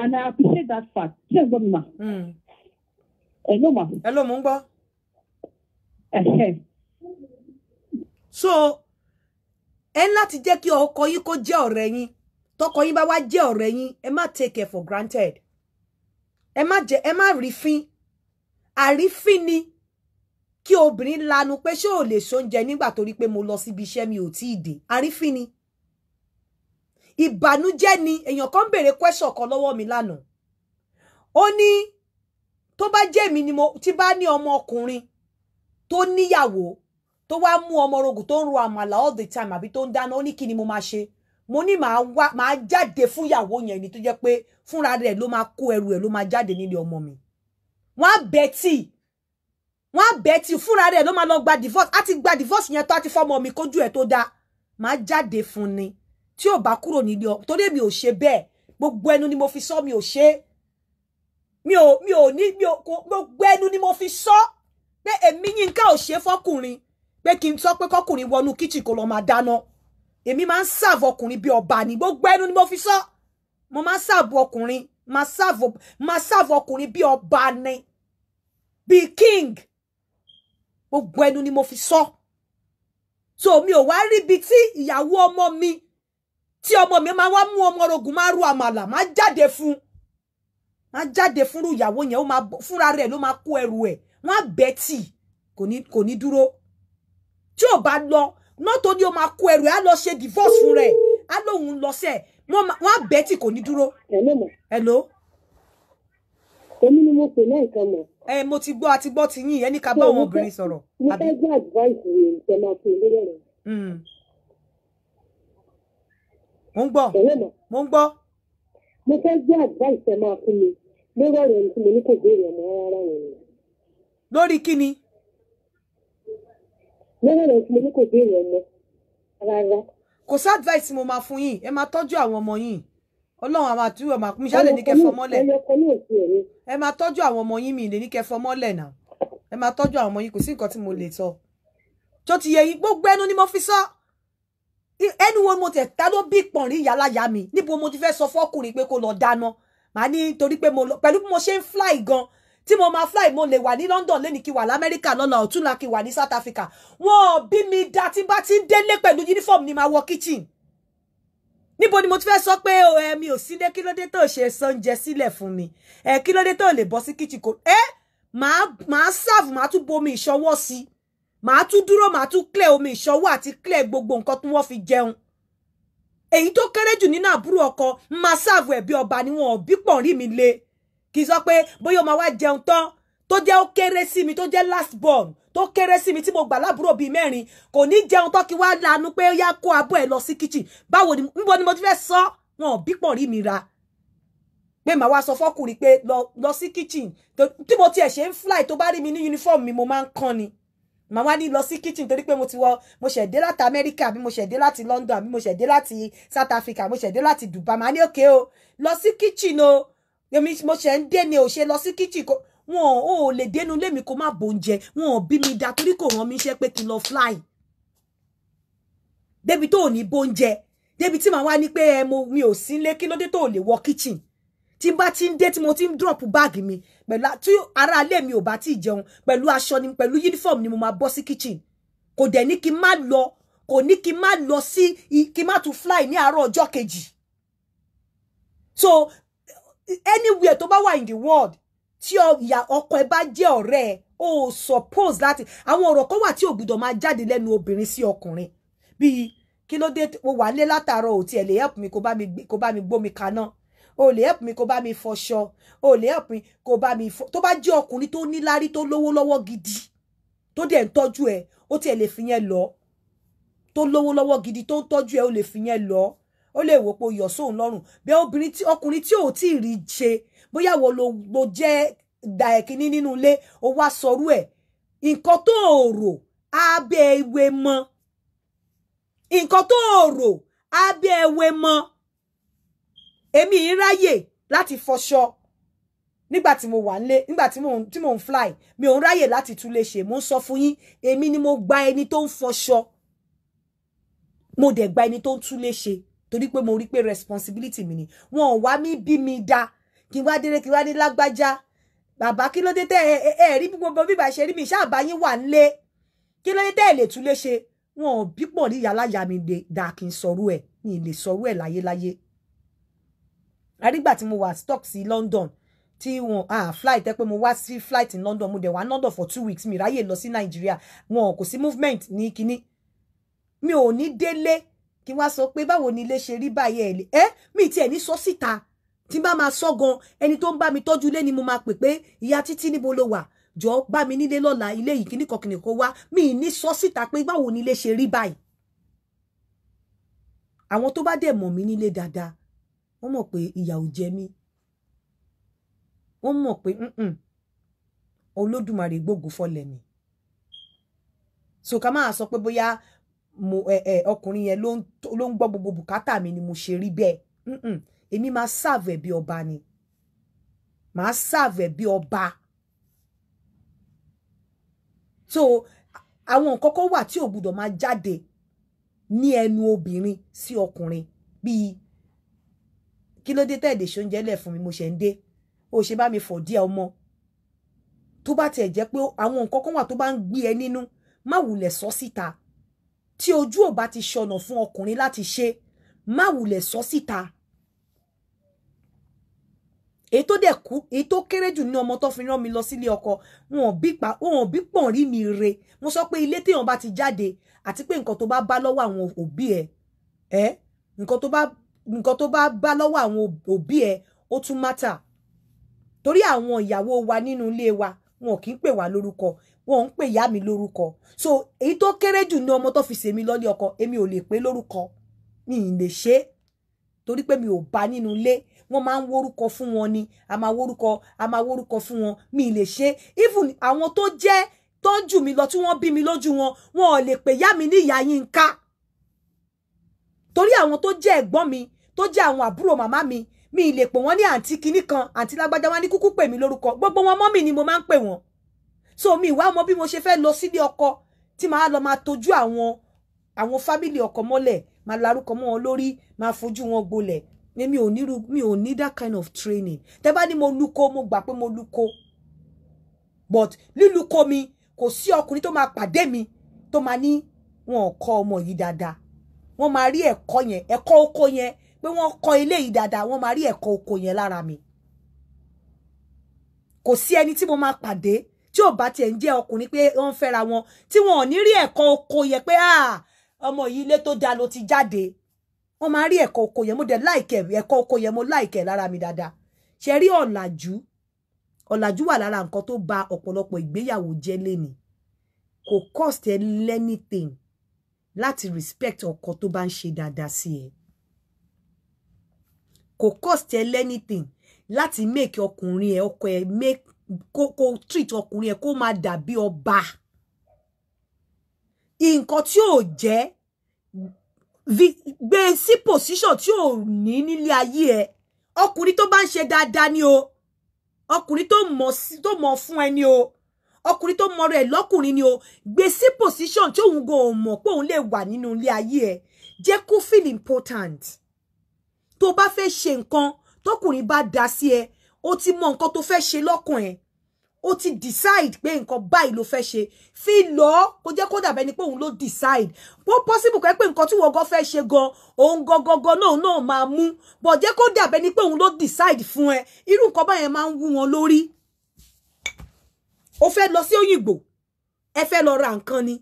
and I appreciate that fact ṣé ẹ gbọ́ mi mà. Hmm hello ma. hello mo ń so ẹ ń láti jẹ́ kí ọkọ yín kó jẹ́ ọ̀rẹ́ yín tọkọ yín bá wá jẹ́ ọ̀rẹ́ yín ẹ má take it for granted ẹ má jẹ ẹ má rífín àrífín ni kí obìnrin lanu pé ṣé ò lè ṣoúnjẹ nígbà torí pé mo lọ síbi iṣẹ́ mi ò tí ì dé àrífín ni ìbànújẹ́ ni èèyàn kan béèrè kwẹsàn kan lọ́wọ́ mi lánàá ó ní tó bá jẹ́ mi ni mo ti bá ní ọmọ ọkùnrin tó níyàwó tó wá mú ọmọ orogùn tó ń ro àmàlà all the time àbí tó ń dáná ó ní kí ni mo máa ṣe mo ní màá wá màá jáde fúnyàwó yẹn ni tó jẹ́ pé fúnra rẹ̀ ló máa kó ẹrù ẹ̀ ló máa jáde nílé ọmọ mi wọ́n á bẹ tíì wọ́n á bẹ tíì fúnra rẹ̀ ló máa lọ gba divorce á ti gba divorce yẹn tó á ti fọmọ mi kójú ẹ̀ tó dáa màá jáde fún ni tí ò bá kúrò nílé ọ torí èmi ò ṣe bẹ́ẹ̀ gbogbo ẹnu ni mo fi sọ mi ò ṣe é mi ò mi ò ní mi ò gbogbo ẹnu ni mo fi sọ pé èmi Yínká ò ṣe fọkùnrin pé kí n sọ pé kọkùnrin wọnú kíchìn kó lọ máa dáná èmi máa ń sáàbù ọkùnrin bíi ọba ni gbogbo ẹnu ni mo fi sọ mo máa ń sáàbù ọkùnrin máa sáàbù ọkùnrin bíi ọba ni bíi king gbogbo ẹnu ni mo fi sọ so mi ò wá rí ibi tí ìyàwó ọmọ mi tí ọmọ mi máa wá mú ọmọ rogùn máa ru àmàlà máa jáde fún un á jáde fúnrú ìyàwó yẹn ó máa fúnra rẹ̀ ló máa kó ẹrù ẹ̀ wọ́n á bẹ́ tì kò ní kò ní dúró tí ò bá lọ nọ́tò ni ó máa kó ẹrù ẹ̀ á lọ ṣe divorce fún rẹ̀ á lóun lọ sẹ̀ wọ́n á bẹ́ tì kò ní hello. èmi ni mo pè náà nǹkan mọ̀. ẹ mo ti gbọ́ àti gbọ́ ti yín ẹni ká bá àwọn obìnrin sọ̀rọ̀. mo fẹ́ gbọ́ advice yìí ǹjẹ́ máa fi lórí rẹ̀. Hmm. mo ń mo ń mo fẹ́ gbọ́ advice ẹ máa fún mi lórí ọ̀rọ̀ ẹni tí mo ní kò béèrè ọmọ rárá wọn ni. lórí kí ni. lórí ọ̀rọ̀ ẹni tí mo ní kò béèrè ọmọ rárá. kò sí advice mo máa fún yín ẹ máa tọ́jú àwọn ọmọ yín ọlọ́run àwọn àtúwọ̀ máa kún ìṣàlẹ̀ ní kẹ́ fọmọ́lẹ̀ ẹ máa tọ́jú àwọn ọmọ yín mi lè ní kẹ́ fọmọ́lẹ̀ náà ẹ máa tọ́jú àwọn ọmọ yín kò sí nǹkan tí mo lè sọ tó ti yẹ yín gbogbo ẹnu ni mo fi sọ ẹnu wo mo tẹ̀ ta ló bí pọ̀nrín yàláyà mi níbo mo ti fẹ́ sọ fọ́kùnrin pé kó lọ dáná màá ní torí pé mo lọ pẹ̀lú mo ṣe fly gan Ti mo máa fly mo lè wà ní London lẹ́ni kí wà lamẹ́ríkà lọ́la ọ̀túnla kí wà ni South Africa wọn ò bí mi da tí bá ti ń délé uniform ni màá wọ kitchen níbo ni mo ti fẹ́ sọ pé o oh, ẹ eh, mi ò sílé kí ló dé tó ṣe sọ́njẹ sílẹ̀ fún mi ẹ eh, kí ló dé tó lè bọ́ sí kitchen kò ẹ eh, ma màá serve màá tún bomi ìṣọwọ́ sí màá tún dúró màá tún clear omi ìṣọwọ́ àti clear gbogbo nǹkan tí wọ́n fi jẹun èyí tó kéré jù nínú àbúrò ọkọ máa ṣàbù ẹ̀bí ọba ni wọn òbí pọ̀ rí mi le kì í sọ pé bóyá o máa jẹun tán tó jẹ́ ó kéré sí mi tó jẹ́ last born tó kéré sí mi tí mo gbà lábúrò bíi mẹ́rin kò ní jẹun tán kí wá lanu pé ó yá kó abọ́ ẹ̀ lọ sí kitchen báwo ni níbo ni mo ti fẹ́ sọ wọn òbí pọ̀ rí mi ra pé màá wá sọ fọ́kùnrin pé lọ sí kitchen tí mo tiẹ̀ ṣe ń fly tó bá rí mi ní uniform mi mo máa ń kán ni màá wá ní lọ sí kitchen torí pé mo ti wọ mo ṣẹ̀ dé láti America àbí mo ṣẹ̀ dé láti London àbí mo ṣẹ̀ dé láti South Africa mo ṣẹ̀ dé láti Dubai màá ní òkè o lọ sí kitchen o èmi mo ṣẹ̀ ń dé ni ò ṣe lọ sí kitchen kò wọn ò lè dénú lémi kó má bóúnjẹ wọn ò bí mi da torí kò rán mi iṣẹ́ pé kí n lọ fly débi tó ò ní bóúnjẹ débi tí màá wá ní pé ẹ mo mi ò sí lé kí ló dé tó ò lè wọ kitchen tí n bá ti ń dé tí mo ti ń drop báàgì mi pẹ̀lú tí ara ilé mi ò bá ti jẹun pẹ̀lú aṣọ ni pẹ̀lú uniform ni mo máa bọ́ sí kitchen kò dẹ̀ ní kí n má lọ kò ní kí n má lọ sí kí n má tún fly ní àárọ̀ ọjọ́ kejì so anywhere tó bá wà in the world tí ìyá ọkọ ẹ bá jẹ́ ọ̀rẹ́ ẹ o suppose láti àwọn ọ̀rọ̀ kan wà tí ò gbọ́dọ̀ máa jáde lẹ́nu obìnrin sí ọkùnrin bíi kí ló dé o wà lé látàárọ̀ ò tiẹ̀ lè help mi kó bá mi gbómi kaná o help mi kó bá mi fọṣọ o help mi kó bá mi fọ tó bá jẹ́ ọkùnrin tó níláárí tó lówó lọ́wọ́ gidi tó dẹ̀ ń tọ́jú ẹ̀ ó tiẹ̀ lè fi lọ tó lówó lọ́wọ́ gidi tó ń tọ́jú ẹ̀ ó lè fi yẹn lọ ó lè wò pé o yọ̀ sóun lọ́rùn bí obìnrin tí ọkùnrin tí ò tí ì rí ṣe bóyá wo lo lo jẹ́ da ẹ̀ kínní nínú ilé o wá sọrú ẹ̀ nǹkan tó rò abẹ́ ewé mọ́ nǹkan tó rò abẹ́ ewé mọ́ Emi ń ráyè láti fọṣọ nígbà tí mo wà nílé nígbà tí mo tí mo fly mi ò ń ráyè láti tún lè mo ń sọ fún yín ni mo gba ẹni tó ń fọṣọ mo dẹ̀ gba ẹni tó ń tún lè ṣe torí mo rí pé responsibility mi ni wọn ò wá mi bí mi da kí n wá ki kí n wá dé lágbájá bàbá kí ló dé tẹ ẹ ẹ rí bí gbogbo mi ṣáàbá yín wà nílé kí ló dé tẹ ẹ lè tún lè ṣe wọn ò bí pọ̀ ní yàrá yà mi dà kí n sọ̀rọ̀ ẹ̀ mi ì lè sọ̀rọ̀ ẹ̀ láyéláyé àrígbà tí mo wà stuck sí London tí wọn ah flight ẹ pé mo wá sí flight in London mo dẹ̀ wá London for two weeks mi ráyè lọ sí Nàìjíríà wọn kò sí movement ní kinní mi ò ní délé kí wá sọ pé báwo ni ilé ṣe rí báyìí ẹ lè ẹ mi tiẹ̀ ní sọ síta tí bá máa sọ gan ẹni tó ń bá mi tọ́jú ilé ni mo máa pè pé ìyá títí níbo lo wà jọ bá mi nílé lọ́la ilé yìí kíní kọkìnì kó wá mi ní sọ síta pé báwo ni ilé ṣe rí báyìí àwọn tó bá dẹ̀ mọ̀ mí nílé dáadáa wọ́n mọ̀ pé ìyà ò jẹ mí wọ́n mọ̀ pé olódùmarè gbógun fọlẹ̀ mi so ká máa sọ pé bóyá mo ẹ ẹ ọkùnrin yẹn ló ń gbọ́ gbogbo bùkátà mi ni mo ṣe rí bẹ́ẹ̀ èmi máa ṣàvẹ̀ bí ọba ni màá ṣàvẹ̀ bí ọba so àwọn nǹkan kan wà tí ò gbúdọ̀ máa jáde ní ẹnu obìnrin sí ọkùnrin bíi kí ló dé tẹ̀dẹ̀ ṣó ń jẹ́lẹ̀ fún mi mo ṣe ń dé o ṣe bá mi fọ̀ díẹ̀ ọmọ tó bá tiẹ̀ jẹ́ pé àwọn nǹkan kan wà tó bá ń gbé ẹ nínú má wulẹ̀ sọ síta tí ojú ò bá ti ṣọnà fún ọkùnrin láti ṣe má wulẹ̀ sọ síta èyí tó dẹ̀ kú èyí tó kéré jù ní ọmọ tó fi rán mi lọ sílé ọkọ wọn ò bí pa wọn ò bí pọ̀n rí mi re mo sọ pé ilé téèyàn bá ti jáde àti pé nǹkan tó bá bá lọ́wọ́ àwọn òbí ẹ̀ ẹ́ nǹkan tó bá nǹkan tó bá bá lọ́wọ́ àwọn òbí ẹ ó tún mátà torí àwọn ìyàwó wa nínú ilé wa wọn kì í pè wá lórúkọ wọn ń pè ìyá mi lórúkọ so èyí tó kéré jù ní ọmọ tó fi sèmi lọ́lé ọkọ èmi ò lè pè lórúkọ mi ì lè ṣe é torí pé mi ò bá nínú ilé wọn máa ń wórúkọ fún wọn ni a máa wórúkọ a máa wórúkọ fún wọn mi ì lè ṣe é even àwọn tó jẹ́ tó ń jù mí lọ tí wọ́n bí mi lójú wọn wọn ò lè pè ìyá mi ní ìyá yín ká torí àwọn tó jẹ́ ẹ̀gbọ́n mi tó jẹ́ àwọn àbúrò màmá mi mi ì lè pè wọ́n ní àǹtí kinní kan àǹtí lágbájá wá ní kúkú pè mí lórúkọ gbogbo wọn mọ́mì ni mo máa ń pè wọ́n so mi ìwá ọmọ bí mo ṣe fẹ́ lọ sílé ọkọ tí màá lọ máa tọ́jú àwọn àwọn fámìlì ọkọ mọ́lẹ̀ máa larúkọ mọ́ wọn lórí máa fojú wọn gbolẹ̀ mi ò ní mi ò ní that kind of training tẹ́ bá ní mo luko mo gbà pé mo luko. but lílúkọ mi kò sí ọkùnrin tó máa pàdé mi tó máa ní wọn ò kọ́ ọmọ yìí dáadáa wọ́n máa rí ẹ̀kọ́ yẹn ẹ̀kọ́ oko yẹn pé wọ́n kọ́ ilé yìí dáadáa wọ́n máa rí ẹ̀kọ́ oko yẹn lára mi kò sí ẹni tí mo máa pàdé tí ò bá tiẹ̀ ń jẹ́ ọkùnrin pé wọ́n fẹ́ra wọn tí wọn ò ní rí ẹ̀kọ́ oko yẹn pé ọmọ yìí ilé tó dáa ló ti jáde wọ́n máa rí ẹ̀kọ́ oko yẹn mo dẹ̀ láìkẹ̀ ẹ̀kọ́ oko yẹn mo láìkẹ̀ lára mi dáadáa ṣe rí ọ̀làjú ọ̀làjú wà lára nǹkan tó ba ọ̀pọ̀lọpọ̀ ìgbéyàwó jẹ́ lénìí kò cost ẹ láti respect ọkọ tó bá ń ṣe dáadáa sí ẹ kò cost ẹ lẹ́nìtìn láti make ọkùnrin ẹ ọkọ ẹ make kó treat ọkùnrin ẹ kó máa dàbí ọba nǹkan tí ò jẹ́ gbé sí position tí ò ní nílé ayé ẹ ọkùnrin tó bá ń ṣe dáadáa ni o ọkùnrin tó mọ̀ tó mọ̀ fún ẹni o ọkùnrin tó mọ rẹ̀ lọ́kùnrin ni o gbé sí position tí òun gan ò mọ̀ pé òun lè wà nínú ilé ayé ẹ jẹ́ kó feel important tó bá fẹ́ ṣe nǹkan tọkùnrin bá dá sí ẹ ó ti mọ nǹkan tó fẹ́ ṣe lọ́kàn ẹ ó ti decide pé nǹkan báyìí ló fẹ́ ṣe fi lọ kó jẹ́ kó dàbẹ́ ni pé òun ló decide bó possible kẹ́ pé nǹkan tí wọ́n gan fẹ́ ṣe gan òun gangan náà náà máa mú bọ̀ jẹ́ kó dàbẹ́ ni pé òun ló decide fún ẹ irú nǹkan báyẹn máa ń wú wọn lórí ó fẹ́ lọ sí òyìnbó ẹ fẹ́ lọ ra nǹkan ni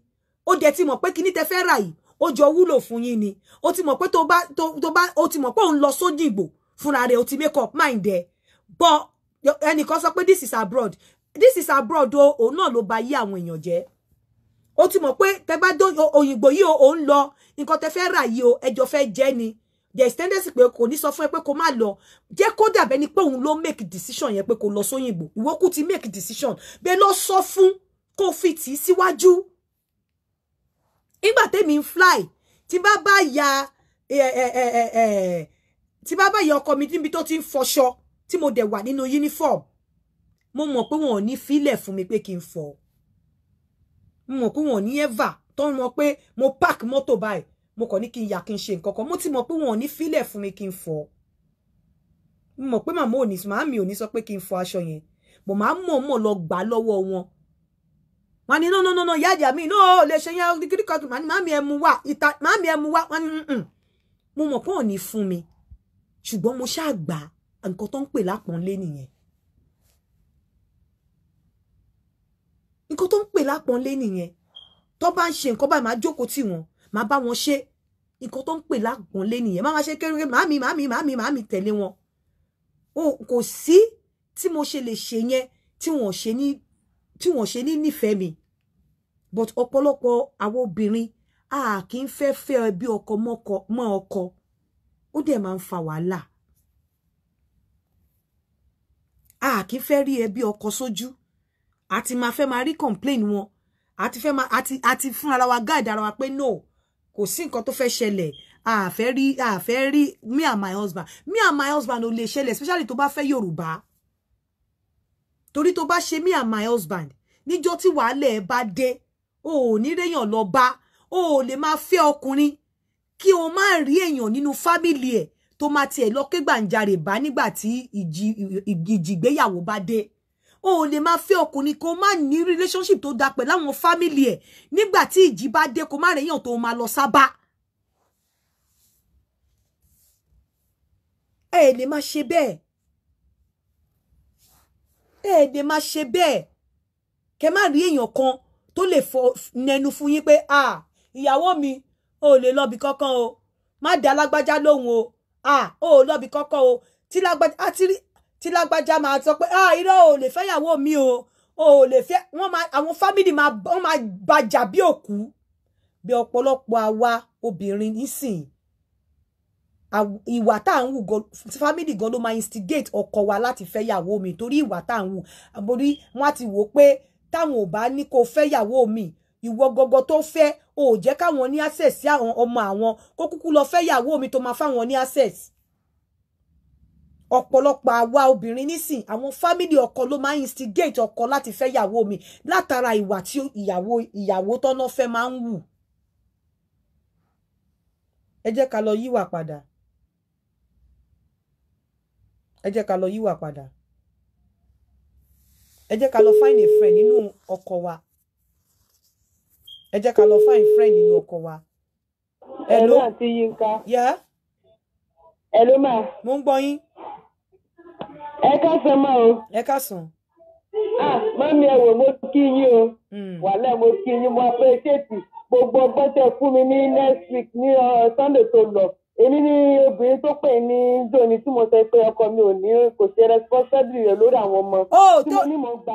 ó dẹ̀ ti mọ̀ pé kíní tẹ fẹ́ rà yìí ó jọ wúlò fún yín ni ó ti mọ̀ pé tó bá tó bá ó ti mọ̀ pé òun lọ sódìgbò fúnra rẹ̀ ó ti make up mind ẹ̀ but ẹnìkan sọ pé this is abroad this is abroad o òun náà ló ba yí àwọn èèyàn jẹ́ ó ti mọ̀ pé tẹ bá dó òyìnbó yìí o òun lọ nǹkan tẹ fẹ́ rà yìí o ẹjọ́ fẹ́ jẹ́ ni the extended pé kò ní sọ fún ẹ pé kó má lọ jẹ́ kó dàbẹ́ ni pé òun ló make decision yẹn pé kó lọ sóyìnbó ìwọ ti make decision bẹ́ẹ̀ lọ sọ fún kó fi tì í síwájú. Si nígbà tèmi ń fly tí bá bá ya tí bá bá ya ọkọ mi níbi tó ti ń fọṣọ tí mo dẹ̀ wà nínú uniform mo mọ̀ pé wọn ò ní fílẹ̀ fún mi pé kí n fọ mo mọ̀ pé wọn ò ní ever tó mọ̀ pé mo park mọ́tò báyìí mo kàn ní kí n yà kí n ṣe nǹkan kan mo ti mọ̀ pé wọn ò ní fílẹ̀ fún mi kí n fọ mo mọ̀ pé màmá ò ní màmá mi ò ní sọ pé kí n fọ aṣọ yẹn mo máa ń mọ̀ọ́mọ̀ lọ gbà lọ́wọ́ wọn wọn ní no no no no yáàjà mi no lè ṣe yẹn kíkiri kan màá ní màmí ẹ mú wá ìta màmí ẹ mú wá wọn ní nǹkan mo mọ̀ pé ò ní fún mi ṣùgbọ́n mo ṣáà gbà nǹkan tó ń pè lápọ̀nlé nìyẹn nǹkan tó ń pè lápọ̀nlé nìyẹn tó bá ń ṣe nǹkan báyìí máa jókòó tì wọ́n máa bá wọn ṣe nǹkan tó ń pè lápọ̀nlé nìyẹn máa ṣe kéré màmí màmí màmí màmí tẹ̀lé wọn kò sí tí mo ṣe lè ṣe yẹn tí wọn ò ṣe ní tí wọ́n ṣe ní nífẹ̀ẹ́ mi but ọ̀pọ̀lọpọ̀ àwọn obìnrin a kì í fẹ́ fẹ́ ẹbí ọkọ mọ́ ọkọ ó dẹ̀ máa ń fa wàhálà a kì í fẹ́ rí ẹbí ọkọ sójú àti máa fẹ́ máa rí complain wọn àti fẹ́ máa àti àti fún ara wa guide ara wa pé no kò sí nǹkan tó fẹ́ ṣẹlẹ̀ a fẹ́ rí a fẹ́ rí me and my husband me and my husband ò lè ṣẹlẹ̀ especially tó bá fẹ́ Yorùbá torí tó bá ṣe mí and my husband níjọ́ tí wàhálà ẹ bá dé o ò ní réyàn lọ bá o ò lè máa fẹ́ ọkùnrin kí o má rí èèyàn nínú fámìlì ẹ̀ tó máa tiẹ̀ lọ ké gbàǹjarè bá nígbà tí ìjìgbéyàwó bá dé o ò lè máa fẹ́ ọkùnrin kó má ní relationship tó da pẹ̀lú àwọn fámìlì ẹ̀ nígbà tí ìjì bá dé kó má réyàn tó máa lọ sábà. ẹ lè máa ṣe bẹ́ẹ̀ ẹ̀ẹ́dẹ̀ máa ṣe bẹ́ẹ̀ kẹ má rí èèyàn kan tó lè nẹnu fún yín pé à ìyàwó mi ò lè lọ́bi kankan o má dá lágbájá lóhùn o à ò lọ́bi kankan o tí lágbájá máa sọ pé à irọ́ ò lè fẹ́ ìyàwó mi o ò lè fẹ́ wọ́n máa àwọn fámìlì máa bàjà bí òkú bí ọ̀pọ̀lọpọ̀ àwa obìnrin nísìnyí ìwà tá à ń wù gan family gan ló máa instigate ọkọ wa láti fẹ́ yàwó mi torí ìwà tá à ń wù àbórí wọn á ti wò ó pé táwọn ò bá ní kó fẹ́ yàwó mi ìwọ gọgọ tó fẹ́ ò jẹ́ káwọn ní access sí àwọn ọmọ àwọn kó kúkú lọ fẹ́ mi tó máa fáwọn ní access ọ̀pọ̀lọpọ̀ àwa obìnrin nísìn àwọn fámìlì ọkọ ló máa instigate ọkọ láti fẹ́ yàwó mi látara ìwà tí ìyàwó ìyàwó tọ́nà fẹ́ máa ń wù ẹ jẹ́ ká lọ yíwà padà ẹ jẹ́ ká lọ yíwà padà ẹ jẹ́ ká lọ find a friend nínú ọkọ wa ẹ jẹ́ ká lọ find friend nínú ọkọ wa. hello àti Yinka. yá. hello ma. mo ń gbọ́ yín. ẹ káàsán ma o. ẹ káàsán. ah mami ẹ wò mo kí yín o. Hmm. wàhálà mo kí yín mo appreciate gbogbo ọgbọ́n tẹ fún mi ní next week ní uh, sunday tó lọ. èmi ni obìnrin tó pè ní jóni tí mo sọ pé ọkọ mi ò ní kò sí responsibility rẹ lórí àwọn ọmọ oh, tí mo ní mo gba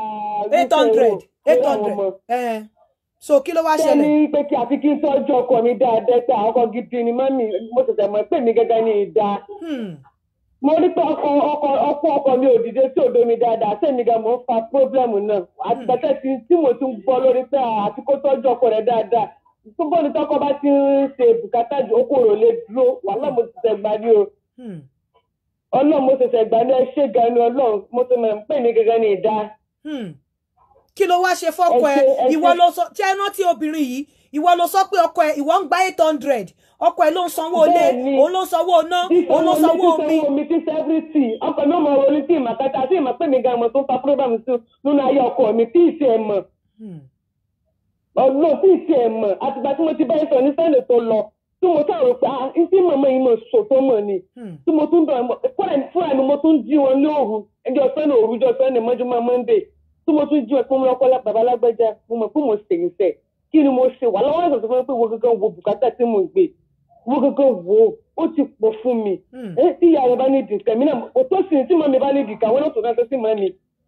eight hundred eight hundred eh, so kí ló wá ṣẹlẹ̀. ṣé ní pé kí àfi kí n tọ́jú ọkọ mi dáadáa pé àwọn ọkọ gidi ni mọ́mì mo ṣẹ̀ṣẹ̀ mọ̀ pé mi gẹ́gẹ́ hmm. ní ìdá mo ọkọ ọkọ náà túbọ̀ ní tọ́kọ bá ti ń ṣe bùkátà jù ó kúrò lè dúró wàhálà mo ti ṣẹ̀ gbà ní o hmm. ọlọ́run mo ti ṣẹ̀ gbà ní ẹ ṣé gan ni ọlọ́run mo ti mọ̀ pé mi gẹ́gẹ́ ni ìdá. Hmm. kí ló wá ṣe fọ́kọ ẹ ìwọ ló sọ tí ẹ rántí obìnrin yìí ìwọ ló sọ pé ọkọ ẹ ìwọ ń gba eight hundred ọkọ ẹ ló ń sanwó ilé òun ló ń sanwó iná òun ló ń sanwó omi. sísanwó mi ti sẹ́fìrìtì ọkọ mi ò mọ orin tí ìmọ̀ kẹta tí ìmọ̀ mi gan mọ̀ tó ń pa program sí nínú ayé ọkọ mi tí ì ọlọ́run tí ì tiẹ̀ mọ̀ àtìgbà tí mo ti bá ẹ sọ ní sẹ́lẹ̀ tó lọ tí mo sàrò pé ah n tí mọ̀mọ́ yìí mọ̀ sọ tó mọ̀ ni hmm. tí mo tún dàn fúnra mi fúnra mi mo tún jí wọn ní òru ẹjọ́ sẹ́ni òru jọ sẹ́ni mọ́júmọ́ monde tí mo tún jí wọn pé mo lọ́kọ́ babalágbẹ́já mo mọ̀ pé mo sèyìn sẹ̀ kí ni mo ṣe wà lọ́wọ́ ìsọ̀tò fún mi pé wo gangan wo bùkátà tí mo gbé wo gangan wo ó ti pọ̀ fún mi hmm. tí ìyá rẹ̀ bá ní ìdìkà mí náà òtó sì ní tí mọ̀ mi bá ní ìdìkà wọn náà tó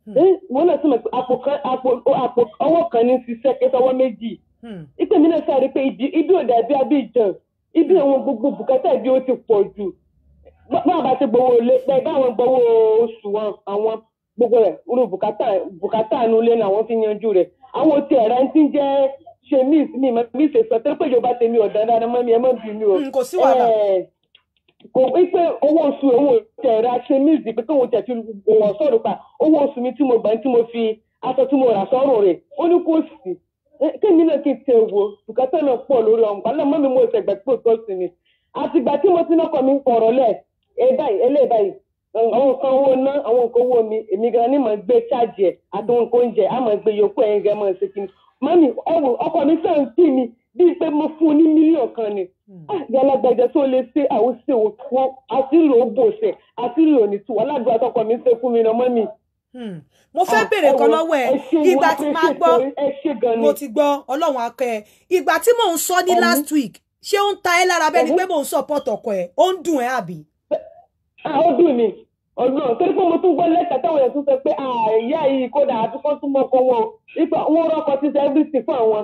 mo náà na mọ̀ pé àpò kan àpò àpò ọwọ́ kan ní ṣiṣẹ́ kí sọwọ́ méjì hmm. ìpè mí náà sáré pé ibi ìjàn ibi àwọn gbogbo bùkátà ibi ó ti pọ jù bá ti gbowó lé pé báwọn gbowó oṣù wọn àwọn gbogbo rẹ irú bùkátà bùkátà inú ilé àwọn fi yanjú àwọn ti ẹ̀rọ jẹ́ ṣe mí tẹ́lẹ̀ pé ìjọba dáadáa mọ́ mi kò ikpe pé owó oṣù òun tẹ̀ ra ṣe music pé kóun tẹ̀ fi wọ̀n sọ̀rọ̀ pa owó oṣù mi tí mo gbà tí mo fi aṣọ tí mo rà sọ́rọ̀ rẹ̀ ó ní kò náà kí n tẹ̀ wo bùkátà náà pọ̀ lórí ọ̀hún pàlọ́ mọ́ mi mo ṣe gbà mi àtìgbà tí mo ti náà kọ́ mi kọ̀rọ̀ lẹ̀ báyìí àwọn nǹkan owó ná àwọn nǹkan owó mi èmi gan ni màá gbé ṣáàjì nǹkan oúnjẹ mi sàn bíi pé mo fún un ní mílíọ̀n kan ni gbalagbàjà hmm. ah, tó lè ṣe àwòṣe òkun àti lò ó bòṣẹ àti lò ní tiwọn aládùúgbò àtọkọ mi ń ṣe fún mi náà mọ́ mi. Hmm. mo fẹ́ ah, béèrè kan lọ́wọ́ ẹ ìgbà tí màá gbọ́ mo ti gbọ́ ọlọ́run akẹ́ ẹ ìgbà tí mò ń sọ ní last week ṣé ó ń ta ẹ́ lára bẹ́ẹ̀ ni pé mò ń support ọkọ ẹ̀ ó ń dùn ẹ́ àbí. ó dùn mí ọ̀nà torí pé mo tún gbọ́ lẹ́tà táwọn èèyàn tún sọ pé àìyá yìí kódà àtúkọ́ tún mọ́kọ wọn wọn rọ́kọ ti ṣe everything fún àwọn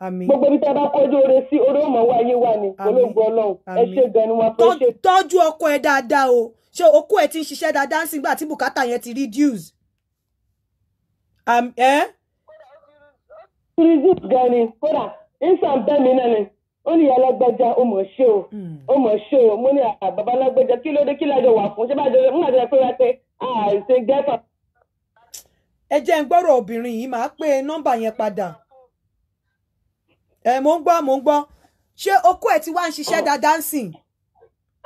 gbogbo ibi tí a bá kọjú oore sí oore ó mọ wá ayé wá ni olóògùn Ọlọ́run ẹ ṣe gan ni wọn ṣe. tọ́jú ọkọ ẹ dáadáa o ṣé okó ẹ ti ń ṣiṣẹ́ dáadáa sígbà tí bùkátà yẹn ti reduce. reduce gan ni kódà insan bẹ́ẹ̀ mi náà ni ó ní alágbájá ó mọ̀ ṣe o hmm. ó mọ̀ ṣe o mo ní bàbá alágbájá kí ló dé kí lájọ wà fún ṣé bá jẹ mú àjẹ pé wáṣẹ àìsè gẹ́fà. ẹ jẹ́ ń gbọ́rọ̀ obìnrin yìí máa pé nọ́mbà yẹn padà. ẹ mò ń gbọ́ mò ń gbọ́ ṣé okó ẹ̀ ti wá ń ṣiṣẹ́ dáadáa ń sìn.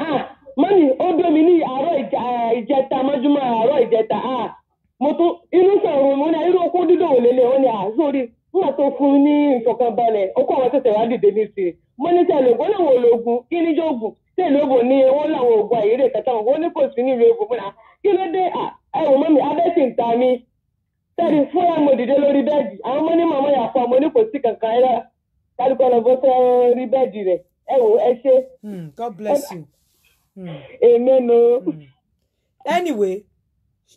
Ah, mọ́nì ó domi ní àárọ̀ eh, ìjẹta mọ́júmọ́ àárọ̀ ìjẹta ah, mo tún inú sọ̀rọ̀ mo ní irú okó dídòwò lélẹ̀ ó ní àzórí ah, nígbà tó fún ní àwọn tètè wá dìde ní mo ní lóògùn kí ní ògùn ògùn ní wọ́n ògùn kálukọ lọ bó fẹ́ rí bẹ́ẹ̀dì rẹ̀ ẹ wò ẹ ṣe. Hmm, God bless you. Hmm. Amen. nu. Hmm. anyway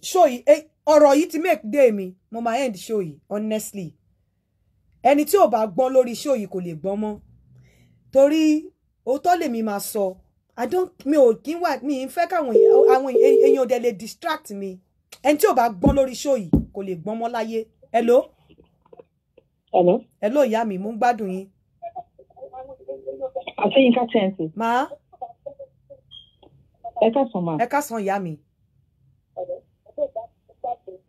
show yìí eh, ọ̀rọ̀ yìí ti make day mi mo máa end show yìí honestly ẹni tí ò bá gbọ́n lórí show yìí kò lè gbọ́n mọ́ torí òótọ́ lèmi máa sọ i don't mi ò kí n wà mi ń fẹ́ káwọn àwọn èèyàn ò lè distract mi ẹni tí ò bá gbọ́n lórí show yìí kò lè gbọ́n mọ́ láyé hello hello hello ìyá mi mo ń gbádùn yín àṣeyínká tẹ́ǹtì. màá. ẹ káàsán ma. ẹ káàsán ìyá mi.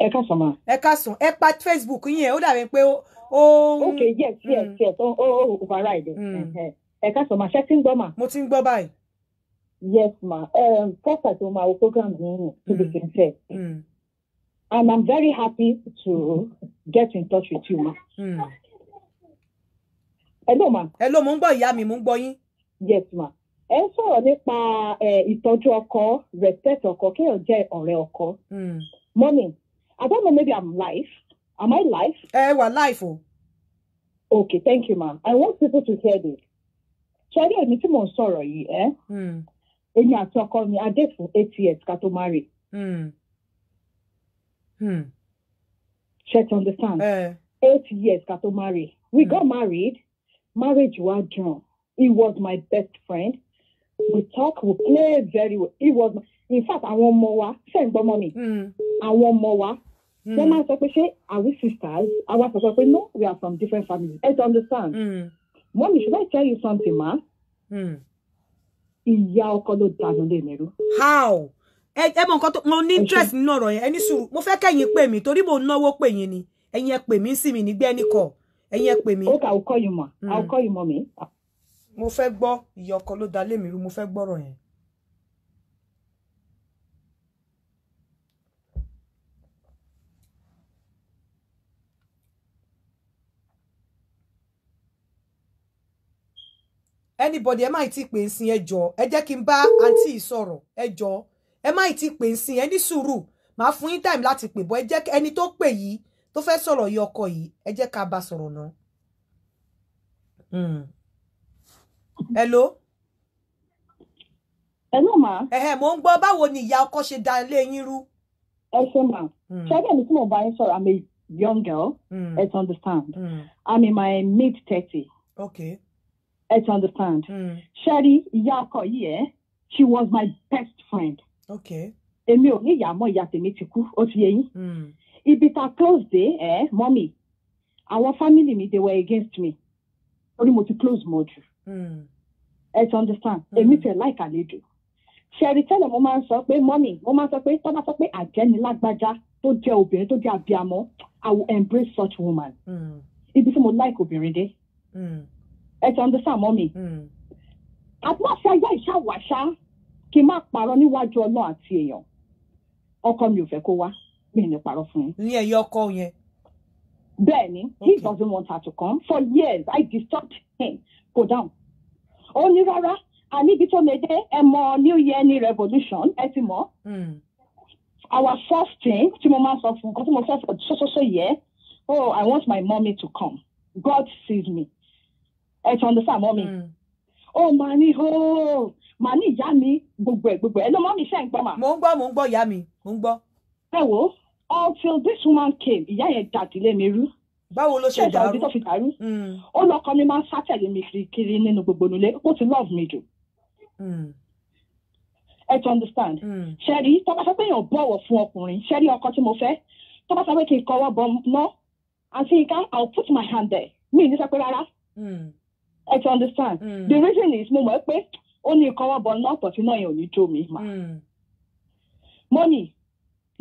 ẹ káàsán ma. ẹ káàsán ẹ pa facebook yín yẹn ó dàbí pé ó. ok yes mm. yes yes ó ó override. Mm. ẹ káàsán ma ṣé tí ń gbọ́ ma. mo ti ń gbọ́ báyìí. yes ma pọ́sà tó máa wo program yìí rìn to be sincere. and i'm very happy to get in touch with you ma. Mm hello ma. hello mo ń gbọ́ ìyá mi mo ń gbọ́ yín. yes ma ẹ ń sọ̀rọ̀ nípa ìtọ́jú ọkọ respect ọkọ kéèyàn jẹ́ ọ̀rẹ́ ọkọ. Hmm. mọ́mí I don't know maybe I'm life. am I life? ẹ wà life, o. okay thank you ma I want people to hear this. ṣẹ́rí èmi tí mò ń sọ̀rọ̀ yìí ẹ́ hmm. èmi àti ọkọ mi I date for eight years ká tó marry. Hmm. ṣe to understand eight years ká tó marry we got married marriage was dùn he was my best friend we talk we play very well he was my, in fact àwọn ọmọ wa ṣe ń gbọmọ mi hmm. àwọn ọmọ wa wọ́n hmm. máa sọ pé are we sisters I was pé no we are from different families I ti understand mm. mommy should I tell you something ma hmm. ìyá how ẹ ẹ mọ nǹkan tó mo ní interest nínú ọ̀rọ̀ yẹn ẹ ní sùúrù mo fẹ́ kẹ́yìn pè mí torí mo náwó pè yín ni ẹ̀yin ẹ pè mí sí mi nígbẹ́ ní kọ̀ ẹ̀yin ẹ pè mí. okay i'll call you ma hmm. i'll call you mommy. mo fẹ́ gbọ́ ìyá ló da lé mi rú mo fẹ́ gbọ́rọ̀ yẹn. anybody ẹ má ì tí pè ń sin ẹjọ ẹ jẹ́ kí n bá àǹtí sọ̀rọ̀ ẹjọ ẹ má ì tí pè ń sin ẹ ní sùúrù màá fún yín time láti pè bọ́ ẹ jẹ́ ẹni tó pè yìí tó fẹ́ sọ̀rọ̀ yìí ọkọ yìí ẹ jẹ́ ká bá sọ̀rọ̀ náà. Hmm. hello. hello ma. ẹ̀hẹ̀ mo ń gbọ́ báwo ni ìyá ọkọ ṣe da ilé yín rú. ẹ ṣe mà ṣẹ́gẹ̀ mi tí mo bá yín sọ̀rọ̀ i'm a young girl mm. let's understand mm. i'm in my mid thirty. okay. let's understand. Hmm. ṣẹ́rí ìyá ọkọ yìí eh, she was my best friend. okay. èmi ò ní ìyá mọ́ ìyá tèmi ti ibi tá a close day, eh, mọ́mì our family mi they were against me Only mo ti close mọ́ jù hmm. ẹ ti understand hmm. èmi tẹ̀ láìka àlejò ṣẹ̀rí tẹ́lẹ̀ mo máa ń sọ pé mọ́mì mo máa ń sọ pé tó bá sọ pé àjẹni lágbájá tó jẹ́ obìnrin tó jẹ́ abiamọ I will embrace such woman hmm. ibi tí mo like obìnrin dé ẹ ti understand mọ́mì àbúrò àṣà yá ìṣàwàṣà kí n má parọ́ níwájú ọlọ́run àti èèyàn ọkọ mi ò fẹ́ kó wá mi ní parọ́ fún yín. ní ẹyọ ọkọ yẹn. bẹ́ẹ̀ni he doesn't want her to come for years I disturbed him go down. ó ní rárá àníbi tó lédè ẹ mọ new year ní revolution ẹ ti mọ. Hmm. our first thing tí mo máa sọ fún nǹkan tí mo fẹ́ for sososo yẹ oh I want my mommy to come God sees me ẹ ti understand mommy. Mm. oh mani oh màá ní ìyá mi gbogbo ẹ gbogbo ẹ ló mọ mi ṣe ń gbọ́ mà. mo ń gbọ́ mo ń gbọ́ ìyá mi mo ń gbọ́. ẹ wo until this woman came ìyá yẹn dàdílé mi rú báwo ló ṣe dàrú ṣe dàrú tó fi dàrú ó lọkọ mi máa ń sátẹ̀lé mi kiri nínú gbogbo nílé ó ti love mi jù hmm. ẹ ti understand hmm. ṣẹ́rí tó bá fẹ́ pé èèyàn bọ̀wọ̀ fún ọkùnrin ṣẹ́rí ọkọ tí mo fẹ́ tó bá fẹ́ pé kí n kọwọ́ bọ ná àti nǹkan i will put my hand there mi ì ní sọ pé rárá hmm. ẹ ti understand mm. the reason is mo mọ̀ pé ó ní ìkọwọ́ bọ ná tọ̀sí náà yẹn ò ní jó mi mà mọ́nì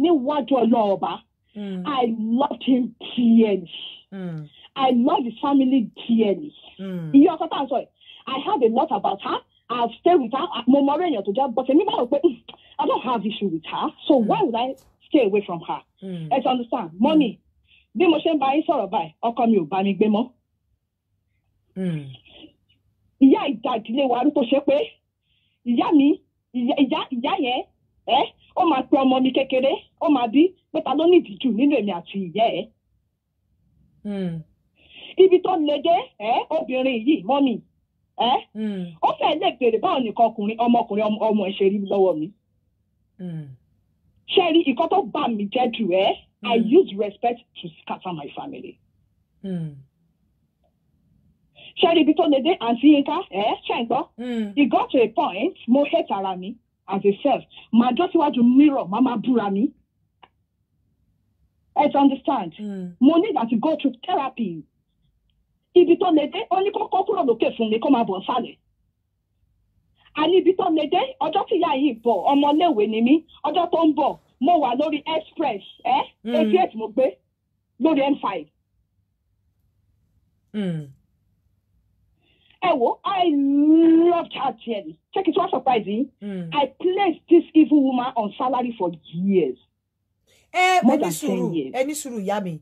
níwájú ọlọ́ọ̀ba hmm. I loved him dearly mm. I loved his family dearly hmm. iye ọkọ tá a sọ yìí I heard a lot about her I've stayed with her mo mọ ọ̀rẹ́ èèyàn jẹ́ but èmi bá rò pé hmm, I don't have issue with her so mm. why would I stay away from her ẹ ti understand mọ́mì bí mo ṣe ń bá yín sọ̀rọ̀ báyìí ọkọ mi ò bá mi gbé mọ́ ìyá ìdá ìdílé wa rí tó ṣe pé ìyá mi ìyá ìyá yẹn ẹ ó máa pe ọmọ mi kékeré ó máa bí pé ta ló ní ìdíjú nínú èmi àti ìyá ẹ. Hmm. ibi tó le dé ẹ obìnrin yìí mọ́mì ẹ hmm. ó fẹ́ lè béèrè báwo nìkan ọkùnrin ọmọkùnrin ọmọ ẹ ṣe rí lọ́wọ́ mi. Hmm. ṣé rí ìkan tó bà mí jẹ́ jù ẹ́ I use respect to scatter my family. Mm ṣẹ́rí ibi tó lè dé àǹtí yínká ẹ̀ ṣẹ̀ ń gbọ́. He got to a point mo hate ara mi as a self màá jọ́ síwájú mirror màá máa búra mi. ẹ ti understand. Hmm. mo mm. need to go through therapy. ibi tó lè dé ó ní kókó kúrò lókè fún mi kó máa bọ̀ sálẹ̀. àní ibi tó lè dé ọjọ́ tí ìyá yìí bọ̀ ọmọléèwé ni mí ọjọ́ tó ń bọ̀ mo wà lórí express ẹ eighty eight mo gbé lórí m five. Hmm ẹ wo I loved her dearly check it one surprise yìí mm. I placed this evil woman on salary for years. ẹ ẹ ní sùúrù ẹ ní sùúrù ìyá mi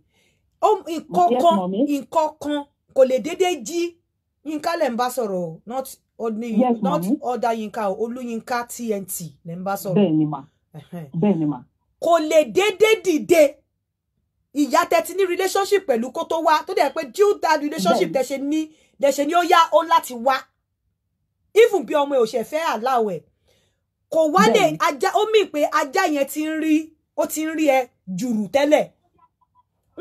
nǹkankan nǹkankan kò lè déédéé jí Yínká lè ń bá sọ̀rọ̀ not ordinary not other Yínká o Olúyínká TNT lè ń bá sọ̀rọ̀. bẹ́ẹ̀ ni ma bẹ́ẹ̀ ni kò lè déédéé dìde ìyá tẹ ti ní relationship pẹ̀lú kó tó wá tó dẹ̀ pé due that relationship tẹ ṣe ní dẹ̀ṣẹ̀ ni ó yá ó láti wá even bí ọmọ òṣè fẹ́ àláwẹ̀ kò wá lè ajá ó mì pé ajá yẹn ti ń rí ó ti ń rí ẹ jùrù tẹ́lẹ̀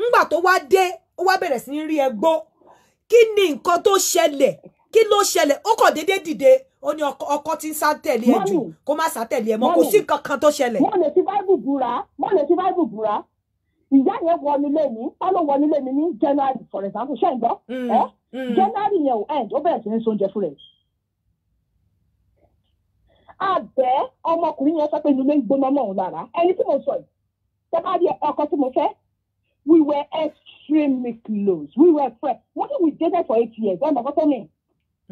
ńgbà tó wá dé ó wá bẹ̀rẹ̀ sí ní rí ẹ gbó kí ni nǹkan tó ṣẹlẹ̀ kí ló ṣẹlẹ̀ ó kàn déédéé dìde ó ní ọkọ tí ń sátẹ̀lé ẹ jù kó má sátẹ̀lé ẹ mọ́ kò sí kankan tó ṣẹlẹ̀. mo lè fi báìbù búra mo lè fi báìbù búra ìyá yẹn wọ mi ká ló mi ní january for example ṣe ń gbọ́ mm, ẹ mm. january yẹn ò end ó bẹ̀rẹ̀ sí ní sóúnjẹ fún rẹ̀ abẹ ọmọkùnrin yẹn sọ pé inú mi ń gbóná mọ́ lára ẹni tí mo sọ yìí tẹ́ka di ọkọ tí mo fẹ́ we were extremely close we were friends wọ́n ní we dated for eight years ọmọ kọ́tọ́ mi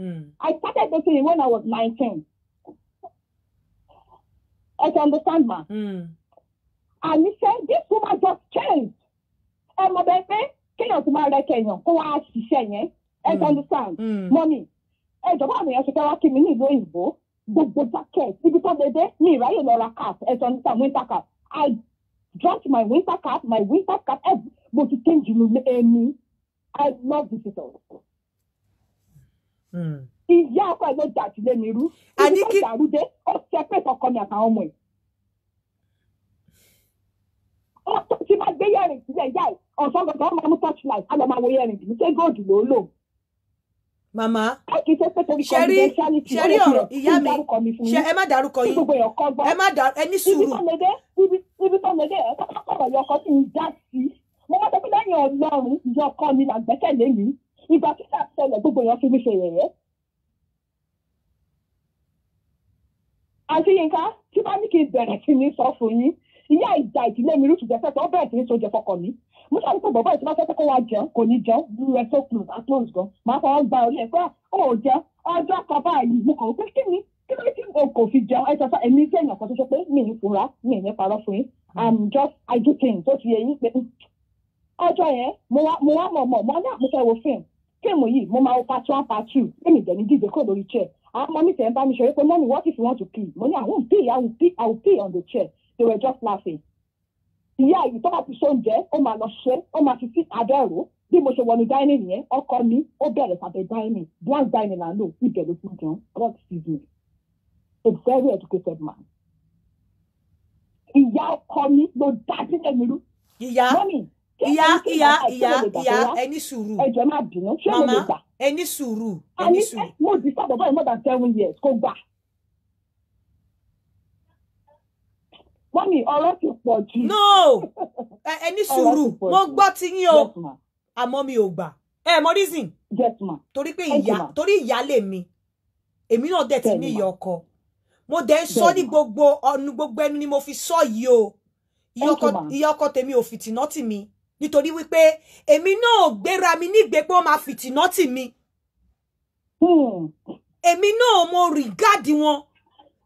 mm. I started dating him when I was nineteen I can understand ma. Mm àní ṣe this woman just change ẹ mọ̀ bẹ́ẹ̀ pé kéèyàn tó máa rẹ kẹyàn kó wá ṣiṣẹ́ yẹn ẹ ti mm. understand mm. mọ́mì ẹ jọ̀bọ́ àwọn èèyàn ṣe fẹ́ wá kí mi ní ìlú òyìnbó gbogbo jacket ibi tó dédé mi ìráyè lọ ra cap ẹ ti understand winter cap I dropped my winter cap my winter cap ẹ mo ti change mi ẹni I love visitors mm. ìyá ọkọ ẹ ló dàjú lé mi rú ibi tó dàrú dé ó ṣe pé kọkọ àtàwọn ọmọ ẹ. tí máa gbé yẹ̀rìn sílẹ̀ yá ẹ̀ ọ̀sán gbọ̀ngàn ọmọ mú touch light á lọ máa wo yẹ̀rìn kì í ṣe góòdù ló ń lò. màmá ṣẹ́rí ṣẹ́rí ọ̀rọ̀ ìyá mi ṣe ẹ má dárúkọ yín ẹ má dárúkọ ẹ ní sùúrù. ibi tó lè dé ẹ kọ́kọ́ yọkọ sí i já sí mo wá sọ pé lẹ́yìn ọlọ́run yọkọ mi là gbẹ́kẹ̀lé mi ìgbà tí kà ṣẹlẹ̀ gbogbo èèyàn fi mi ṣe yẹ̀yẹ́. àti Yinka tí bá ní kí n bẹ̀rẹ̀ sí ní sọ fún yín ìyá ìjà ìdílé mi rútù jẹsẹ tó bẹ́ẹ̀ tí ń sojẹ fọkàn mi mo ṣáà nípa bọbá ìtura fẹsẹ kó wa jẹun kò ní jẹun bí rẹ tó kùn á close gan màá fọwọ́ gba orí ẹ̀ pé ó ah, ò jẹ ọjọ́ kan báyìí mo kàn pé kí ni kí ló tí o kò fi jẹun ẹ sọsọ èmi jẹ èèyàn kan tó ṣe pé mi ní fura mi ní parọ́ fún yín i'm just i do things tó ti yẹ yín pé ọjọ́ yẹn mo wá mo wá mọ̀ mọ̀ mo ní àpòfẹ́ ah, wo fíìmù fíìmù yìí mo máa wo part one part two èmi jẹ̀ ní díje kó lórí chair àwọn ọmọ mi tẹ̀ ń bá mi ṣe wípé mọ́mí what if you want to pee mo ní àwọn òbí i will on the chair they were just laughing ìyá yìí tọ́ba ti ṣóúnjẹ ó máa lọ ṣe ó máa fi sí abẹ́ ẹ̀rọ bí mo ṣe wọnú dining yẹn ọkọ mi ó bẹ̀rẹ̀ sàbẹ̀ dining blank dining là ń lò ibẹ̀ ló fún jẹun god save me a very educated man ìyá ọkọ mi ló dájú ẹ̀mí rú. ìyá ìyá ìyá ìyá ìyá ẹni sùúrù ẹjọ máa bínú ṣé mo lè gbà. ẹni sùúrù ẹni sùúrù. mo dì sábà báyìí more than seven years kó gbà mọ́mì ọ̀rọ̀ ti pọ̀ jù. no ẹ ní sùúrù mo gbọ́ ti yín o àmọ́ mi ò gbà ẹ mọ reason torí pé ìyá torí ìyálé mi èmi náà dẹ̀ ti ní ìyá ọkọ mo dẹ̀ ń sọ ní gbogbo ọ̀nù gbogbo ẹnu ni mo fi sọ yìí o ìyá ọkọ tèmi ò fìtìnà mi. mí nítorí wípé èmi náà gbéra mi nígbè pé wọ́n máa fìtìnà tì hmm. èmi náà mo rìgáàdì wọn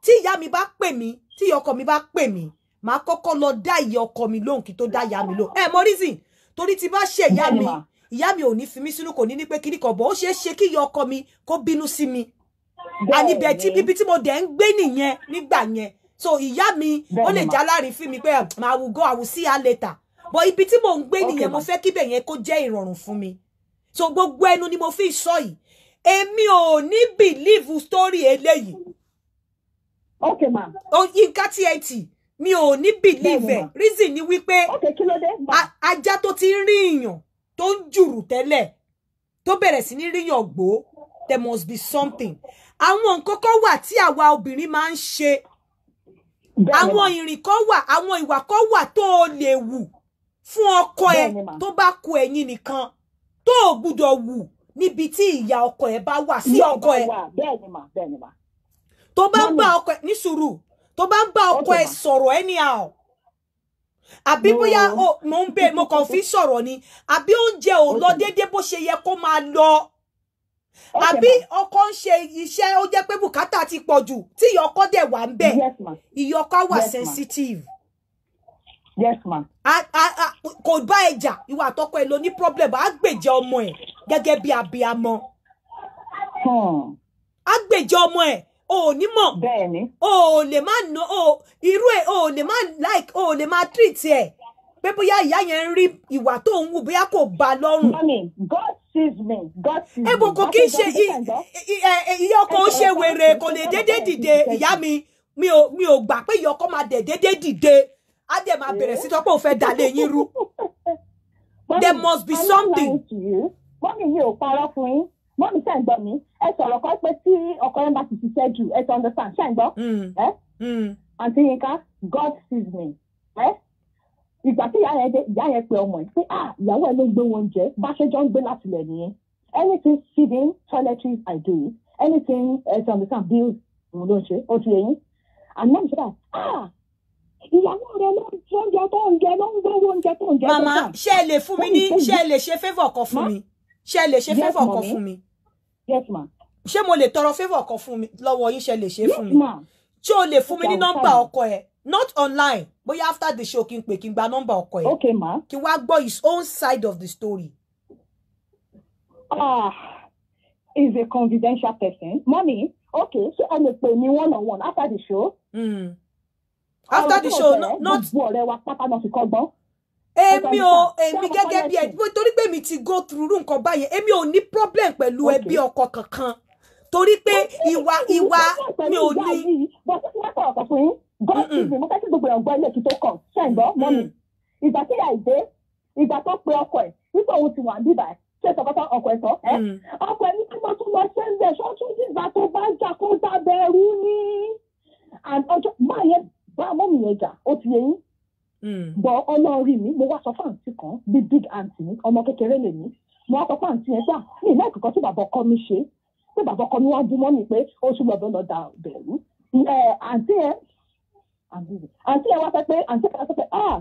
tí ìyá mi bá pè mí tí ìyá ọkọ mi bá pè mí màá kọ́kọ́ lọ dá ìyá ọkọ mi lóhùn kí tó dá ìyá mi lóhùn ẹ mọ reason torí tí bá ṣe ìyá mi ìyá mi ò ní fi mí sínú kò ní ní pé kíní kan bọ̀ ó ṣeé ṣe kí ìyá ọkọ mi kó bínú sí mi àníbẹ̀ tí bíbí tí mo dẹ̀ ń gbé nìyẹn nígbà yẹn so ìyá mi ó lè jálárin fún mi pé màá wù gan àwùsí à later bọ ibi tí mò ń gbé nìyẹn mo fẹ́ kíbẹ̀ yẹn kó jẹ́ ìrọ̀rùn fún mi so gbogbo ẹnu ni mo fi sọ yìí èmi ò ní bìlíìfù sítórì eléyìí okay ma. o oh, Yinka TNT mi ò ní believe ẹ reason ni wípé ajá tó ti ń rí ìyàn tó ń jùrù tele. To bẹ̀rẹ̀ sí ní ríyàn gbó there must be something àwọn nǹkan wa ti awa àwa obìnrin máa ń ṣe àwọn wa kan wà àwọn ìwà kan wà tó o lè wù fún ọkọ ẹ tó bá kù ẹ̀yìn nìkan tó o gbúdọ̀ wù níbi tí ìyá ọkọ ẹ bá wà sí ni mà bẹ́ẹ̀ ni mà tó ba ń bá ọkọ ẹ ní ba tó bá ń bá ọkọ ẹ sọ̀rọ̀ anyhow àbí bóyá mo ń bẹ mo kàn fi sọ̀rọ̀ ni àbí oúnjẹ ò lọ déédéé bó ṣe yẹ kó máa lọ àbí ọkọ ń ṣe iṣẹ́ ó jẹ́ pé bùkátà ti pọ̀ jù tí ìyọkọ dẹ̀ wà ń bẹ̀ ìyọkọ wà sensitive. yes ma. kò bá ẹjà ìwà àtọkọ ẹ ló ní problem á gbèjà ọmọ ẹ gẹ́gẹ́ bí abiyamọ. á hmm. gbèjà ọmọ ẹ o ní mọ̀ o lè má nà o irú ẹ̀ o lè má like o lè má treat ẹ̀ pé bóyá ìyá yẹn ń rí ìwà tó ń wù bóyá kò bá lọ́rùn. mami God sees me God sees me. ebo kò kí n ṣe ìyá ọkọ ó ṣe wèrè kò lè déédéé dìde ìyá mi mi ò mi ò gbà pé ìyá ọkọ máa dẹ̀ déédéé dìde á dẹ̀ máa bẹ̀rẹ̀ sí tọ́pọ̀ òfẹ́ dalẹ̀ yín rú. (laughs) there must be something. mami mi ò parọ́ fún yín mami tẹ̀ ń gbọ́ mi ẹ sọ̀rọ̀ kan pé tí ọkọ yẹn bá ti ṣiṣẹ́ jù ẹ ti understand ṣe ń gbọ́. Mm. Mm. àǹtí Yinka God sees me. ìgbà tí ìyá yẹn dé ìyá yẹn pe ọmọ ẹ pé ah ìyàwó ẹ ló ń gbé wọn jẹ bá ṣe jọ ń gbé láti lẹ̀ nìyẹn anything feeding toiletries I do anything ẹ ti understand bills òun ló ń ṣe ó ti yẹ yín and mom said ah ìyàwó rẹ ló ń jẹ oúnjẹ tó ń jẹ ló ń gbé oúnjẹ tó ń jẹ. màmá ṣe é lè fún mi ní ṣe é lè ṣe favour kan fún mi ṣe é lè ṣe favour kan fún mi yes ma. ṣé mo lè tọrọ favour kan fún mi lọ́wọ́ yín ṣe lè ṣe fún mi. yes ma. ṣé o lè fún mi ní nọ́mbà ọkọ ẹ̀ not online bóyá after the show kí n pè kí n gba nọ́mbà ọkọ ẹ̀. okay ma. kí wá gbọ́ his own side of the story. ah is a confidential person mommy okay ṣé ẹ lè pè mí one on one after the show. Mm. after the show eh, not. not. ọ̀rẹ́ wa pátá náà fi kọ́ gbọ́n èmi ò èmi gẹ́gẹ́ bí ẹbí torí pé mi ti go through nǹkan báyẹn èmi ò ní problem pẹ̀lú ẹbí ọkọ kankan torí pé ìwà ìwà mi ò ní. ìgbà tí ìyá ìdé ìgbà tó pe ọkọ ẹ nípa òun ti wà níbà ṣé tọkọtà ọkọ ẹ sọ ẹ mm. ọkọ ẹ ní kí mo tún lọ ṣe ń bẹ ṣọtún nígbà tó bá ń jà kó dábẹ rú ní. ọjọ́ máa yẹ bá mọ́mì yẹn jà ó ti yẹ yín Hmm. bọ ọlọ́ọ̀rí mi mo wá sọ fún àǹtí kan bí big aunty mi ọmọ kékeré lè mí mo wá sọ fún àǹtí yẹn pé ní ìlú ẹ̀kọ́ tí bàbá ọkọ mi ṣe pé bàbá ọkọ mi wá dúmọ́ mi pé ó ṣù gbọ́dọ̀ lọ da bẹ̀rù àǹtí yẹn àǹtí yẹn wá sọ pé àǹtí kan sọ pé ah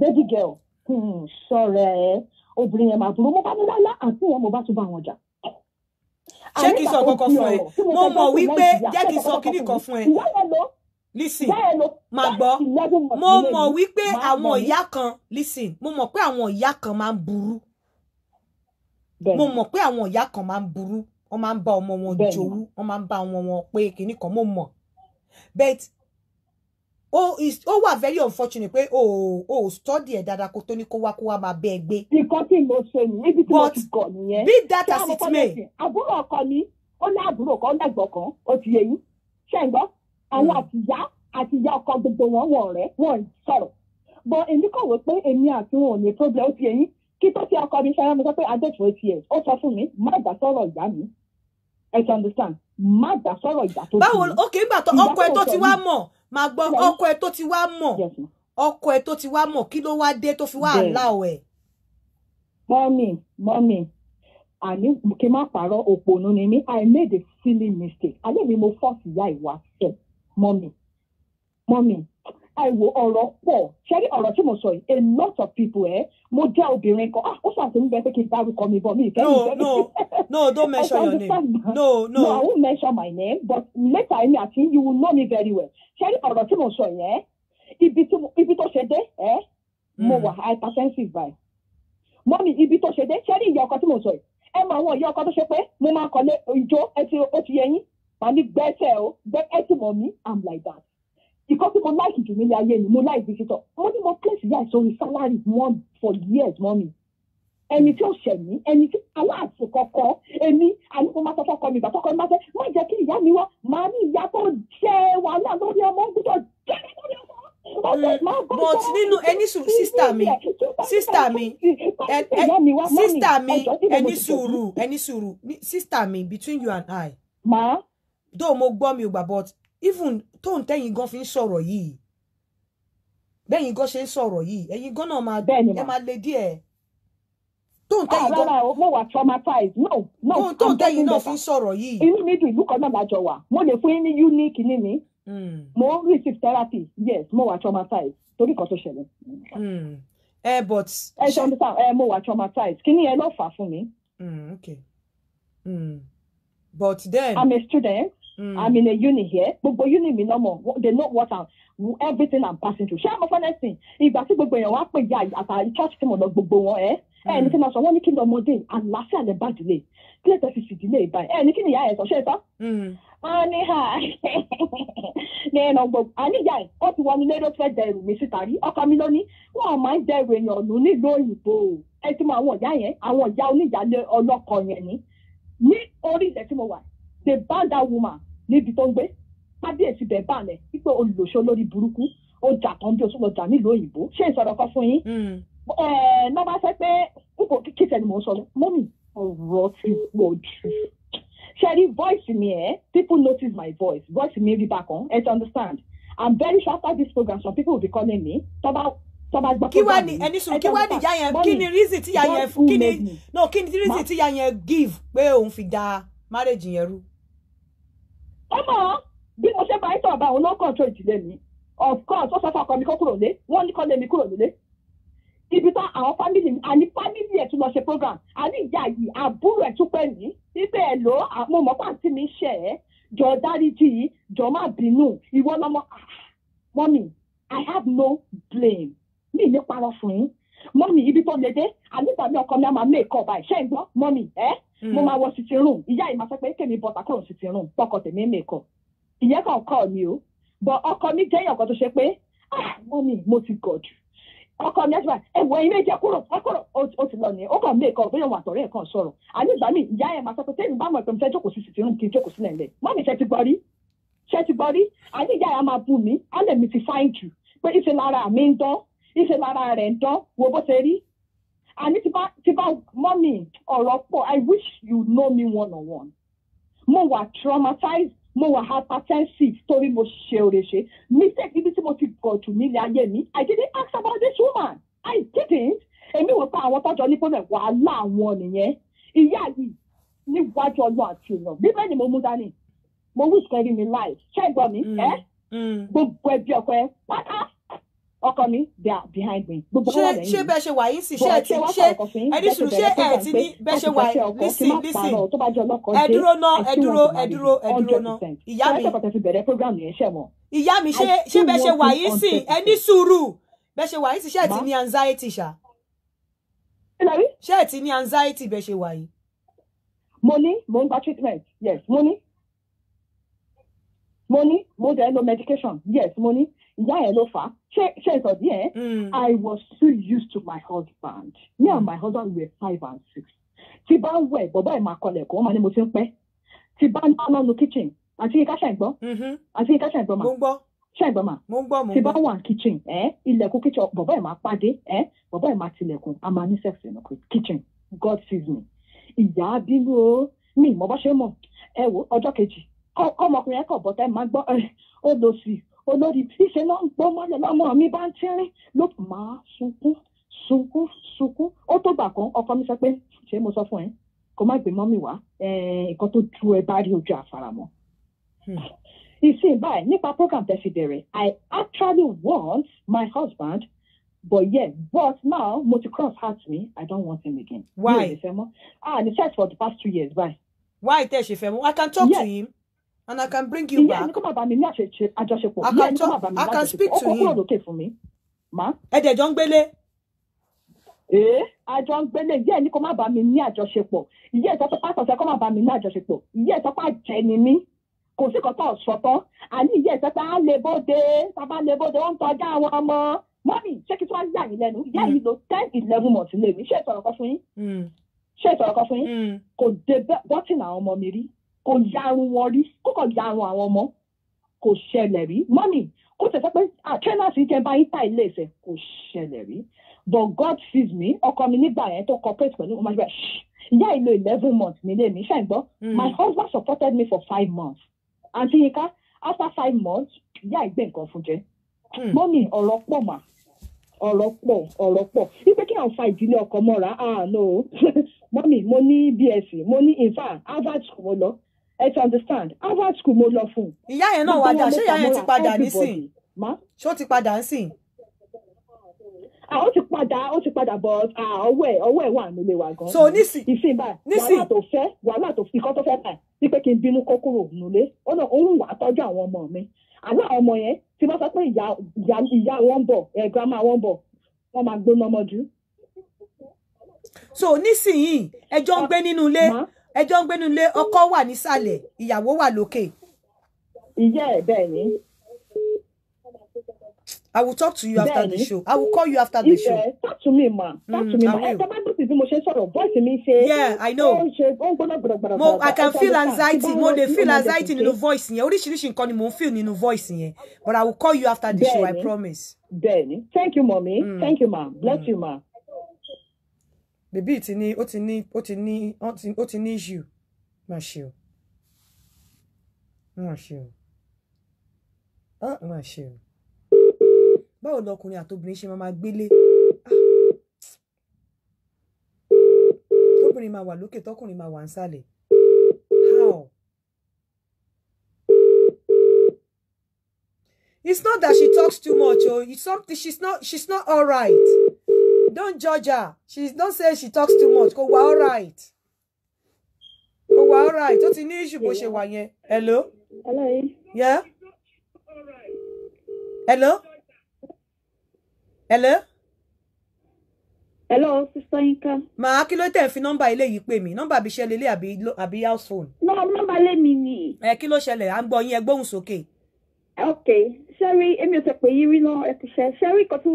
baby girl sọ̀rọ̀ hmm, ẹ̀ obìnrin yẹn máa burú mo bá mi wáyá àǹtí yẹn mo bá tún bá wọn jà ṣé kí n sọ kọkọ fún ẹ mo mọ wípé jẹ́ kí n sọ kíní kan fún ẹ listen mà gbọ́ mo mọ̀ wípé àwọn ìyá kan listen mo mọ̀ pé àwọn ìyá kan máa ń burú mo mọ̀ pé àwọn ìyá kan máa ń burú wọ́n máa ń bá ọmọ wọn jowú wọ́n máa ń bá ọmọ wọn pé kinní kan mo mọ̀ but ó ó wà very unfortunate pé o ò study ẹ̀ dáadáa kó tó ní kó wá kó wá máa bẹ́ ẹ gbé. nǹkan tí mo ṣe nìyẹn níbi tí mo ti kọ nìyẹn. bí that sì ti mẹ́. àbúrò ọkọ mi ó ní àbúrò kan ó lẹ́gbọ̀ọ́ kan ó ti yẹ yín ṣé ń gbọ́ àwọn hmm. àtìyá àti ìyá ọkọ gbogbo wọn wọ ọ̀rẹ́ wọn sọ̀rọ̀ bọ èmi kọ̀wé pé èmi àti wọn ò ní problem ó ti ẹ̀yìn kí tó ti ọkọ mi ṣe ara mi sọ pé adéfò etí ẹ ó sọ fún mi má dá sọ̀rọ̀ ìyá mi ẹ ti understand má dá sọ̀rọ̀ ìyá tó ti mi. báwo ok ìgbà tó ọkọ ẹ tó ti wá mọ̀ máa gbọ́ ọkọ ẹ tó ti wá mọ̀ ọkọ ẹ tó ti wá mọ̀ kí ló wá dé tó fi wá àlá ẹ. mọ́mì mọ́mì àní kí n má pààrọ̀ òpònú ni mí i made a silly mistake alẹ́ mi mo fọ́ọ̀sì ìyá ìwà sẹ́ẹ̀ mọ́mì mọ́mì àìwò ọ̀rọ̀ pọ̀ ṣẹ́rí ọ̀rọ̀ tí mo sọ yìí a lot of people ẹ̀ eh? mo jẹ́ obìnrin kan ah ó ṣàṣẹ níbẹ̀ pé kí n dárúkọ mi bọ̀ mi ìfẹ́ mi ìfẹ́ mi. no no no don't mention your name (laughs) no no no I won't mention my name but later èmi àti you will know me very well ṣẹ́rí ọ̀rọ̀ tí mo sọ yẹn eh? ibi tó ṣe dé ẹ̀ eh? mo mm. wà hypersensitive by mọ́mì ibi tó ṣe dé ṣẹ́rí ìyá ọkọ tí mo sọ yìí ẹ mọ àwọn ìyá ọkọ tó ṣe pé mo máa kọ́lé ìjó ẹ ti ó ti yẹ yín màá ní gbẹ́sẹ̀ o gbẹ́sẹ̀ tí mo ní i'm like that ìkọ́ tí mo láìkì jù nílé ayé mi mo láì visitor mo ní mo place yà ìsọ̀rí salary one for years mọ́mi ẹni tí ó ṣẹ̀ mí ẹni tí aláàtì kọ̀ọ̀kan èmi àní mo máa sọ fọkọ mi ìgbà fọkọ mi máa fẹ́ má jẹ́ kí ìyá mi wá màá ní ìyá tó jẹ́ wàhálà lórí ọmọ gbúdọ̀ jẹ́ lórí ọmọ mm, but nínú ẹni sùúrù sísítà mi sísítà mi sísítà mi ẹni sùúrù ẹni sùúrù sísítà mi between you and I. Ma? though mo gbọ́ mi ò but even tóun tẹ́yìn gan fi ń sọ̀rọ̀ yìí bẹ́yìn gan ṣe ń sọ̀rọ̀ yìí ẹ̀yin gan náà máa ẹ máa le díẹ̀ tóun ah, tẹ́yìn gan. mo wà traumatized no no tóun tóun tẹ́yìn náà fi ń sọ̀rọ̀ yìí. inú mi dùn ìlú kan náà lájọ wà mo lè fún yín unique ní mi hmm. mo ń receive therapy yes mo wà traumatized torí kan tó ṣẹlẹ̀. Hmm. Eh, but. ẹ ṣe ọdún sáà ẹ mo wà traumatized kí ni ẹ lọ fà fún mi. Hmm, okay. Mm. but then. i'm a student. Mm. I'm in a uni here. Gbogbo uni mi lọ́mọ. They know what I'm everything I'm passing through. Ṣé àmọ́ fẹ́nẹ́sìn? Ìgbà tí gbogbo èèyàn wá pè ya àtàrí church tí mo lọ gbogbo wọn ẹ̀. Ẹ ní kí n máa sọ wọ́n ní kí n lọ ọmọdé àlàáfíà lẹ bá dìlé. Kí lè tẹ́ fi fìdílé ìbá ẹ̀ ní kí ni ìyá ẹ̀ sọ ṣé tán? Wọ́n mm. ní ha ní ẹ̀nà gbogbo. Àní ìyá ẹ̀ ó ti wọnú lérò fẹ́ dẹ ẹrù mi síta rí. Ọkọ mi lóní wọ́n máa ń dẹrù èèyàn nù nílùú òyìnbó. Ẹ ti mọ àwọn ìyá yẹn àwọn ìyá oníyàlé ọlọ́kọ yẹn ní. Ní orí ilẹ̀ tí mo wà, they bound that woman níbi tó ń gbé kábíyèsí bẹ̀ balẹ̀ wípé olùlòṣó lórí burúkú ó jà tán bí o tún nílùú òyìnbó ṣé ìsọ̀rọ̀ kan fún yín. náà hmm. bá fẹ́ pé ipò kíkẹ́ ni mò ń sọ mọ́mì ọ̀rọ̀ ti pọ̀ jù. ṣẹ́rí voice mi ẹ̀ people notice my voice voice mi rí bákan ẹ ti understand i'm very sure after this program some people will be calling me tọ́ba tọ́ba gbọ́ kí wá ní ẹni sùn kí wá ní ìyá yẹn kí ni reason tí ìyá yẹn fún kí ni no kí ni reason tí ìyá yẹn give pé òun fi da marriage yẹn rú ọmọ bí mo ṣe bá yín sọ̀rọ̀ bá òun lọ́kàn tó ìdílé mi of course ó sọ fún ọkọ mi kó kúrò lé wọ́n ní kó lé mi kúrò lé ibi tán àwọn fámìlì mi àní fámìlì ẹ̀ tún lọ ṣe program àní ìyá yìí àbúrò ẹ̀ tún pẹ́ ní síbẹ̀ ẹ̀ ló mo mọ̀ pàǹtí mi ṣẹ̀ ẹ́ jọ dáríjì jọ má bínú ìwọ lọ́mọ ah, mọ́mì i have no blame mi ní parọ́ fún yín mọ́mì ibi tó le dé àní ìgbà mi ọkọ mi á máa mé ẹ̀kọ́ ọba ìṣẹ́ ìgbọ́ mọ́mì ẹ́ eh? Mm. mo máa wọ sitting room ìyá yìí máa sọ pé kèmí bọ́tà kúrò sitting room tọkọ tèmi ń mèkọ ìyẹn kan kọ́ mi o bọ̀ ọkọ mi jẹ́ èèyàn kan tó ṣe pé ah mọ́mí mo ti gọ̀ jù ọkọ mi ẹ̀sìn ẹ̀wọ̀ ẹ̀yin méjì kúrò kúrò ó ti lọ nìyẹn ó kàn mèkọ bóyá wọn àtọ̀rẹ́ ẹ̀ kan sọ̀rọ̀ àní ìgbà mi ìyá yẹn máa sọ pé tèmi bá mọ̀ pé mo fẹ́ jókòó sí sitting room kí n jókòó sílẹ̀ ńlẹ̀ mọ́mí ṣe ti gbọ́ rí ṣe ti gbọ́ rí àní ìyá yẹn máa bù mí á lè mi ti fáìn jù pé ìṣe lára mi ń dán ìṣe lára rẹ̀ ń dán wo bó àní tí bá tí bá mọ́mì ọ̀rọ̀ pọ̀ i wish you know me one on one mo wa traumatized mo wa hypertensive torí mo ṣe òrèṣe mistake ibi tí mo ti gọ̀ jù nílé ayé mi i didn't ask about this woman i didn't èmi wò pé àwọn tọ́jọ́ ní problem wàhálà àwọn nìyẹn ìyá yìí níwájú ọlọ́ àti èèyàn bíbẹ́ ni mo mú dání mo wí sẹ́rí mi láì ṣẹ́gbọ́n mi mm. ẹ́ mm. gbogbo ẹbí ọkọ ẹ pátá ọkọ mi they are behind me. gbogbo wọn wà lẹ́yìn mi. ṣé bẹ́ẹ̀ ṣe wà yìí ṣe ẹni ṣe ẹ ní bẹ́ẹ̀ ṣe wà yìí lísìn lísìn ẹ dúró ná ẹ ìyá mi ìyá mi ṣé ṣe wà yìí sì ẹ ní sùúrù bẹ́ẹ̀ ṣe wà ní anxiety ṣá ṣé ẹ ní anxiety bẹ́ẹ̀ ṣe mo ní mo ń gba treatment yes mo ní mo ní mo dẹ̀ lo medication yes mo ní ìyá ẹ ló fà á ṣe ṣe ìtọ́jú ẹ. Hmm. I was too used to my husband me and my husband were five and six tí bá ń wẹ̀ bọ́bá ẹ̀ máa kọlẹ̀ kó máa ní mo ti ń pẹ́ tí bá ń dáná nu kitchen àti kíkà ṣàìgbọ́ mm-hmm. àti kíkà ṣàìgbọ́ mà ṣàìgbọ́ mà tí bá wà kitchen ẹ ilẹ̀kùn kitchen bọ́bá ẹ̀ máa pàdé ẹ bọ́bá ẹ̀ máa tilẹ̀kùn a máa ní sex in kitchen God sees me ìyá bínú o mi ìmọ̀ bá ṣe mọ̀ ẹ wo ọjọ́ kejì kọ́ ọmọkùnrin ẹ̀ kọ̀ bọ́tẹ́ máa gbọ́ (laughs) ó lọ sí i olórí ṣíṣe náà ń gbọ́ mọ́lẹ̀ lọ́mọ mi bá ń tírín ló máa sunkún sunkún sunkún ó tó gbà kan ọkọ mi sọ pé ṣé mo sọ fún ẹ kó má gbé mọ́mì wá nǹkan tó ju ẹ bá rí ojú àfaramọ́. Hmm. ìsìn báyìí nípa program tẹ́ bẹ̀rẹ̀ I actually want my husband but yes but now mo ti cross heart me I don't want him again. why ah ní sex for the past two years bye. why tẹ́ ṣe fẹ́ mọ́ I can talk yes. to him and I can bring you back. I can talk. I can speak to him. Ẹ dẹ̀ jọ ń Eh? Ee, àjọ ń gbélé ìyá ẹ̀ ní kó má bá mi ní àjọṣepọ̀. Ìyá ẹ̀ sọ pé pásọ̀sẹ̀ kó má bá mi ní àjọṣepọ̀. Ìyá ẹ̀ sọ pé àjẹ́ ni mí. Kò sí kọ́tà ọ̀ṣọ́tọ́. Àní ìyá ẹ̀ sọ pé á lè bóde, bàbá lè bóde, ó ń tọ́jú àwọn ọmọ. Mọ́mí, ṣé kí tí wọ́n yà yín lẹ́nu? Ìyá yìí hmm. lo ten eleven months lè mí. Ṣé ìtọ̀rọ̀ kan fún yín? Hmm. Ṣé ìtọ̀rọ̀ kan fún yín? Hmm. Kò dé bọ́tìnì àwọn ọmọ mi rí kò yarun wọn rí kó kàn yarun àwọn ọmọ kò ṣẹlẹ̀ rí mọ́mì kó tẹ̀sẹ̀ pé ah, trainers jẹ́ bá yín ilé ìfẹ́ kò ṣẹlẹ̀ rí but God sees me ọkọ mi nígbà yẹn tó cooperate pẹ̀lú ọmọ ìgbà ìyá ìlò eleven months nílé mi ṣáà gbọ́ hmm. my husband supported me for five months àti yíká after five months ìyá ìgbé nǹkan fún jẹ hmm. mọ́mì ọ̀rọ̀ pọ̀ mà ọ̀rọ̀ pọ̀ ọ̀rọ̀ pọ̀ wípé kí àwọn fa ìdílé ọkọ mọ́ra ah no (laughs) mọ́mì mo ní BSc mo ní in harvard mo lọ ẹ ti understand harvard school mo lọ fún. ìyá yẹn náà wàjà ṣé ìyá yẹn ti padà nísìn ṣó ti padà nísìn. ó ti padà ó ti padà bọ ọwọ́ ẹ̀ ọwọ́ ẹ̀ wà nílé wa gan. so nísìn ìsìn báyìí wàhálà tó fẹ́ wàhálà tó ìkọ́ tó fẹ́ báyìí wípé kí n bínú kó kúrò nílé ó náà ó ń wà á tọ́jú àwọn ọmọ mi àlọ́ àwọn ọmọ yẹn tí wọ́n sọ pé ìyá wọn bọ̀ ẹ̀ grandma wọn bọ̀ wọ́n máa gbóná ọmọ jù. so nísìnyìí ẹjọ́ ń gbé nínú ilé ẹjọ́ ń gbénu ilé ọkọ wà nísàlẹ̀ ìyàwó wà lókè. ìyá ẹ bẹ́ẹ̀ ni. I will talk to you after the show. I will call you after the show. Uh, talk to me, ma. Mm, talk to me, ma. Ẹ tẹ́lá bí bí mo ṣe sọ̀rọ̀ voice mi ṣe. Yeah, I know. Ó Mo I can feel anxiety. Mo dey feel anxiety nínú voice yẹn. Oríṣiríṣi nǹkan ni mo ń feel nínú voice yẹn. But I will call you after the show, I promise. Bẹ́ẹ̀ni, thank you, mommy. Mm. Thank you, ma. Bless mm. you, ma bèbí ti ní ó ti ní ó ti ní ó ti ní issue má ṣe o má ṣe o ah, má ṣe o báwo lọkùnrin àtobìnrin ṣe máa máa gbélé ah. tóbìnrin máa wà lókè tọkùnrin máa wà nísàlẹ̀ how it's not that she talks too much oh. it's something she's not she's not alright don't judge her she don't say she talks too much kò wá right? Go well, alright ó ti ní issue hello. hello yeah. hello. hello. hello sister Yinka. màá kí ló tẹ̀ fi nọ́mbà ilé yìí pè mí nọ́mbà àbíṣẹ́ lélẹ̀ àbí house phone. nọ́mbà lé mi nì. ẹ kilo ló I'm going. ń gbọ́ yín ẹ gbóhùn Okay. Okay, Sherry, I'm ò tẹ̀ pé yín rí náà ẹ Sherry, ṣe ṣẹ́rí kan tí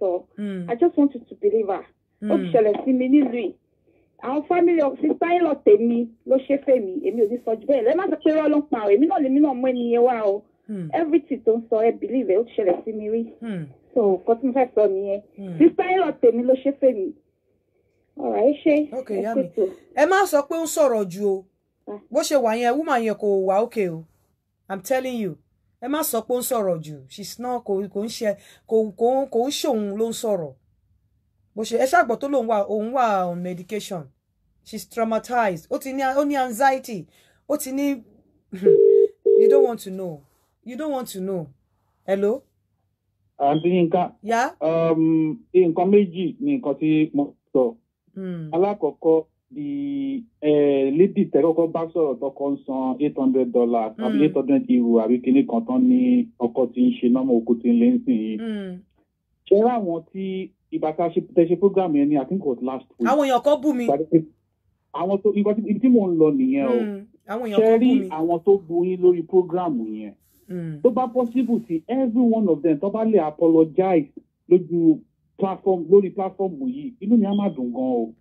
so hmm. i just want you to believe her hmm. ó ti see me mi nílùú yìí family of sista in law tèmi ló ṣe fẹ́ mi èmi ò ní sọ jù bẹ́ẹ̀ lẹ́ẹ̀ má sọ pé rọ́ ló ń pa ọ̀ èmi náà hmm. everything tó ń sọ believe ẹ ó ti see me mi rí so nǹkan tí mo fẹ́ sọ nìyẹn sista in law tèmi ló ṣe fẹ́ mi ọ̀rọ̀ ẹ ṣe ẹ kò tó. ẹ má sọ pé ó ń sọ̀rọ̀ jù o ah. bó woman you kò okay i'm telling you ẹ má sọ pé ó ń sọ̀rọ̀ jù she's not kò kò ń ṣe kò kò kò ń ṣòun ló ń sọ̀rọ̀ bó ṣe ẹ ṣàgbọ́ tó lòun wà òun wà on medication she's traumatized ó ti ní ó ní anxiety ó ti ní (laughs) you don't want to know you don't want to know hello. àǹtí Yínká. yá. Um, nǹkan méjì ni nǹkan tí mo sọ. Hmm. alákọ̀ọ́kọ́ the uh, lady tẹ́kọ̀kọ́ bá sọ̀rọ̀ tọkọ ń san eight hundred dollars àbí mm. eight hundred euro àbí kíní kan tán ní ọkọ tí ń ṣe nọ́mọ oko tí ń lé nsìn yìí. Mm. ṣé láwọn tí ìbáta tẹ̀sẹ̀ program yẹn ni i think was last week. àwọn èèyàn kan bú mi. àwọn tó nǹkan tí mò ń lọ nìyẹn o. Mm. àwọn èèyàn kan bú mi. ṣé rí àwọn tó bu yín lórí program yẹn. tó bá possible ti every one of them tó bá lè apologize lójú platform lórí platform yìí inú mi á má dùn gan o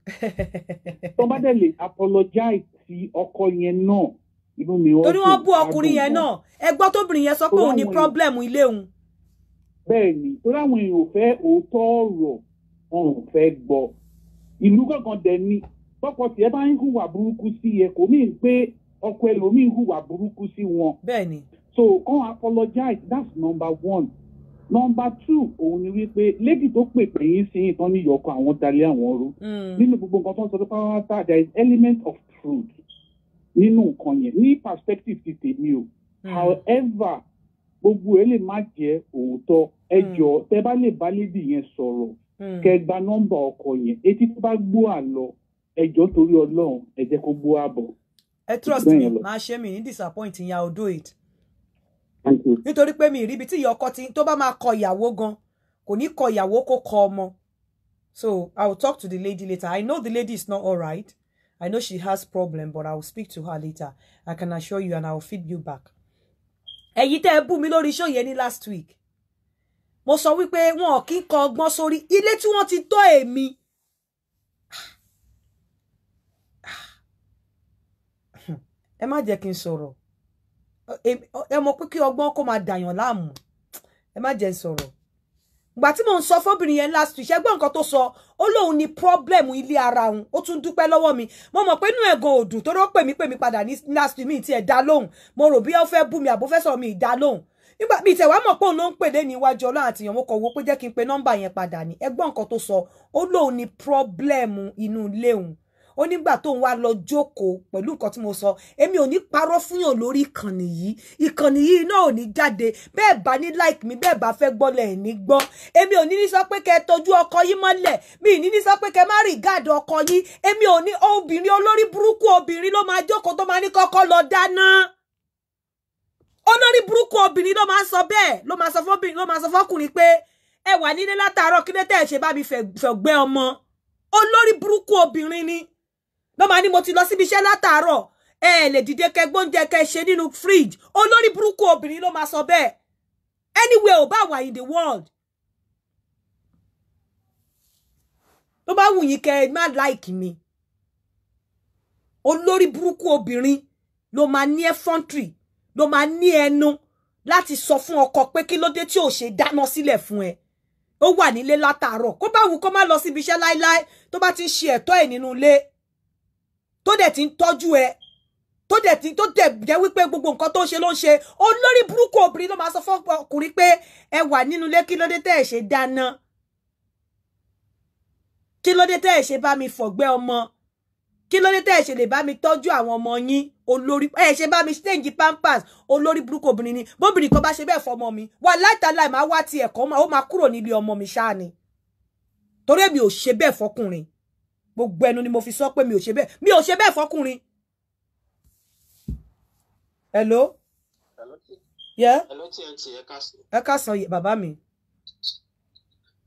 (laughs) tó bá dẹ̀ lè apologize sí ọkọ yẹn náà inú mi ó dùn. torí wọ́n bú ọkùnrin yẹn náà ẹgbọ́n tóbìnrin yẹn sọ pé òun ní problem ilé òun. bẹ́ẹ̀ni torí àwọn èèyàn ò fẹ́ òótọ́ ọ̀rọ̀ wọn ò fẹ́ gbọ́ ìlú kankan dẹ̀ ni tọkọ tiẹ̀ bá ń hùwà burúkú sí yẹ kò mí pé ọkọ ẹlòmíì hùwà burúkú sí wọn. bẹ́ẹ̀ni. so kàn apologize that's number one nọmba two òun ni wípé lady tó pè pé yín sí ìtàn ní ìyọkọ àwọn darí àwọn rú hmm. nínú gbogbo nǹkan tó ń sọ pé pátá there is element of truth nínú nǹkan yẹn ní perspective ti tèmi o hmm. however gbogbo ẹ lè má jẹ́ òótọ́ ẹ hmm. jọ tẹ bá lè bá lady yẹn sọ̀rọ̀ kẹ́ gba nọmba ọkọ yẹn etí tó bá gbó àlọ ẹ jọ torí Ọlọ́run ẹ kó gbó àbọ̀. ẹ trust me máa ṣe mí ní disappoint ìyá odo it nítorí pé mi ìríbi tí ìyá ọkọ ti tó bá máa kọ ìyàwó gan kò ní kọ ìyàwó kó kọ ọmọ so i will talk to the lady later i know the lady is not alright i know she has problem but i will speak to her later i can assure you and i will feed you back. ẹ̀yin tẹ́ ẹ bú mi lórí iṣẹ́ yẹn ní last week mo sọ wípé wọn ò kí ń kọ ọgbọ́n sórí ilé tí wọ́n ti tọ́ èmi. (sighs) (sighs) (sighs) ẹ má jẹ́ kí n sọ̀rọ̀ ẹ mọ̀ pé kí ọgbọ́n kó máa dàyàn láàmú ẹ má jẹ́ sọ̀rọ̀ ìgbà tí mò ń sọ fọ́bìnrin yẹn last week ṣẹ́gbọ́n nǹkan tó sọ ó lóun ní problem ilé ara òun ó tún dúpẹ́ lọ́wọ́ mi mo mọ̀ pé inú ẹ̀gàn òdùn tó rọ́ pèmí pèmí padà ní last week mi ti ẹ̀ dá lóhùn mo rò bí ó fẹ́ bú mi àbófẹ́sọ̀ mi ìdá lóhùn nígbà bíi tẹ̀wá mọ̀ pé òun ló ń pèdé níwájú ọlọ́run àti ìyàwó kọ̀ wo pé jẹ́ kí n pe nọ́mbà yẹn padà ní ẹgbọ́n nǹkan tó sọ ó lóun ní problem inú ilé òun ó nígbà tó ń wá lọ jókòó pẹ̀lú nǹkan tí mo sọ èmi ò ní parọ́ fúnyàn lórí ìkànnì yìí ìkànnì yìí náà ò ní jáde bẹ́ẹ̀ bá ní like mi bẹ́ẹ̀ bá fẹ́ gbọ́lẹ̀ ní gbọ́ èmi ò ní ní sọ pé kẹ́ ẹ tọ́jú ọkọ yín mọ́lẹ̀ mi ì ní ní sọ pé kẹ́ ẹ má regard ọkọ yín èmi ò ní obìnrin olórí burúkú obìnrin ló máa jókòó tó máa ní kọ́kọ́ lọ dáná olórí burúkú obìnrin ló máa sọ bẹ́ẹ̀ ló máa sọ fọ́bìnrin ló máa sọ fọ́kùnrin pé ẹ wà nílé látàárọ̀ kí ló tẹ̀ ṣe bá mi fẹ̀gbẹ́ ọmọ olórí burúkú obìnrin ni bọ́n máa ní mo ti lọ síbi iṣẹ́ látàárọ̀ ẹ lè dìde kẹ gbóúnjẹ kẹ ṣe nínú fridge olórí burúkú obìnrin ló máa sọ bẹ́ẹ̀ anywhere ò bá wà in the world tó bá wù yín kẹ má like mi olórí burúkú obìnrin ló máa ní effrontery ló máa ní ẹnu láti sọ fún ọkọ pé kí ló dé tí ò ṣe dáná sílẹ̀ fún ẹ ó wà nílé látàárọ̀ kó bá wù kó má lọ síbi iṣẹ́ láéláé tó bá ti ṣe ẹ̀tọ́ ẹ̀ nínú ilé tó dẹ̀ ti ń tọ́jú ẹ tó dẹ̀ ti tó dẹ̀ jẹ́ wípé gbogbo nǹkan tó ń ṣe ló ń ṣe olórí burúkú obìnrin ló máa sọ fún ọkùnrin pé ẹ wà nínú ilé kí ló dé tẹ́ ẹ̀ ṣe dáná kí ló tẹ́ ẹ̀ ṣe bá mi fọ̀gbẹ́ ọmọ kí ló dé tẹ́ ẹ̀ ṣe lè bá mi tọ́jú àwọn ọmọ yín olórí ẹ̀ ṣe bá mi ṣéǹjì pampers olórí burúkú obìnrin ni bóbìnrin kan bá ṣe bẹ́ẹ̀ fọmọ mi wà látàláì máa wá ti ẹ̀kọ́ ó máa kúrò níbi ọmọ mi ṣáà ni torí èmi ò ṣe bẹ́ẹ̀ fọkùnrin gbogbo ẹnu ni mo fi sọ pé mi ò ṣe bẹ́ẹ̀ mi ò ṣe bẹ́ẹ̀ fọkùnrin. hello. hello tí yeah? ẹ ti ẹ ká sọ. ẹ ká sọ bàbá mi.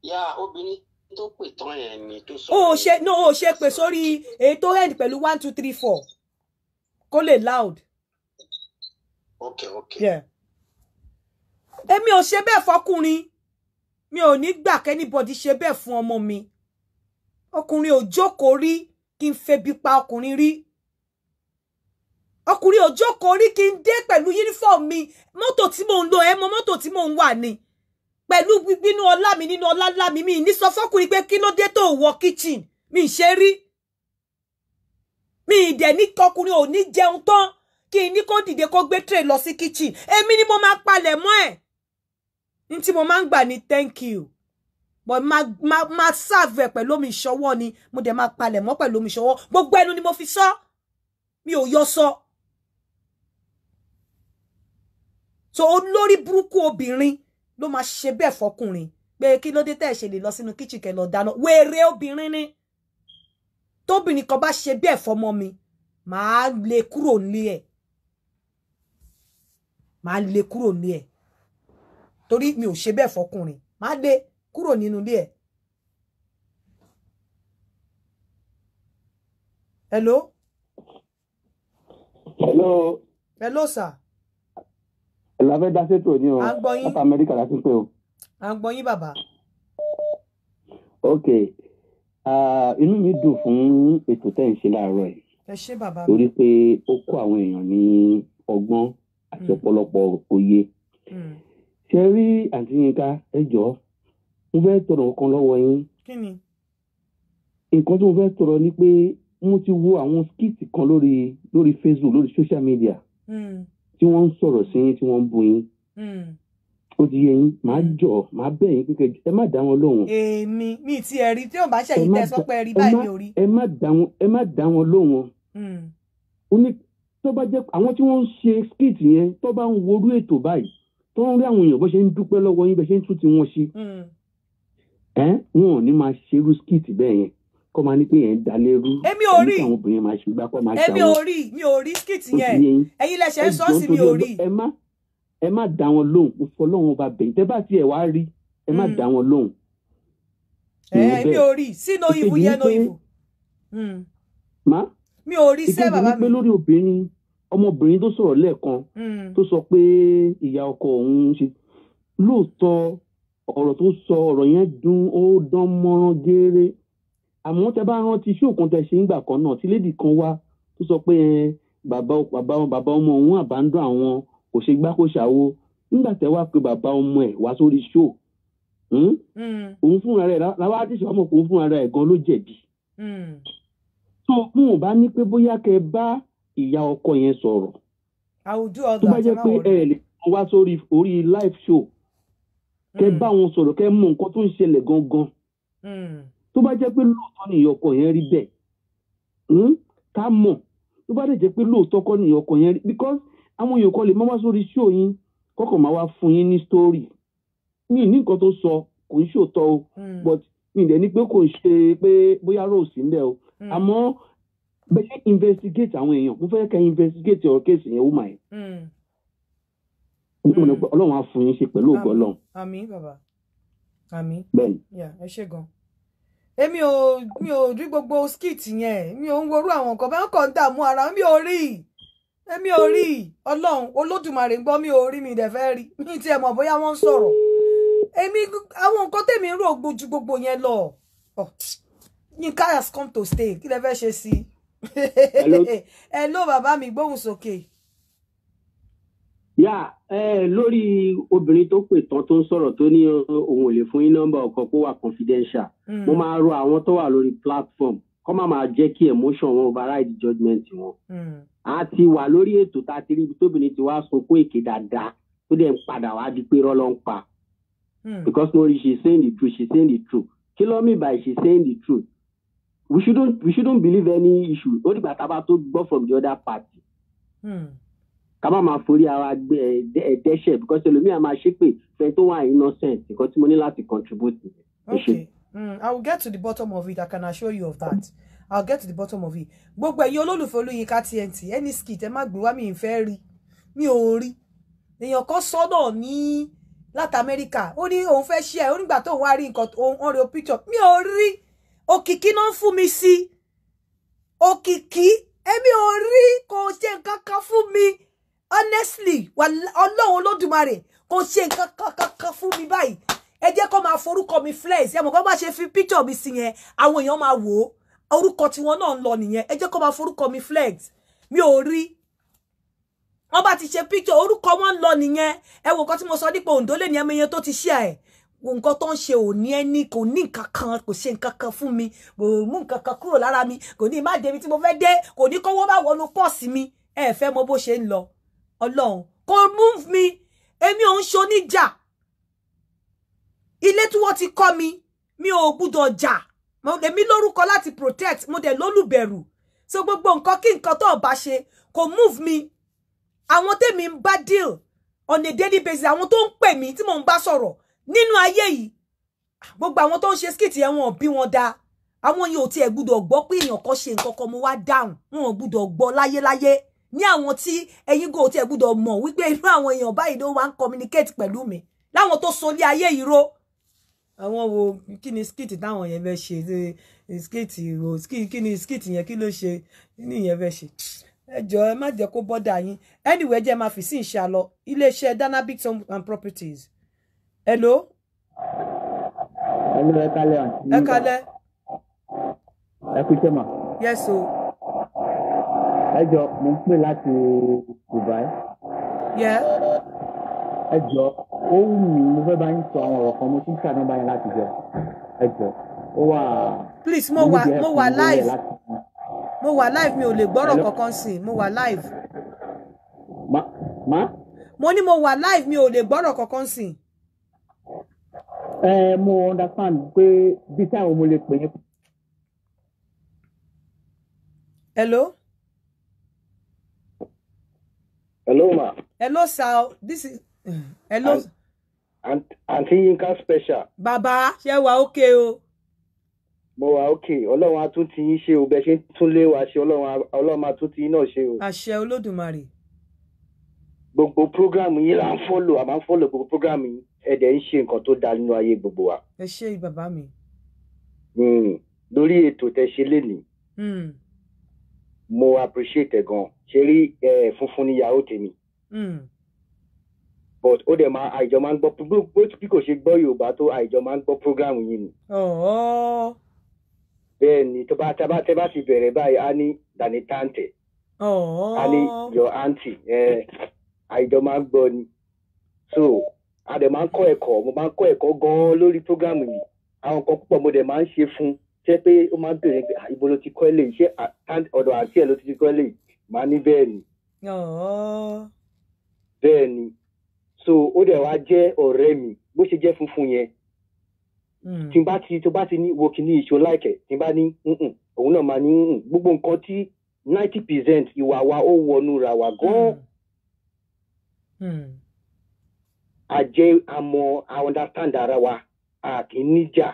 ya obìnrin tó pè tán yẹn ni tó sọ. o ò ṣe no o ò ṣe pè sórí èyí tó end pẹ̀lú one two three four kó lè loud. ok ok. Yeah èmi ò ṣe bẹ́ẹ̀ fọkùnrin mi ò ní gbà kẹ́nìbọ̀dì ṣe bẹ́ẹ̀ fún ọmọ mi ọkùnrin ò jókòó rí kí n febi pa ọkùnrin rí ọkùnrin ò jókòó rí kí n dé pẹ̀lú uniform mi mọ́tò tí mò ń lò ẹ mọ́tò tí mò ń wà ni pẹ̀lú gbígbínú ọlá mi nínú ọlá ńlá mi mi ní sọ fọ́kùnrin pé kí ló dé tó wọ kitchen mi ṣe rí mi ìdẹ̀ ní kọkùnrin ò ní jẹun tán kí n ní kó dìde kó gbé tray lọ sí kitchen èmi ni mo máa palẹ̀ mọ́ ẹ̀ ní tí mo máa ń gbà ní thank you but ma ma ma serve ẹ pẹ̀lú omi ìṣọwọ́ ni mo dẹ̀ máa palẹ̀ mọ́ pẹ̀lú omi ìṣọwọ́ gbogbo ẹnu ni mo fi sọ mi ò yọ sọ so olórí burúkú obìnrin lo máa ṣe be fọkùnrin pé kí ló dé tẹ́ ṣe lè lọ sínú kitchen kẹ́ lọ dáná wèrè obìnrin ni tóbìnrin kan bá ṣe bẹ́ẹ̀ fọmọ mi màá lé kúrò nílé ẹ̀ màá lé kúrò nílé ẹ̀ torí mi ò ṣe bẹ́ẹ̀ fọkùnrin màá lé kúrò nínú ilé ẹ̀. hello. hello. hello sir. ẹ̀la fẹ́ dá sétò ní o láti amẹ́ríkà láti pé o. à ń gbọ́ yín bàbá. ok inú mi dùn fún ètò tẹ́ ń ṣe láàárọ̀ yìí. ẹ ṣé bàbá mi. torí pé ó kó àwọn èèyàn ní ọgbọ́n àti hmm. ọ̀pọ̀lọpọ̀ òye. Hmm. ṣe rí àǹtí Yínká ẹ jọ̀ọ́ mo fẹ́ tọrọ nǹkan lọ́wọ́ yín. ni. nǹkan tí mo fẹ́ tọrọ ni pé mo ti wo àwọn skit kan lórí lórí facebook lórí social media hmm. tí wọ́n ń sọ̀rọ̀ sí yín tí wọ́n ń bu yín hmm. ó ti yẹ yín màá hmm. jọ màá bẹ̀ yín pé ẹ má dá wọn lóhùn. èmi mi ti ẹ̀rí tí ò bá ṣẹ̀yìn tẹ́ sọ pé ẹ̀rí báyìí mi ò rí. ẹ má dá wọn lóhùn. ó ní tó bá jẹ́ àwọn tí wọ́n ń ṣe skit yẹn tó bá ń worú ètò báyìí tó ń rí àwọn èèyàn bó ṣe ń dúpẹ́ lọ́wọ́ yín bẹ́ẹ̀ ṣe ń tún ti wọn ṣe ẹ wọn ò ní máa ṣerú skit bẹ́ẹ̀ yẹn kọ́ máa ní pé yẹn dalẹ́rú èmi ò rí àwọn obìnrin máa ṣe gbápẹ́ máa ṣe àwọn èmi ò rí mi ò rí skit yẹn ẹ̀yin lẹ ṣe ń sọ sí mi ò rí. ẹ má ẹ má dá wọn lóhùn mo fọ lọ́wọ́n ọba bẹ̀yìn tẹ́ bá tiẹ̀ wá rí ẹ má mm. dá wọn lóhùn. ẹ èmi ò rí sínú ìbú yẹn nù ìbú. má mi ò rí sẹ́ bàbá mi. ìgbésẹ̀ lórí obìnrin ọmọbìnrin tó sọ̀rọ̀ lẹ́ẹ̀kan mm. tó sọ pé ìyá ọkọ òun ṣe lóòótọ́ ọ̀rọ̀ tó sọ ọ̀rọ̀ yẹn dùn ó dán mọ́rán géere àmọ́ tẹ bá rántí ṣé tẹ ṣe ń gbà kan náà tí lédì kan wá tó sọ pé bàbá bàbá ọmọ òun àbándọ́ àwọn kò ṣe gbá kó ṣàwo nígbà tẹ wá pé bàbá ọmọ ẹ wá sórí ṣó hmm? hmm. òun fúnra rẹ̀ làwọn àti ìṣòwò ọmọkùnrin fúnra rẹ̀ gan ló jẹ̀bi. tó hmm. n ò bá ní pé bóyá kẹ bá ìyá ọkọ yẹn sọ̀rọ̀ tó bá jẹ́ pé ẹ lè wá sórí orí live show kẹ mm. bá wọn sọ̀rọ̀ kẹ mọ nǹkan tó ń ṣẹlẹ̀ gangan mm. tó bá jẹ́ pé lóòótọ́ nìyẹn ọkọ yẹn rí mm. bẹ́ẹ̀ hmm, ká mọ̀ tó bá dẹ̀ jẹ́ pé lóòótọ́ kọ́ nìyẹn ọkọ yẹn rí because àwọn èèyàn kan lè má wá sórí show yín kọ́kọ́ máa wá fún yín ní story mi ní nǹkan tó sọ kò ń ṣòótọ́ o but mi dẹ̀ ní pé kò ń ṣe pé bóyá rose ń bẹ̀ o àmọ́ bẹ́ẹ̀ investigate àwọn èèyàn mo fẹ́ kẹ́ investigate ọ̀rọ̀ kéèsì yẹn ó mà yẹn Mm. ọlọ́run á fún yín ṣe pẹ̀lú ògo ọlọ́run. àmín bàbá àmín. bẹ́ẹ̀ni. ẹ ṣe gan. èmi ò mi ò rí gbogbo skit yẹn mi ò ń worú àwọn nǹkan bá ń kàn ń dààmú ara mi ò rí èmi ò rí ọlọ́run olódùmarè ń gbọ́ mi ò rí mi dẹ̀ fẹ́ rí mi tiẹ̀ mọ̀ bóyá wọ́n ń sọ̀rọ̀ èmi àwọn nǹkan tèmi ń rò gbojú gbogbo yẹn lọ oh, Yinka has come to stay kí lẹ fẹ́ ṣe sí i. hello (laughs) bàbá mi gbóhùn sókè. Okay yà ẹ lórí obìnrin tó pè tán tó ń sọ̀rọ̀ tó ní òun ò lè fún yín nọ́mbà ọkọ kó wà confidential hmm. mo máa rọ àwọn tó wà lórí platform kó má máa jẹ́ kí emotion wọn override judgment. wọn hmm. a ti wà lórí ètò tá a ti rí ibi tóbìnrin ti wá sunkún èké dáadáa tó dẹ̀ ń padà wá di pé rọ́lọ́ ń pa hmm. because no she saying the truth she saying the truth kí ló mean by she saying the truth we shouldn't we shouldn't believe any issue ó dìgbà tá a bá tó gbọ́ from the other party. Hmm ká máa forí ara gbé ẹ̀dẹ́ṣẹ̀ because ẹlòmíà máa ṣépè fẹ́ tó wà innocent nǹkan tí mo ní láti contribute nìyẹn. okay mm, i will get to the bottom of it i can assure you of that i will get to the bottom of it gbogbo ẹ̀yin olólùfẹ́ olóyinka TNT any skit ẹ má gbé wá mi ì fẹ́ rí mi ò rí èèyàn kan sọ́nà ní láti amẹ́ríkà ó ní òun fẹ́ ṣe ẹ̀ ó nígbà tó wá rí nǹkan òun rí o picture mi ò rí òkìkí náà fún mi sí òkìkí èmi ò rí kò ṣe nǹkan kan fún mi honestly ọlọ́run olódùmarè kò ṣe nǹkan kankan fún mi báyìí ẹ jẹ́ kó máa forúkọ mi flex ẹ mọ̀ kó bá ṣe fi picture mi sí yẹn àwọn èèyàn máa wò ó orúkọ tiwọn náà ń lọ nìyẹn ẹ jẹ́ kó máa forúkọ mi flex mi ò rí wọ́n bá ti ṣe picture orúkọ wọn ń lọ nìyẹn ẹ wo nǹkan tí mo sọ nípa Oǹdó lè ní ẹmọ iye tó ti ṣe ẹ̀ nǹkan tó ń ṣe ò ní ẹni kò ní nǹkan kan kò ṣe nǹkan kan fún mi kò mú nǹkan kan kúrò lára mi kò ní má débi tí mo fẹ́ dé kò ní kówó bá wọnú pọ́ọ̀sì mi ẹ fẹ́ mọ bó ṣe ń lọ ọlọ́run kò move me! èmi ò ń ṣoníjà ilé tí wọ́n ti kọ́ mi mi ò gbúdọ̀ jà èmi lórúkọ láti protect mo dẹ̀ lólùbẹ̀rù so gbogbo nǹkan kí nǹkan tó bá ṣe kò move me. àwọn tèmi ń bá deal on a daily basis àwọn tó ń pè mí tí mò ń bá sọ̀rọ̀ nínú ayé yìí gbogbo àwọn tó ń ṣe skit yẹn wọn ò bí wọn dáa àwọn yìí ò tiẹ̀ gbúdọ̀ gbọ́ pé èèyàn kan ṣe nǹkan kan mo wá dáhùn wọn ò gbúdọ̀ gbọ́ láyéláyé ní àwọn tí ẹ̀yin gò tí ẹ gbúdọ̀ mọ̀ wípé irú àwọn èèyàn báyìí ló wá ń communicate pẹ̀lú mi láwọn tó so ní ayé ìró àwọn wo kí skit táwọn yẹn fẹ́ ṣe eh, skit ìró kí ni skit yẹn kí ló ṣe ni yẹn fẹ́ ṣe ẹ jọ̀ọ́ ẹ má jẹ́ kó bọ́dà anyway jẹ́ máa fi sí ìṣe àlọ iléeṣẹ́ Danabit Home and Properties hello. hello ẹ kalẹ. ẹ kalẹ. yes sir ẹ jọ mo ń pè láti Dubai. ẹ jọ ó wù mí mo fẹ́ bá yín sọ àwọn ọ̀rọ̀ kan mo tún ṣàánú bá yín láti jọ ẹ ó wà. please mo wà mo wà live mo wà live mi ò lè gbọ́rọ̀ kankan sí i mo wà live. ma ma. mo ní mo wà live mi ò lè gbọ́rọ̀ kankan sí i. ẹ mo understand pé bí táwọn mo lè pè yín. hello. Hello, ma. Hello, sir. This is. Hello. Aunt, Aunty Yinka special. Bàbá, ṣé wà okay o? Mo wà okay. Ọlọ́run á tún ti yín ṣe o. Bẹ́ẹ̀ ṣe ń tún lé wa ṣe Ọlọ́run á tún ti yín náà ṣe o. Àṣẹ Olódùmarè. Gbogbo prógrámù yín là ń fọ́lò, a máa ń fọ́lò gbogbo prógrámù yín. Ẹ̀dẹ̀ ń ṣe nǹkan tó dáa nínú ayé gbogbo wa. Ẹ ṣé bàbá mi. Hmm. Lórí ètò tẹ ṣe lénìí. Hmm mo appreciate gan ṣe rí funfun níyàwó tèmi hmm. but ó dẹ̀ máa àìjọ máa ń gbọ́ bí kò ṣe gbọ́ yorùbá tó àìjọ máa ń gbọ́ program yìí ni. bẹ́ẹ̀ ni tó bá tábà tẹ́ bá ti bẹ̀rẹ̀ báyìí á ní dani tante á ní your aunty àìjọ máa ń gbọ́ ni so a dẹ̀ máa ń kọ́ ẹ̀kọ́ mo máa ń kọ́ ẹ̀kọ́ gan-an lórí program yìí àwọn kan púpọ̀ mo dẹ̀ máa ń ṣe fún un ṣé pé ó máa ń bèrè pé ibo ló ti kọ́ ilé iṣẹ́ ọ̀dọ̀ àti ẹ̀ ló ti ti kọ́ ilé màá ní bẹ́ẹ̀ ni. bẹ́ẹ̀ ni so ó dẹ̀ wá jẹ́ ọ̀rẹ́ mi bó ṣe jẹ́ funfun yẹn hmm. tí n bá ti tó bá ti ní wo kìíní ìṣó láìkẹ̀ tí n bá ní òun náà máa ní gbogbo nǹkan tí ninety percent ìwà wa ó wọnú ra wa gan-an hmm. hmm. àjẹ àmọ́ a understand ara wa a kì í níjà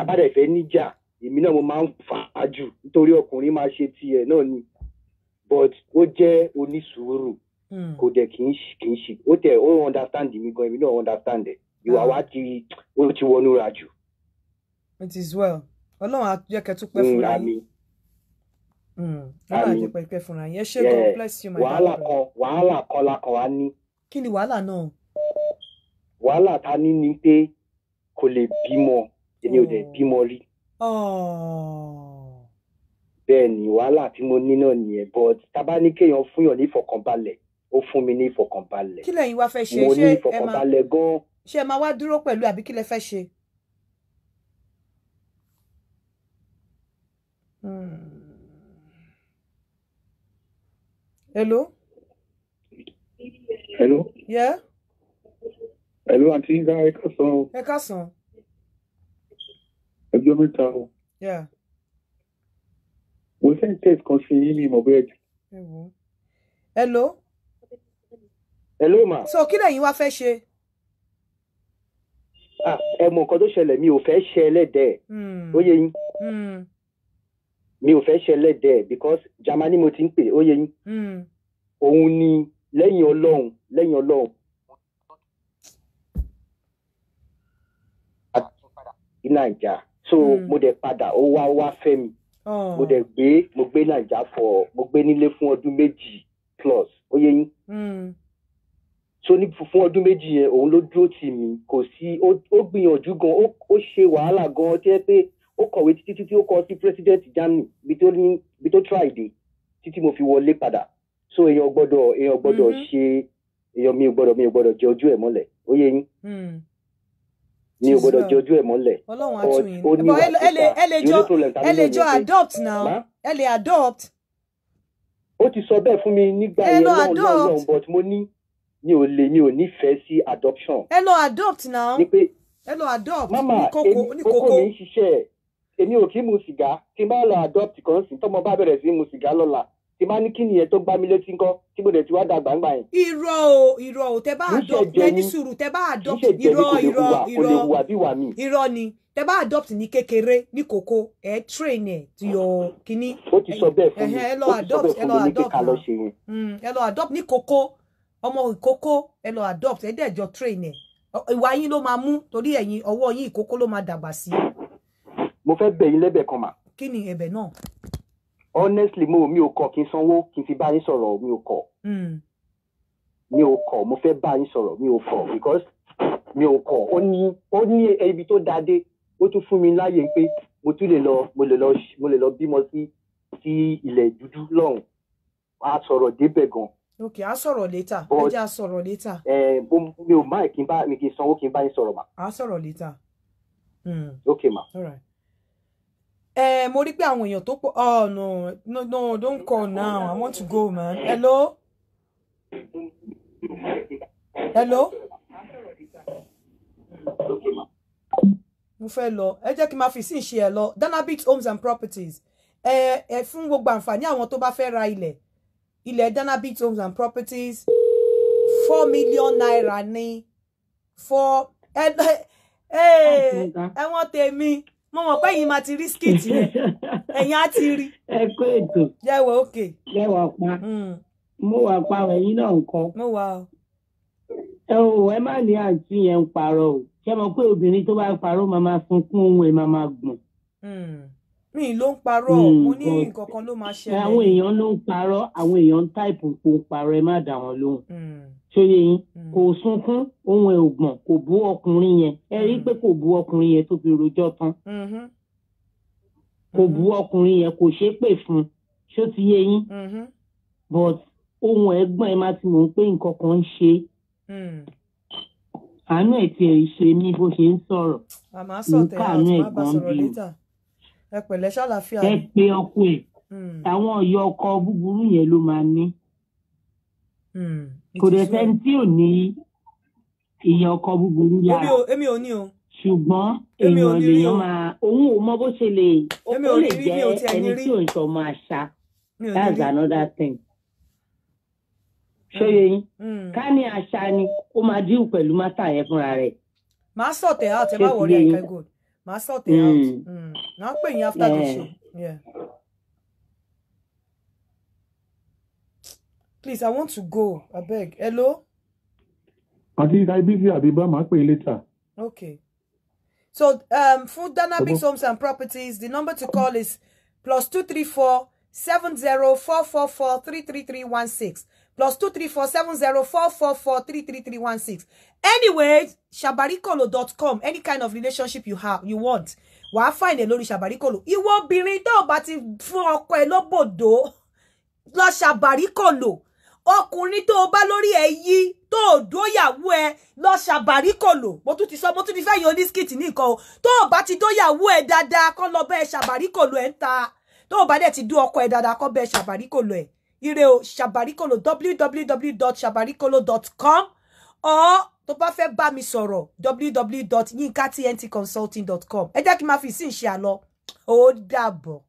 àbádẹ́fẹ́ níjà èmi náà mo máa ń fà jù nítorí ọkùnrin máa ṣe tiẹ̀ náà ni but ó jẹ́ onísùúrù hmm. kò dẹ̀ kì í ṣe ó tẹ̀ ó understand mi gan èmi náà understand ẹ̀ ìwà hmm. wa ti ó ti wọnú ra jù. it is well ọlọ́run á jẹ́ kẹ́ tún pẹ́ hmm, fúnra yín ọlọ́run á jẹ́ pẹ́ fúnra yín ṣé god bless you my wàhálà kan wàhálà kan la kan wá ní. kí ni wàhálà náà. wàhálà ta ní ni pé kò lè bímọ èmi ò dẹ̀ bímọ rí. Oh. bẹ́ẹ̀ ni wàhálà tí mo ní náà nìyẹn but tábà ní kéèyàn fúnyàn ní ìfọ̀kànbalẹ̀ ó fún mi ní ìfọ̀kànbalẹ̀. kí lẹ́yìn wá fẹ́ ṣe ṣé ẹ máa mo ní ìfọ̀kànbalẹ̀ gan ṣé ẹ máa wá dúró pẹ̀lú àbí kí lẹ fẹ́ ṣe. Hmm. hello. hello. yeah. hello àǹtí yín ká sàn. ẹ sàn ẹjọ́ mẹ́ta o. mo send text kan sí yín ní ìmọ̀ bóyá jù. hello. hello ma. so kí lẹ́yìn wá fẹ́ ṣe. ẹ mọ nǹkan tó ṣẹlẹ̀ mi ò fẹ́ ṣe ẹlẹ́dẹ̀ẹ́ hmm. ó yẹ yín hmm. mi ò fẹ́ ṣe ẹlẹ́dẹ̀ẹ́ because Germany mo ti ń pè ó yẹ yín hmm. òun ni lẹ́yìn ọlọ́run lẹ́yìn ọlọ́run. ní nàìjíríà so mm. mo dẹ̀ padà ó wá wá fẹ́ mi oh. mo dẹ̀ gbé mo gbé nàìjà fọ mo gbé nílé fún ọdún méjì plus ó yẹ yín hmm. so ní fún ọdún méjì yẹn òun ló dúró tì mí kò sí ó gbìyànjú gan ó ṣe wàhálà gan tí ẹ pé ó kọ̀wé títí títí ó kọ sí president Germany ibi tó try dé títí mo fi wọlé padà so èèyàn gbọ́dọ̀ èèyàn gbọ́dọ̀ mm-hmm. ṣe èèyàn mi gbọ́dọ̀ mi gbọ́dọ̀ jẹ ojú ẹ̀ mọ́lẹ̀ ó yẹ yín. Hmm ni o gbọ́dọ̀ jọjú ẹ mọ́lẹ̀ o ní wà síta you no problem tàbí adopt now ẹ adopt. ó ti sọ bẹ́ẹ̀ fún mi nígbà yẹn lọ́wọ́ but mo ní mi ò lè mi ò nífẹ̀ẹ́ sí adoption. ẹ adopt now. ni pé ẹ lọ adopt ní kókó ní mi ń ṣiṣẹ́ èmi ò mu sìgá tí n bá adopt kan sí tọmọ bá bẹ̀rẹ̀ sí mu sìgá lọ́la tí bá ní kí nìyẹn tó gbá mi létí ńkọ́ tí mo dẹ̀ ti wá dàgbà ńgbà yẹn. irọ́ o irọ́ o tẹ bá adopt lẹ́ni sùúrù tẹ bá adopt irọ́ irọ́ irọ́ irọ́ ni tẹ bá adopt ní kékeré ní kókó ẹ train ẹ ti yọ kínní. ó ti sọ bẹ́ẹ̀ fún mi ẹ lọ adopt ẹ lọ adopt mm, ẹ lọ adopt ní kókó ọmọ ìkókó ẹ lọ adopt ẹ dẹ̀ jọ train ẹ ìwà yín ló máa mú torí ẹ̀yin ọwọ́ yín ìkókó ló máa dàgbà sí. mo fẹ́ bẹ̀ yín lẹ́bẹ̀ kan mà. kí ni ẹ̀bẹ̀ náà honestly mo mi ò kọ kí n sanwó kí n fi bá yín sọ̀rọ̀ mi ò kọ hmm. mi ò kọ mo fẹ́ bá yín sọ̀rọ̀ mi ò kọ because mi ò kọ ó ní ó ní ibi tó dáadé ó tún fún mi láàyè pé mo tún lè lọ mo lè lọ mo lè lọ bímọ sí sí ilẹ̀ dúdú lọ́hùn a sọ̀rọ̀ débẹ̀ gan. ok a sọ̀rọ̀ later ẹ a sọ̀rọ̀ later. ẹ eh, bó mi ò máa kí n bá mi kí n sanwó kí n bá yín sọ̀rọ̀ mà. a sọ̀rọ̀ later. Mm. ok ma. all right. Eh, mo rí pé àwọn èèyàn tó pọ̀ oh no no no don't call now I want to go man hello hello mo fẹ́ lọ ẹ jẹ́ kí n máa fi sí ìṣe ẹ lọ Danabit homes and properties ẹ ẹ fún gbogbo àǹfààní àwọn tó bá fẹ́ ra ilẹ̀ ilẹ̀ Danabit homes and properties four million naira ní four ẹ ẹ ẹ wọn tèmi mo mọ̀ pé ẹ̀yin máa ti rí skit yẹn (laughs) ẹ̀yin á ti rí. ẹ kó ètò jẹ́wọ́ òkè. jẹ́wọ́ pa hmm. mo wà pa ẹ̀yin náà nǹkan. mo wà o. ẹ o ẹ má ní àǹtí yẹn ń parọ́ o ṣé mo pé obìnrin tó bá parọ́ máa máa sunkún ohun ẹ̀ máa máa gbọ̀n. Hmm. mi ló ń parọ́ hmm, mo ní nǹkan kan ló máa ṣẹlẹ̀. àwọn èèyàn ló ń parọ́ àwọn èèyàn táìpù kó parọ́ ẹ má dà wọ́n lóhùn ṣòye yín mm. kò sunkún ohun ẹ̀ ògbọ̀n kò bú ọkùnrin yẹn ẹ rí i mm. pé kò bú ọkùnrin yẹn tó fi rojọ́ tán mm-hmm. kò bú mm-hmm. ọkùnrin yẹn kò ṣeé pè fún ṣó ti yé yín mm-hmm. but ohun ẹ̀gbọ́n ẹ má ti mọ̀ pé nǹkan kan ń ṣe mm. àánú ẹ̀ tiẹ̀ ṣe mí bó ṣe ń sọ̀rọ̀ nǹkan àánú ẹ̀gbọ́n bí ẹ ẹ pé ọkọ ẹ̀ àwọn ọ̀yọ́ ọkọ búburú yẹn ló máa ní kò dẹ̀ sẹ́ni tí ò ní ìyẹn ọkọ búburú lára ṣùgbọ́n èèyàn lèèyàn máa òun ò mọ bó ṣe lè ó lè jẹ́ ẹni tí ò ń sọ máa ṣá that's another thing mm. ṣóye yín mm. ká ní àṣà ni ó máa dín pẹ̀lú mátà yẹn fúnra rẹ̀. màá sọ̀tẹ̀ out ẹ bá wọlé ẹ̀ka gold màá sọ̀tẹ̀ out náà mm. pè yín after the show. Yeah. please i want to go abeg hello. àti ìta ibc àbíbá máa pè é later. okay so um, fún Danabix homes and properties the number to call is plus two three four seven zero four four four three three three one six plus two three four seven zero four four four three three three one six. Anyway, shabarikolo.com. Any kind of relationship you have, you want, wàá find ẹ lórí shabarikolo. Ìwọ obìnrin tó bá ti fún ọkọ ẹ lóbòdó lọ shabarikolo ọkùnrin tó o bá lórí ẹ yí tó o dóyàwó ẹ lọ ṣàbàríkòlò mo tún ti sọ mo tún ti fẹ́ yan oníṣkìtì ní nǹkan o tó o bá ti dóyàwó ẹ dáadáa kọ́ lọ bẹ́ẹ̀ ṣàbàríkòlò ẹ ń ta tó o bá dẹ̀ ti dún ọkọ ẹ dáadáa kọ́ bẹ́ẹ̀ ṣàbàríkòlò ẹ ire o ṣàbàríkòlò www.ṣàbàríkòlò.com or tó bá fẹ́ bá mi sọ̀rọ̀ www.yinkatntconsulting.com ẹ jẹ́ kí n máa fi sí ìṣe àlọ́ ó dàbọ̀.